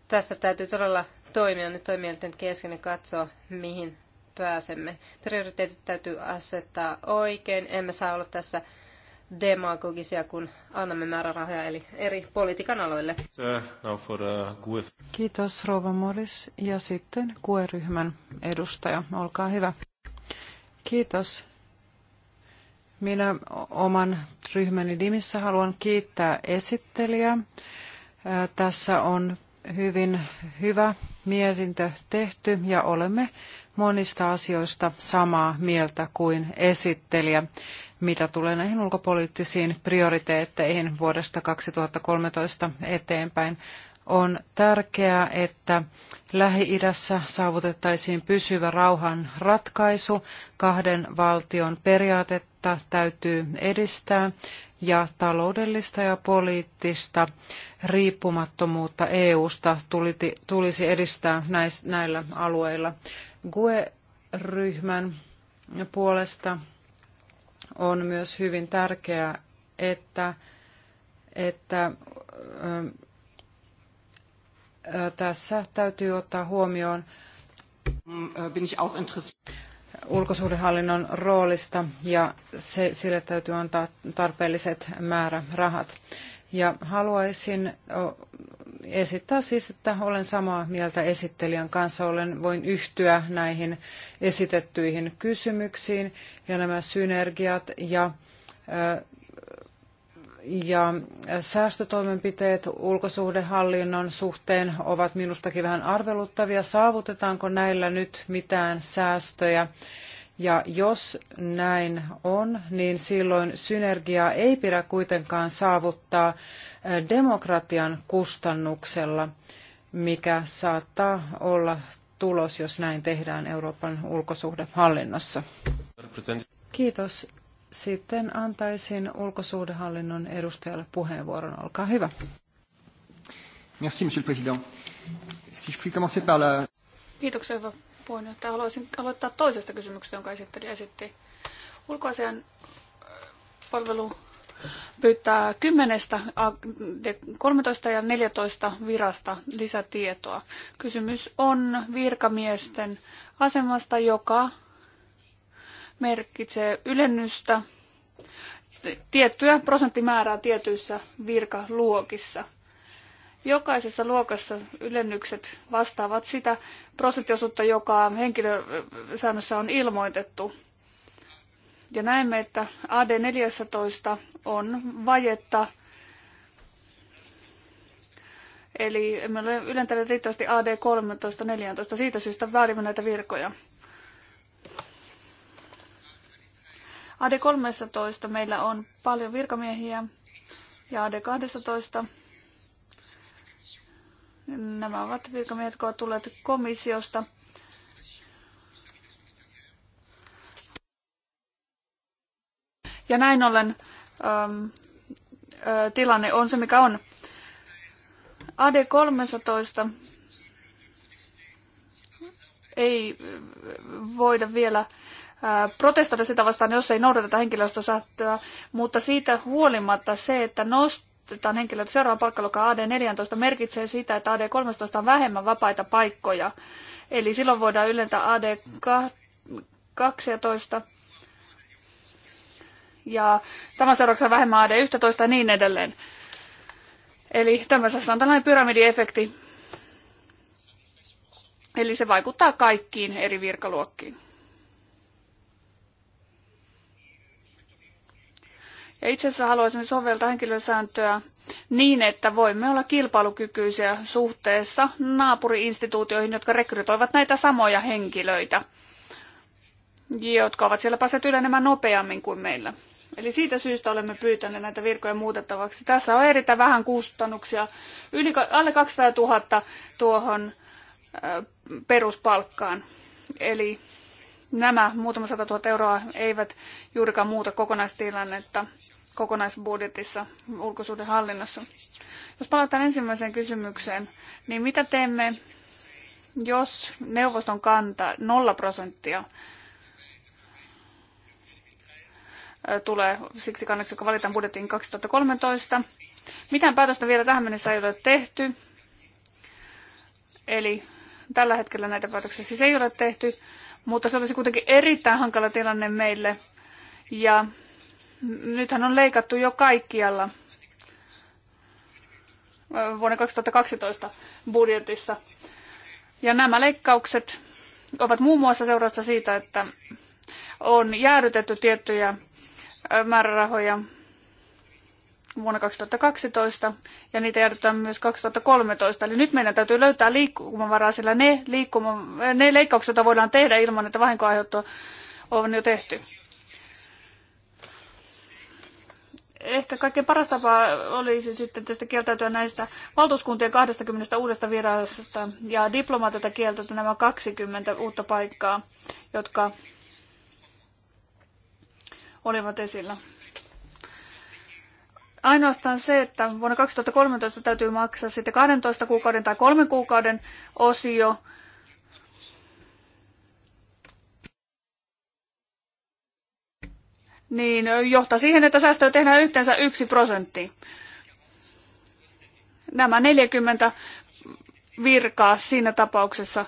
Tässä täytyy todella toimia nyt toimielten kesken ja katsoa, mihin pääsemme. Prioriteetit täytyy asettaa oikein. Emme saa olla tässä demagogisia, kun annamme määrärahoja eli eri politiikan aloille. Uh, Kiitos Rova Morris ja sitten QE-ryhmän edustaja, olkaa hyvä. Kiitos. Minä oman ryhmäni nimissä haluan kiittää esittelijää. Tässä on hyvin hyvä mietintö tehty ja olemme monista asioista samaa mieltä kuin esittelijä mitä tulee näihin ulkopoliittisiin prioriteetteihin vuodesta 2013 eteenpäin. On tärkeää, että Lähi-idässä saavutettaisiin pysyvä rauhan ratkaisu. Kahden valtion periaatetta täytyy edistää ja taloudellista ja poliittista riippumattomuutta EUsta tulisi edistää näillä alueilla. GUE-ryhmän puolesta on myös hyvin tärkeää, että, että ähm, äh, tässä täytyy ottaa huomioon ulkosuhdehallinnon roolista ja se, sille täytyy antaa tarpeelliset määrärahat. Ja haluaisin esittää siis, että olen samaa mieltä esittelijän kanssa. Olen, voin yhtyä näihin esitettyihin kysymyksiin ja nämä synergiat ja ja säästötoimenpiteet ulkosuhdehallinnon suhteen ovat minustakin vähän arveluttavia. Saavutetaanko näillä nyt mitään säästöjä? Ja jos näin on, niin silloin synergiaa ei pidä kuitenkaan saavuttaa eh, demokratian kustannuksella, mikä saattaa olla tulos, jos näin tehdään Euroopan ulkosuhdehallinnossa. Kiitos. Sitten antaisin ulkosuhdehallinnon edustajalle puheenvuoron. Olkaa hyvä. Merci, monsieur le président. Si je puis commencer par la... Kiitoksia, puheenjohtaja, haluaisin aloittaa toisesta kysymyksestä, jonka esitteli esitti. Ulkoasian äh, palvelu pyytää 10, 13 ja 14 virasta lisätietoa. Kysymys on virkamiesten asemasta, joka merkitsee ylennystä tiettyä prosenttimäärää tietyissä virkaluokissa – Jokaisessa luokassa ylennykset vastaavat sitä prosenttiosuutta, joka henkilösäännössä on ilmoitettu. Ja näemme, että AD14 on vajetta Eli emme ole ylentäneet riittävästi AD13-14. Siitä syystä vaadimme näitä virkoja. AD13 meillä on paljon virkamiehiä ja AD12 Nämä ovat virkamiehet, jotka ovat tulleet komissiosta. Ja näin ollen ähm, äh, tilanne on se, mikä on. AD13 ei äh, voida vielä äh, protestoida sitä vastaan, jos ei noudateta henkilöstösähtöä, mutta siitä huolimatta se, että nost- otetaan henkilöitä seuraava palkkaluokka AD14 merkitsee sitä, että AD13 on vähemmän vapaita paikkoja. Eli silloin voidaan ylentää AD12 ja tämän seurauksena vähemmän AD11 ja niin edelleen. Eli tämmöisessä siis on tällainen pyramidiefekti. Eli se vaikuttaa kaikkiin eri virkaluokkiin. Ja itse asiassa haluaisin soveltaa henkilösääntöä niin, että voimme olla kilpailukykyisiä suhteessa naapuriinstituutioihin, jotka rekrytoivat näitä samoja henkilöitä, jotka ovat siellä päässeet ylenemään nopeammin kuin meillä. Eli siitä syystä olemme pyytäneet näitä virkoja muutettavaksi. Tässä on erittäin vähän kustannuksia, yli, alle 200 000 tuohon peruspalkkaan. Eli nämä muutama sata tuhatta euroa eivät juurikaan muuta kokonaistilannetta kokonaisbudjetissa ulkosuhdehallinnossa. Jos palataan ensimmäiseen kysymykseen, niin mitä teemme, jos neuvoston kanta 0 prosenttia tulee siksi kannaksi, joka valitaan budjettiin 2013. Mitään päätöstä vielä tähän mennessä ei ole tehty. Eli tällä hetkellä näitä päätöksiä siis ei ole tehty mutta se olisi kuitenkin erittäin hankala tilanne meille. Ja nythän on leikattu jo kaikkialla vuoden 2012 budjetissa. Ja nämä leikkaukset ovat muun muassa seurausta siitä, että on jäädytetty tiettyjä määrärahoja vuonna 2012 ja niitä jätetään myös 2013. Eli nyt meidän täytyy löytää liikkumavaraa, sillä ne, liikkuma- ne leikkaukset, joita voidaan tehdä ilman, että vahinkoa on jo tehty. Ehkä kaikkein paras tapa olisi sitten tästä kieltäytyä näistä valtuuskuntien 20 uudesta virallisesta ja diplomaatilta kieltäytyä nämä 20 uutta paikkaa, jotka olivat esillä ainoastaan se, että vuonna 2013 täytyy maksaa sitten 12 kuukauden tai kolmen kuukauden osio. Niin johtaa siihen, että säästöä tehdään yhteensä yksi prosentti. Nämä 40 virkaa siinä tapauksessa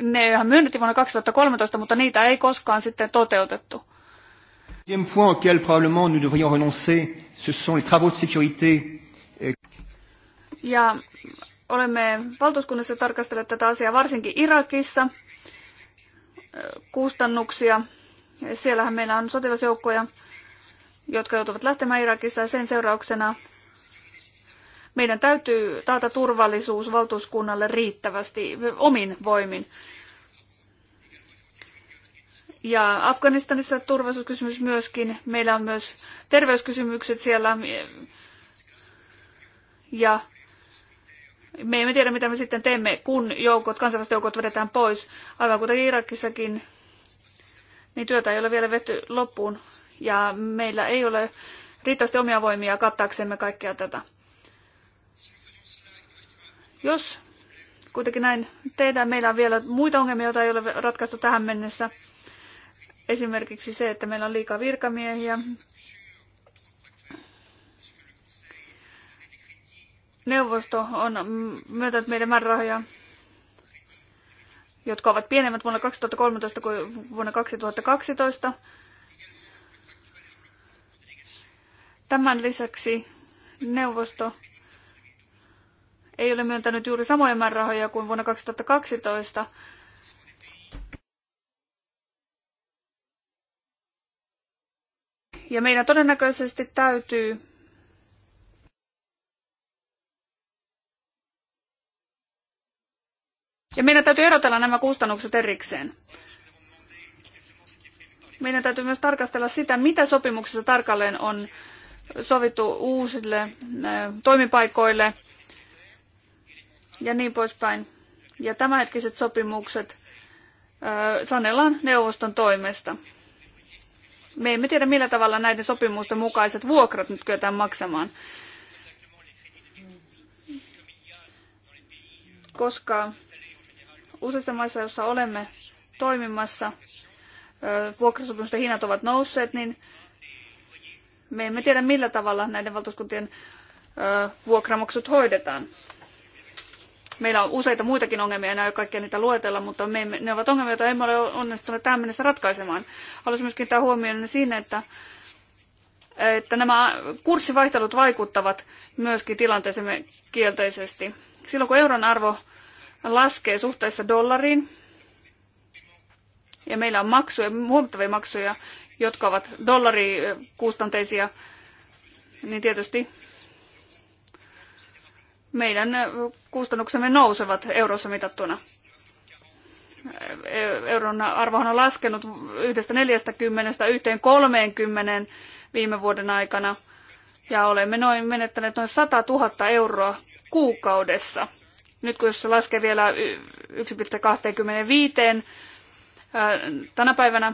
nehän myönnettiin vuonna 2013, mutta niitä ei koskaan sitten toteutettu. Deuxième point auquel probablement nous devrions renoncer, ce sont les travaux de sécurité. Euh, ja olemme valtuuskunnassa tarkastelleet tätä asiaa varsinkin Irakissa kustannuksia. Siellähän meillä on sotilasjoukkoja, jotka joutuvat lähtemään Irakista ja sen seurauksena meidän täytyy taata turvallisuus valtuuskunnalle riittävästi omin voimin. Ja Afganistanissa turvallisuuskysymys myöskin. Meillä on myös terveyskysymykset siellä. Ja me emme tiedä, mitä me sitten teemme, kun joukot, kansainväliset joukot vedetään pois. Aivan kuten Irakissakin, niin työtä ei ole vielä vetty loppuun. Ja meillä ei ole riittävästi omia voimia kattaaksemme kaikkea tätä. Jos kuitenkin näin tehdään, meillä on vielä muita ongelmia, joita ei ole ratkaistu tähän mennessä – Esimerkiksi se, että meillä on liikaa virkamiehiä. Neuvosto on myöntänyt meidän määrärahoja, jotka ovat pienemmät vuonna 2013 kuin vuonna 2012. Tämän lisäksi neuvosto ei ole myöntänyt juuri samoja määrärahoja kuin vuonna 2012, Ja meidän todennäköisesti täytyy Ja meidän täytyy erotella nämä kustannukset erikseen. Meidän täytyy myös tarkastella sitä, mitä sopimuksessa tarkalleen on sovittu uusille toimipaikoille ja niin poispäin. Ja tämänhetkiset sopimukset sanellaan neuvoston toimesta. Me emme tiedä, millä tavalla näiden sopimusten mukaiset vuokrat nyt kyetään maksamaan. Koska useissa maissa, joissa olemme toimimassa, vuokrasopimusten hinnat ovat nousseet, niin me emme tiedä, millä tavalla näiden valtuuskuntien vuokramaksut hoidetaan. Meillä on useita muitakin ongelmia, enää kaikkia niitä luetella, mutta me emme, ne ovat ongelmia, joita emme ole onnistuneet tähän mennessä ratkaisemaan. Haluaisin myöskin kiinnittää huomioon siinä, että että nämä kurssivaihtelut vaikuttavat myöskin tilanteeseemme kielteisesti. Silloin kun euron arvo laskee suhteessa dollariin, ja meillä on maksuja, huomattavia maksuja, jotka ovat dollarikustanteisia, niin tietysti meidän kustannuksemme nousevat eurossa mitattuna. Euron arvohan on laskenut yhdestä 40 yhteen 30 viime vuoden aikana ja olemme noin menettäneet noin 100 000 euroa kuukaudessa. Nyt kun se laskee vielä 1,25 tänä päivänä,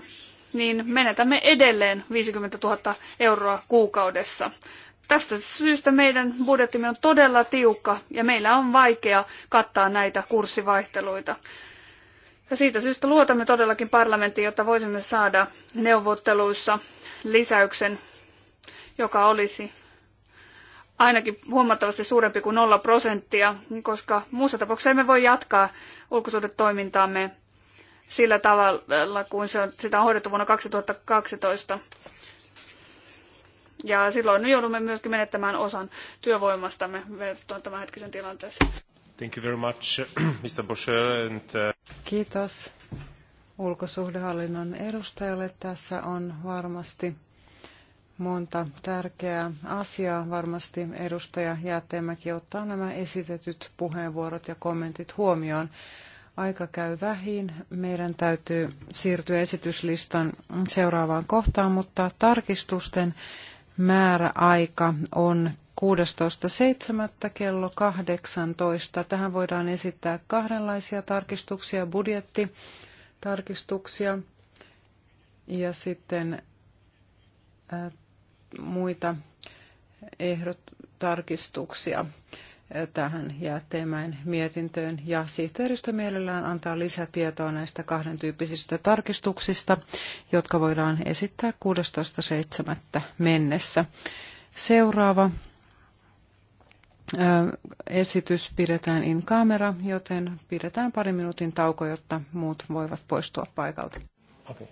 niin menetämme edelleen 50 000 euroa kuukaudessa. Tästä syystä meidän budjettimme on todella tiukka ja meillä on vaikea kattaa näitä kurssivaihteluita. Ja siitä syystä luotamme todellakin parlamenttiin, jotta voisimme saada neuvotteluissa lisäyksen, joka olisi ainakin huomattavasti suurempi kuin nolla prosenttia, koska muussa tapauksessa emme voi jatkaa ulkosuhdetoimintaamme sillä tavalla, kuin se on, sitä on hoidettu vuonna 2012. Ja silloin joudumme myöskin menettämään osan työvoimastamme verrattuna tämänhetkisen tilanteeseen. Thank you very much, *clears throat* Mr. Boucher. And, uh... Kiitos ulkosuhdehallinnon edustajalle. Tässä on varmasti monta tärkeää asiaa. Varmasti edustaja Jäätteenmäki ottaa nämä esitetyt puheenvuorot ja kommentit huomioon. Aika käy vähin. Meidän täytyy siirtyä esityslistan seuraavaan kohtaan, mutta tarkistusten määräaika on 16.7. kello 18. Tähän voidaan esittää kahdenlaisia tarkistuksia, budjettitarkistuksia ja sitten äh, muita ehdotarkistuksia. tarkistuksia tähän ja teemään mietintöön. Ja sihteeristö mielellään antaa lisätietoa näistä kahden tyyppisistä tarkistuksista, jotka voidaan esittää 16.7. mennessä. Seuraava esitys pidetään in camera, joten pidetään pari minuutin tauko, jotta muut voivat poistua paikalta. Okay.